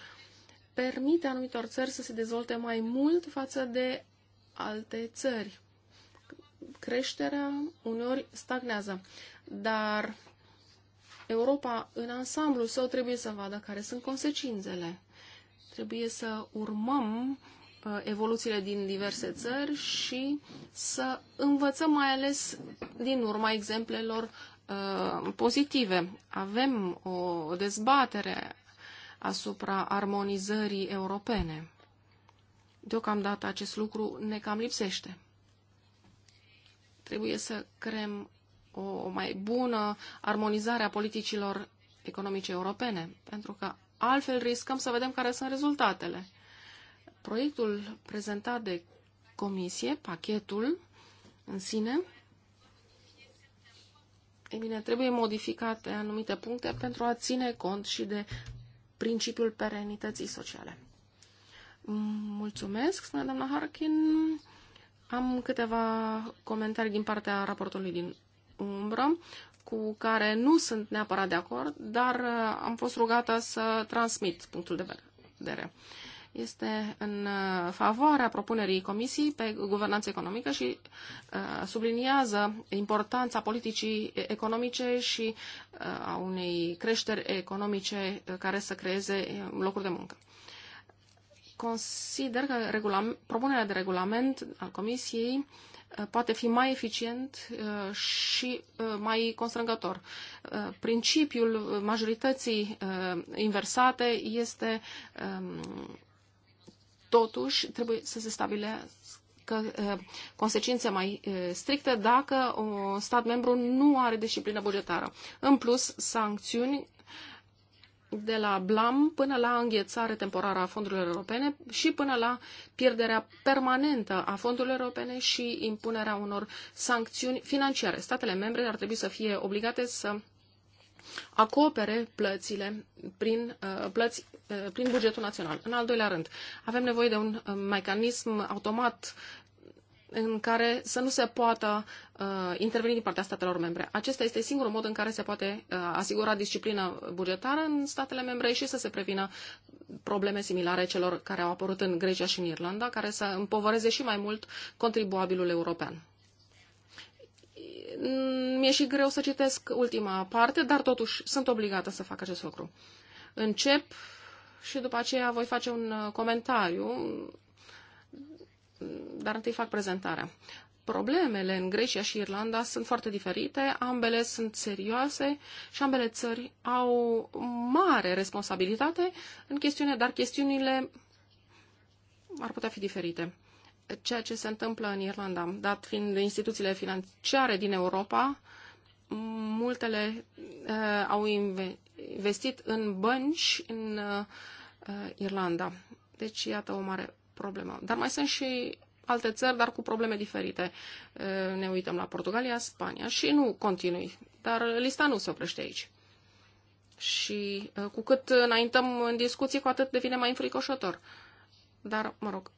permite anumitor țări să se dezvolte mai mult față de alte țări. Creșterea uneori stagnează, dar Europa în ansamblu său trebuie să vadă care sunt consecințele. Trebuie să urmăm uh, evoluțiile din diverse țări și să învățăm mai ales din urma exemplelor uh, pozitive. Avem o dezbatere asupra armonizării europene. Deocamdată acest lucru ne cam lipsește. Trebuie să creăm o mai bună armonizare a politicilor economice europene, pentru că altfel riscăm să vedem care sunt rezultatele. Proiectul prezentat de comisie, pachetul în sine, e bine, trebuie modificate anumite puncte pentru a ține cont și de principiul perenității sociale. Mulțumesc, spune doamna Harkin. Am câteva comentarii din partea raportului din umbră cu care nu sunt neapărat de acord, dar uh, am fost rugată să transmit punctul de vedere. Este în uh, favoarea propunerii Comisiei pe guvernanță economică și uh, subliniază importanța politicii economice și a unei creșteri economice care să creeze locuri de muncă consider că propunerea de regulament al Comisiei Uh, poate fi mai eficient uh, și uh, mai constrângător. Principiul majorității inversate este um, totuși trebuie să se stabilească consecințe mai stricte dacă un stat membru nu are disciplină bugetară. În plus, sancțiuni de la blam până la înghețare temporară a fondurilor europene și până la pierderea permanentă a fondurilor europene și impunerea unor sancțiuni financiare. Statele membre ar trebui să fie obligate să acopere plățile prin, uh, plăți, uh, prin bugetul național. În al doilea rând, avem nevoie de un uh, mecanism automat în care să nu se poată uh, interveni din partea statelor membre. Acesta este singurul mod în care se poate uh, asigura disciplina bugetară în statele membre și să se prevină probleme similare celor care au apărut în Grecia și în Irlanda, care să împovăreze și mai mult contribuabilul european. Mi-e și greu să citesc ultima parte, dar totuși sunt obligată să fac acest lucru. Încep și după aceea voi face un uh, comentariu dar întâi fac prezentarea. Problemele în Grecia și Irlanda sunt foarte diferite, ambele sunt serioase și ambele țări au mare responsabilitate în chestiune, dar chestiunile ar putea fi diferite. Ceea ce se întâmplă în Irlanda, dat fiind instituțiile financiare din Europa, multele uh, au investit în bănci în uh, Irlanda. Deci, iată o mare problemă. Dar mai sunt și alte țări, dar cu probleme diferite. Ne uităm la Portugalia, Spania și nu continui. Dar lista nu se oprește aici. Și cu cât înaintăm în discuții, cu atât devine mai înfricoșător. Dar, mă rog,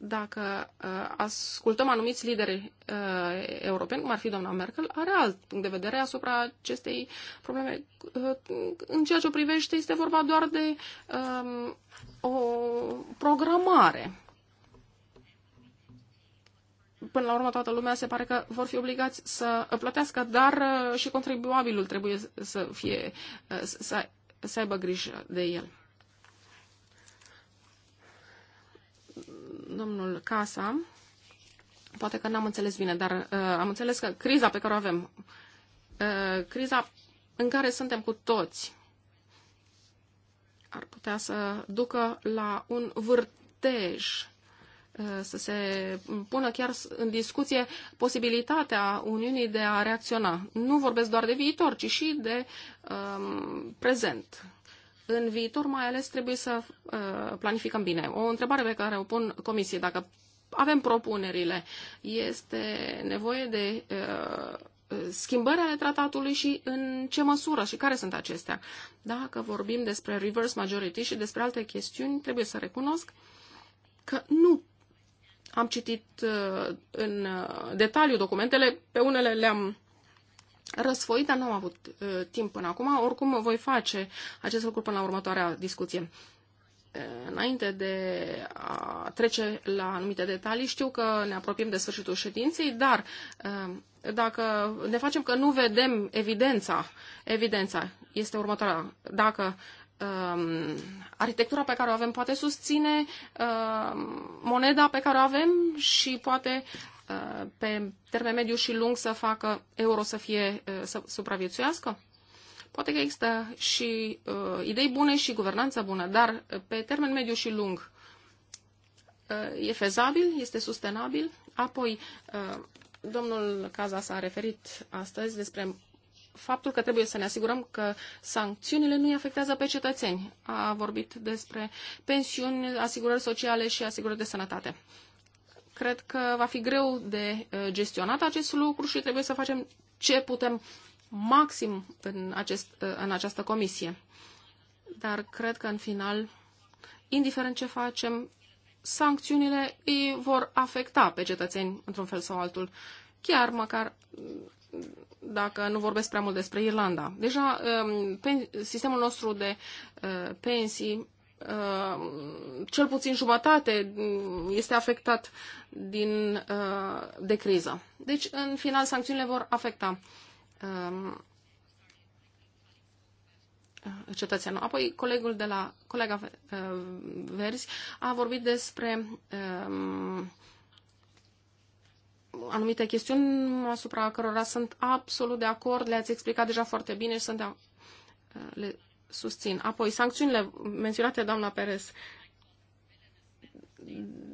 dacă uh, ascultăm anumiți lideri uh, europeni, cum ar fi doamna Merkel, are alt punct de vedere asupra acestei probleme. Uh, în ceea ce o privește, este vorba doar de uh, o programare. Până la urmă, toată lumea se pare că vor fi obligați să plătească, dar uh, și contribuabilul trebuie să fie, uh, să, să aibă grijă de el. domnul Casa. Poate că n-am înțeles bine, dar uh, am înțeles că criza pe care o avem, uh, criza în care suntem cu toți, ar putea să ducă la un vârtej uh, să se pună chiar în discuție posibilitatea Uniunii de a reacționa. Nu vorbesc doar de viitor, ci și de uh, prezent. În viitor, mai ales, trebuie să uh, planificăm bine. O întrebare pe care o pun comisiei, dacă avem propunerile, este nevoie de uh, schimbări ale tratatului și în ce măsură și care sunt acestea. Dacă vorbim despre reverse majority și despre alte chestiuni, trebuie să recunosc că nu am citit uh, în detaliu documentele, pe unele le-am răsfoi, dar nu am avut uh, timp până acum. Oricum voi face acest lucru până la următoarea discuție. Uh, înainte de a trece la anumite detalii, știu că ne apropiem de sfârșitul ședinței, dar uh, dacă ne facem că nu vedem evidența, evidența este următoarea. Dacă um, arhitectura pe care o avem poate susține um, moneda pe care o avem și poate Uh, pe termen mediu și lung să facă euro să fie uh, să supraviețuiască? Poate că există și uh, idei bune și guvernanță bună, dar uh, pe termen mediu și lung uh, e fezabil, este sustenabil. Apoi, uh, domnul Caza s-a referit astăzi despre faptul că trebuie să ne asigurăm că sancțiunile nu îi afectează pe cetățeni. A vorbit despre pensiuni, asigurări sociale și asigurări de sănătate. Uh, Cred că va fi greu de uh, gestionat acest lucru și trebuie să facem ce putem maxim în, acest, uh, în această comisie. Dar cred că în final, indiferent ce facem, sancțiunile îi vor afecta pe cetățeni într-un fel sau altul. Chiar măcar mm, dacă nu vorbesc prea mult despre Irlanda. Deja um, sistemul nostru de uh, pensii Uh, cel puțin jumătate este afectat din, uh, de criză. Deci, în final, sancțiunile vor afecta um, uh, cetățeanul. Apoi, colegul de la, colega Verzi a vorbit despre um, anumite chestiuni asupra cărora sunt absolut de acord, le-ați explicat deja foarte bine și sunt de, le, susțin. Apoi, sancțiunile menționate, doamna Perez,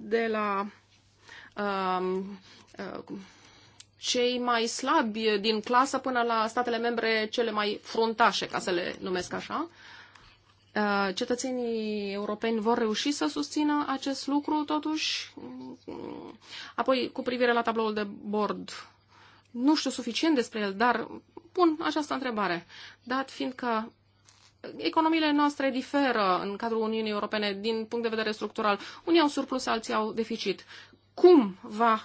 de la um, uh, cei mai slabi din clasă până la statele membre cele mai fruntașe, ca să le numesc așa. Uh, cetățenii europeni vor reuși să susțină acest lucru, totuși. Apoi, cu privire la tabloul de bord, nu știu suficient despre el, dar pun această întrebare. Dat fiindcă economiile noastre diferă în cadrul Uniunii Europene din punct de vedere structural. Unii au surplus, alții au deficit. Cum va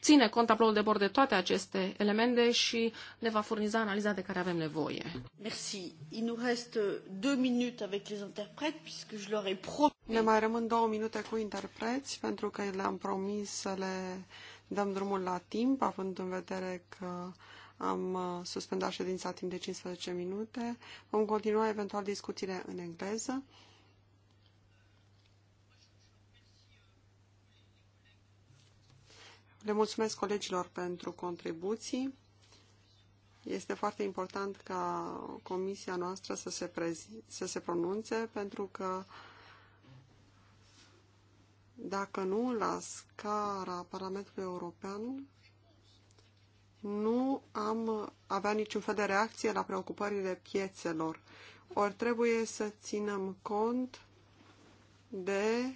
ține cont tabloul de bord de toate aceste elemente și ne va furniza analiza de care avem nevoie. Merci. Il nous reste deux minutes avec les interprètes puisque je leur ai promis. Ne mai rămân două minute cu interpreți pentru că le-am promis să le dăm drumul la timp, având în vedere că am uh, suspendat ședința timp de 15 minute. Vom continua eventual discuțiile în engleză. Le mulțumesc colegilor pentru contribuții. Este foarte important ca comisia noastră să se, prezi, să se pronunțe, pentru că dacă nu, la scara Parlamentului European, nu am avea niciun fel de reacție la preocupările piețelor. Ori trebuie să ținem cont de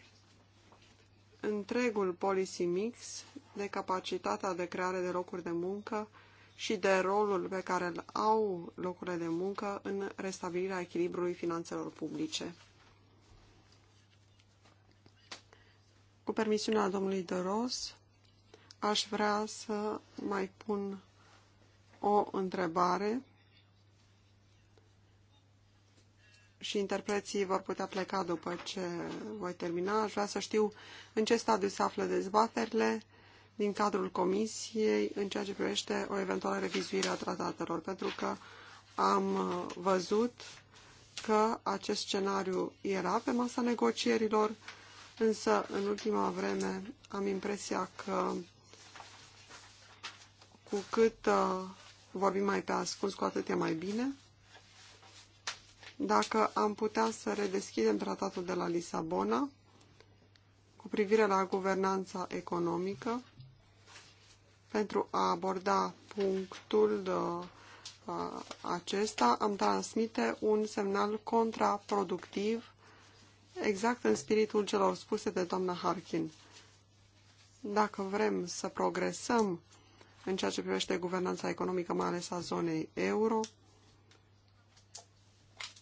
întregul policy mix, de capacitatea de creare de locuri de muncă și de rolul pe care îl au locurile de muncă în restabilirea echilibrului finanțelor publice. Cu permisiunea domnului de Ros, aș vrea să mai pun o întrebare și interpreții vor putea pleca după ce voi termina. Aș vrea să știu în ce stadiu se află dezbaterile din cadrul comisiei în ceea ce privește o eventuală revizuire a tratatelor, pentru că am văzut că acest scenariu era pe masa negocierilor, însă în ultima vreme am impresia că cu cât uh, vorbim mai pe ascuns, cu atât e mai bine. Dacă am putea să redeschidem tratatul de la Lisabona cu privire la guvernanța economică pentru a aborda punctul uh, acesta am transmite un semnal contraproductiv, exact în spiritul celor spuse de doamna Harkin. Dacă vrem să progresăm în ceea ce privește guvernanța economică, mai ales a zonei euro,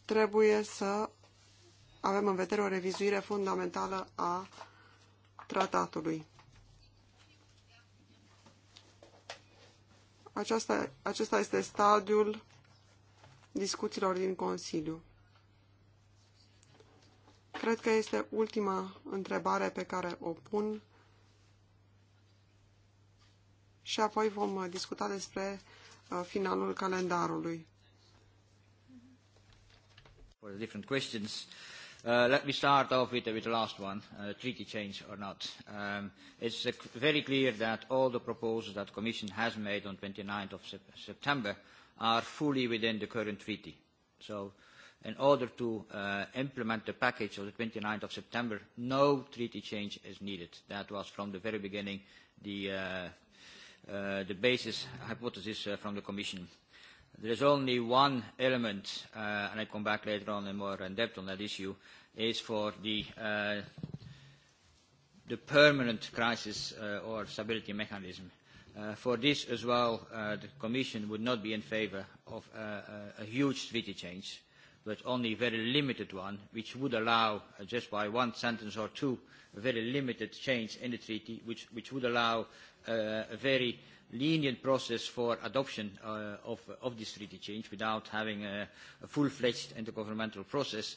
trebuie să avem în vedere o revizuire fundamentală a tratatului. Aceasta, acesta este stadiul discuțiilor din Consiliu. Cred că este ultima întrebare pe care o pun și apoi vom uh, discuta despre uh, finalul calendarului. For the different questions, uh, let me start off with, with the last one, uh, treaty change or not. Um, it's uh, very clear that all the proposals that the Commission has made on 29th of sep September are fully within the current treaty. So in order to uh, implement the package of the 29th of September, no treaty change is needed. That was from the very beginning the uh, Uh, the basis hypothesis uh, from the Commission. There is only one element, uh, and I come back later on in more in depth on that issue, is for the, uh, the permanent crisis uh, or stability mechanism. Uh, for this as well, uh, the Commission would not be in favour of uh, a, a huge treaty change but only a very limited one, which would allow, uh, just by one sentence or two, a very limited change in the treaty, which, which would allow uh, a very lenient process for adoption uh, of, of this treaty change without having a, a full-fledged intergovernmental process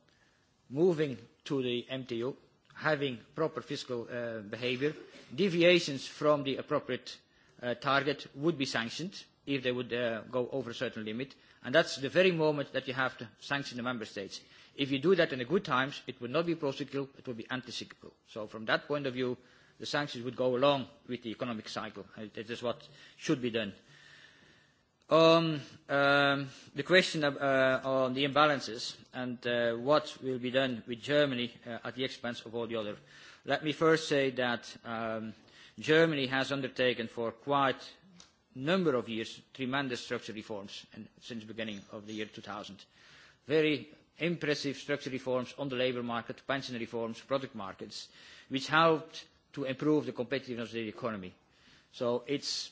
moving to the MTO, having proper fiscal uh, behaviour, deviations from the appropriate uh, target would be sanctioned if they would uh, go over a certain limit. And that's the very moment that you have to sanction the member states. If you do that in the good times, it would not be procyclical, it would be anticyclical. So from that point of view, the sanctions would go along with the economic cycle. It is what should be done on um, um, the question of, uh, on the imbalances and uh, what will be done with Germany uh, at the expense of all the others. Let me first say that um, Germany has undertaken for quite a number of years tremendous structural reforms since the beginning of the year 2000. Very impressive structural reforms on the labour market, pension reforms, product markets, which helped to improve the competitiveness of the economy. So it's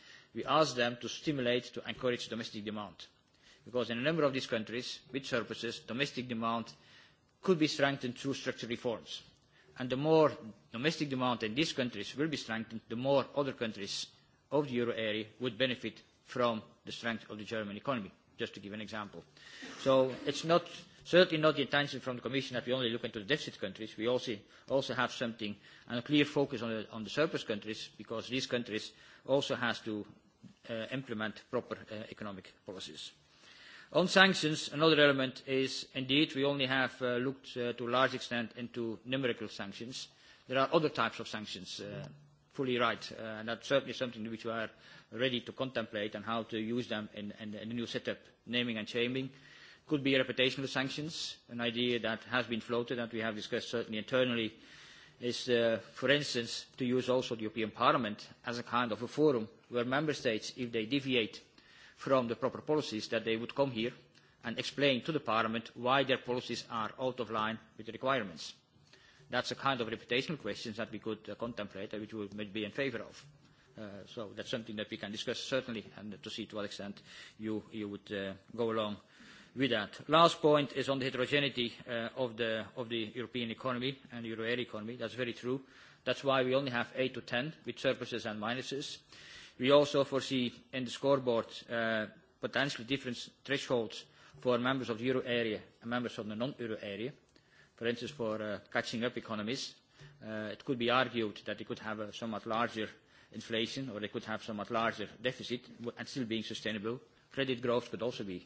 we ask them to stimulate, to encourage domestic demand. Because in a number of these countries, with surpluses, domestic demand could be strengthened through structural reforms. And the more domestic demand in these countries will be strengthened, the more other countries of the euro area would benefit from the strength of the German economy, just to give an example. So it's not Certainly not the intention from the Commission that we only look into the deficit countries. We also, also have something and a clear focus on the, on the surplus countries because these countries also have to uh, implement proper uh, economic policies. On sanctions, another element is indeed we only have uh, looked uh, to a large extent into numerical sanctions. There are other types of sanctions, uh, fully right, uh, and that's certainly something which we are ready to contemplate and how to use them in, in, in the new setup, naming and shaming, Could be a reputational sanctions, an idea that has been floated and we have discussed certainly internally, is, uh, for instance, to use also the European Parliament as a kind of a forum where member states, if they deviate from the proper policies, that they would come here and explain to the Parliament why their policies are out of line with the requirements. That's a kind of reputational question that we could uh, contemplate and which we would be in favour of. Uh, so that's something that we can discuss certainly and to see to what extent you, you would uh, go along with that. Last point is on the heterogeneity uh, of, the, of the European economy and the euro area economy. That's very true. That's why we only have 8 to 10 with surpluses and minuses. We also foresee in the scoreboard uh, potentially different thresholds for members of the euro area and members of the non-euro area. For instance, for uh, catching up economies, uh, it could be argued that they could have a somewhat larger inflation or they could have somewhat larger deficit and still being sustainable. Credit growth could also be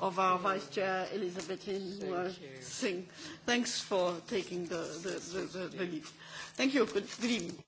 of our Vice Chair, Elizabeth Singh. Thanks for taking the, the, the, the, the lead. Thank you. Good, good evening.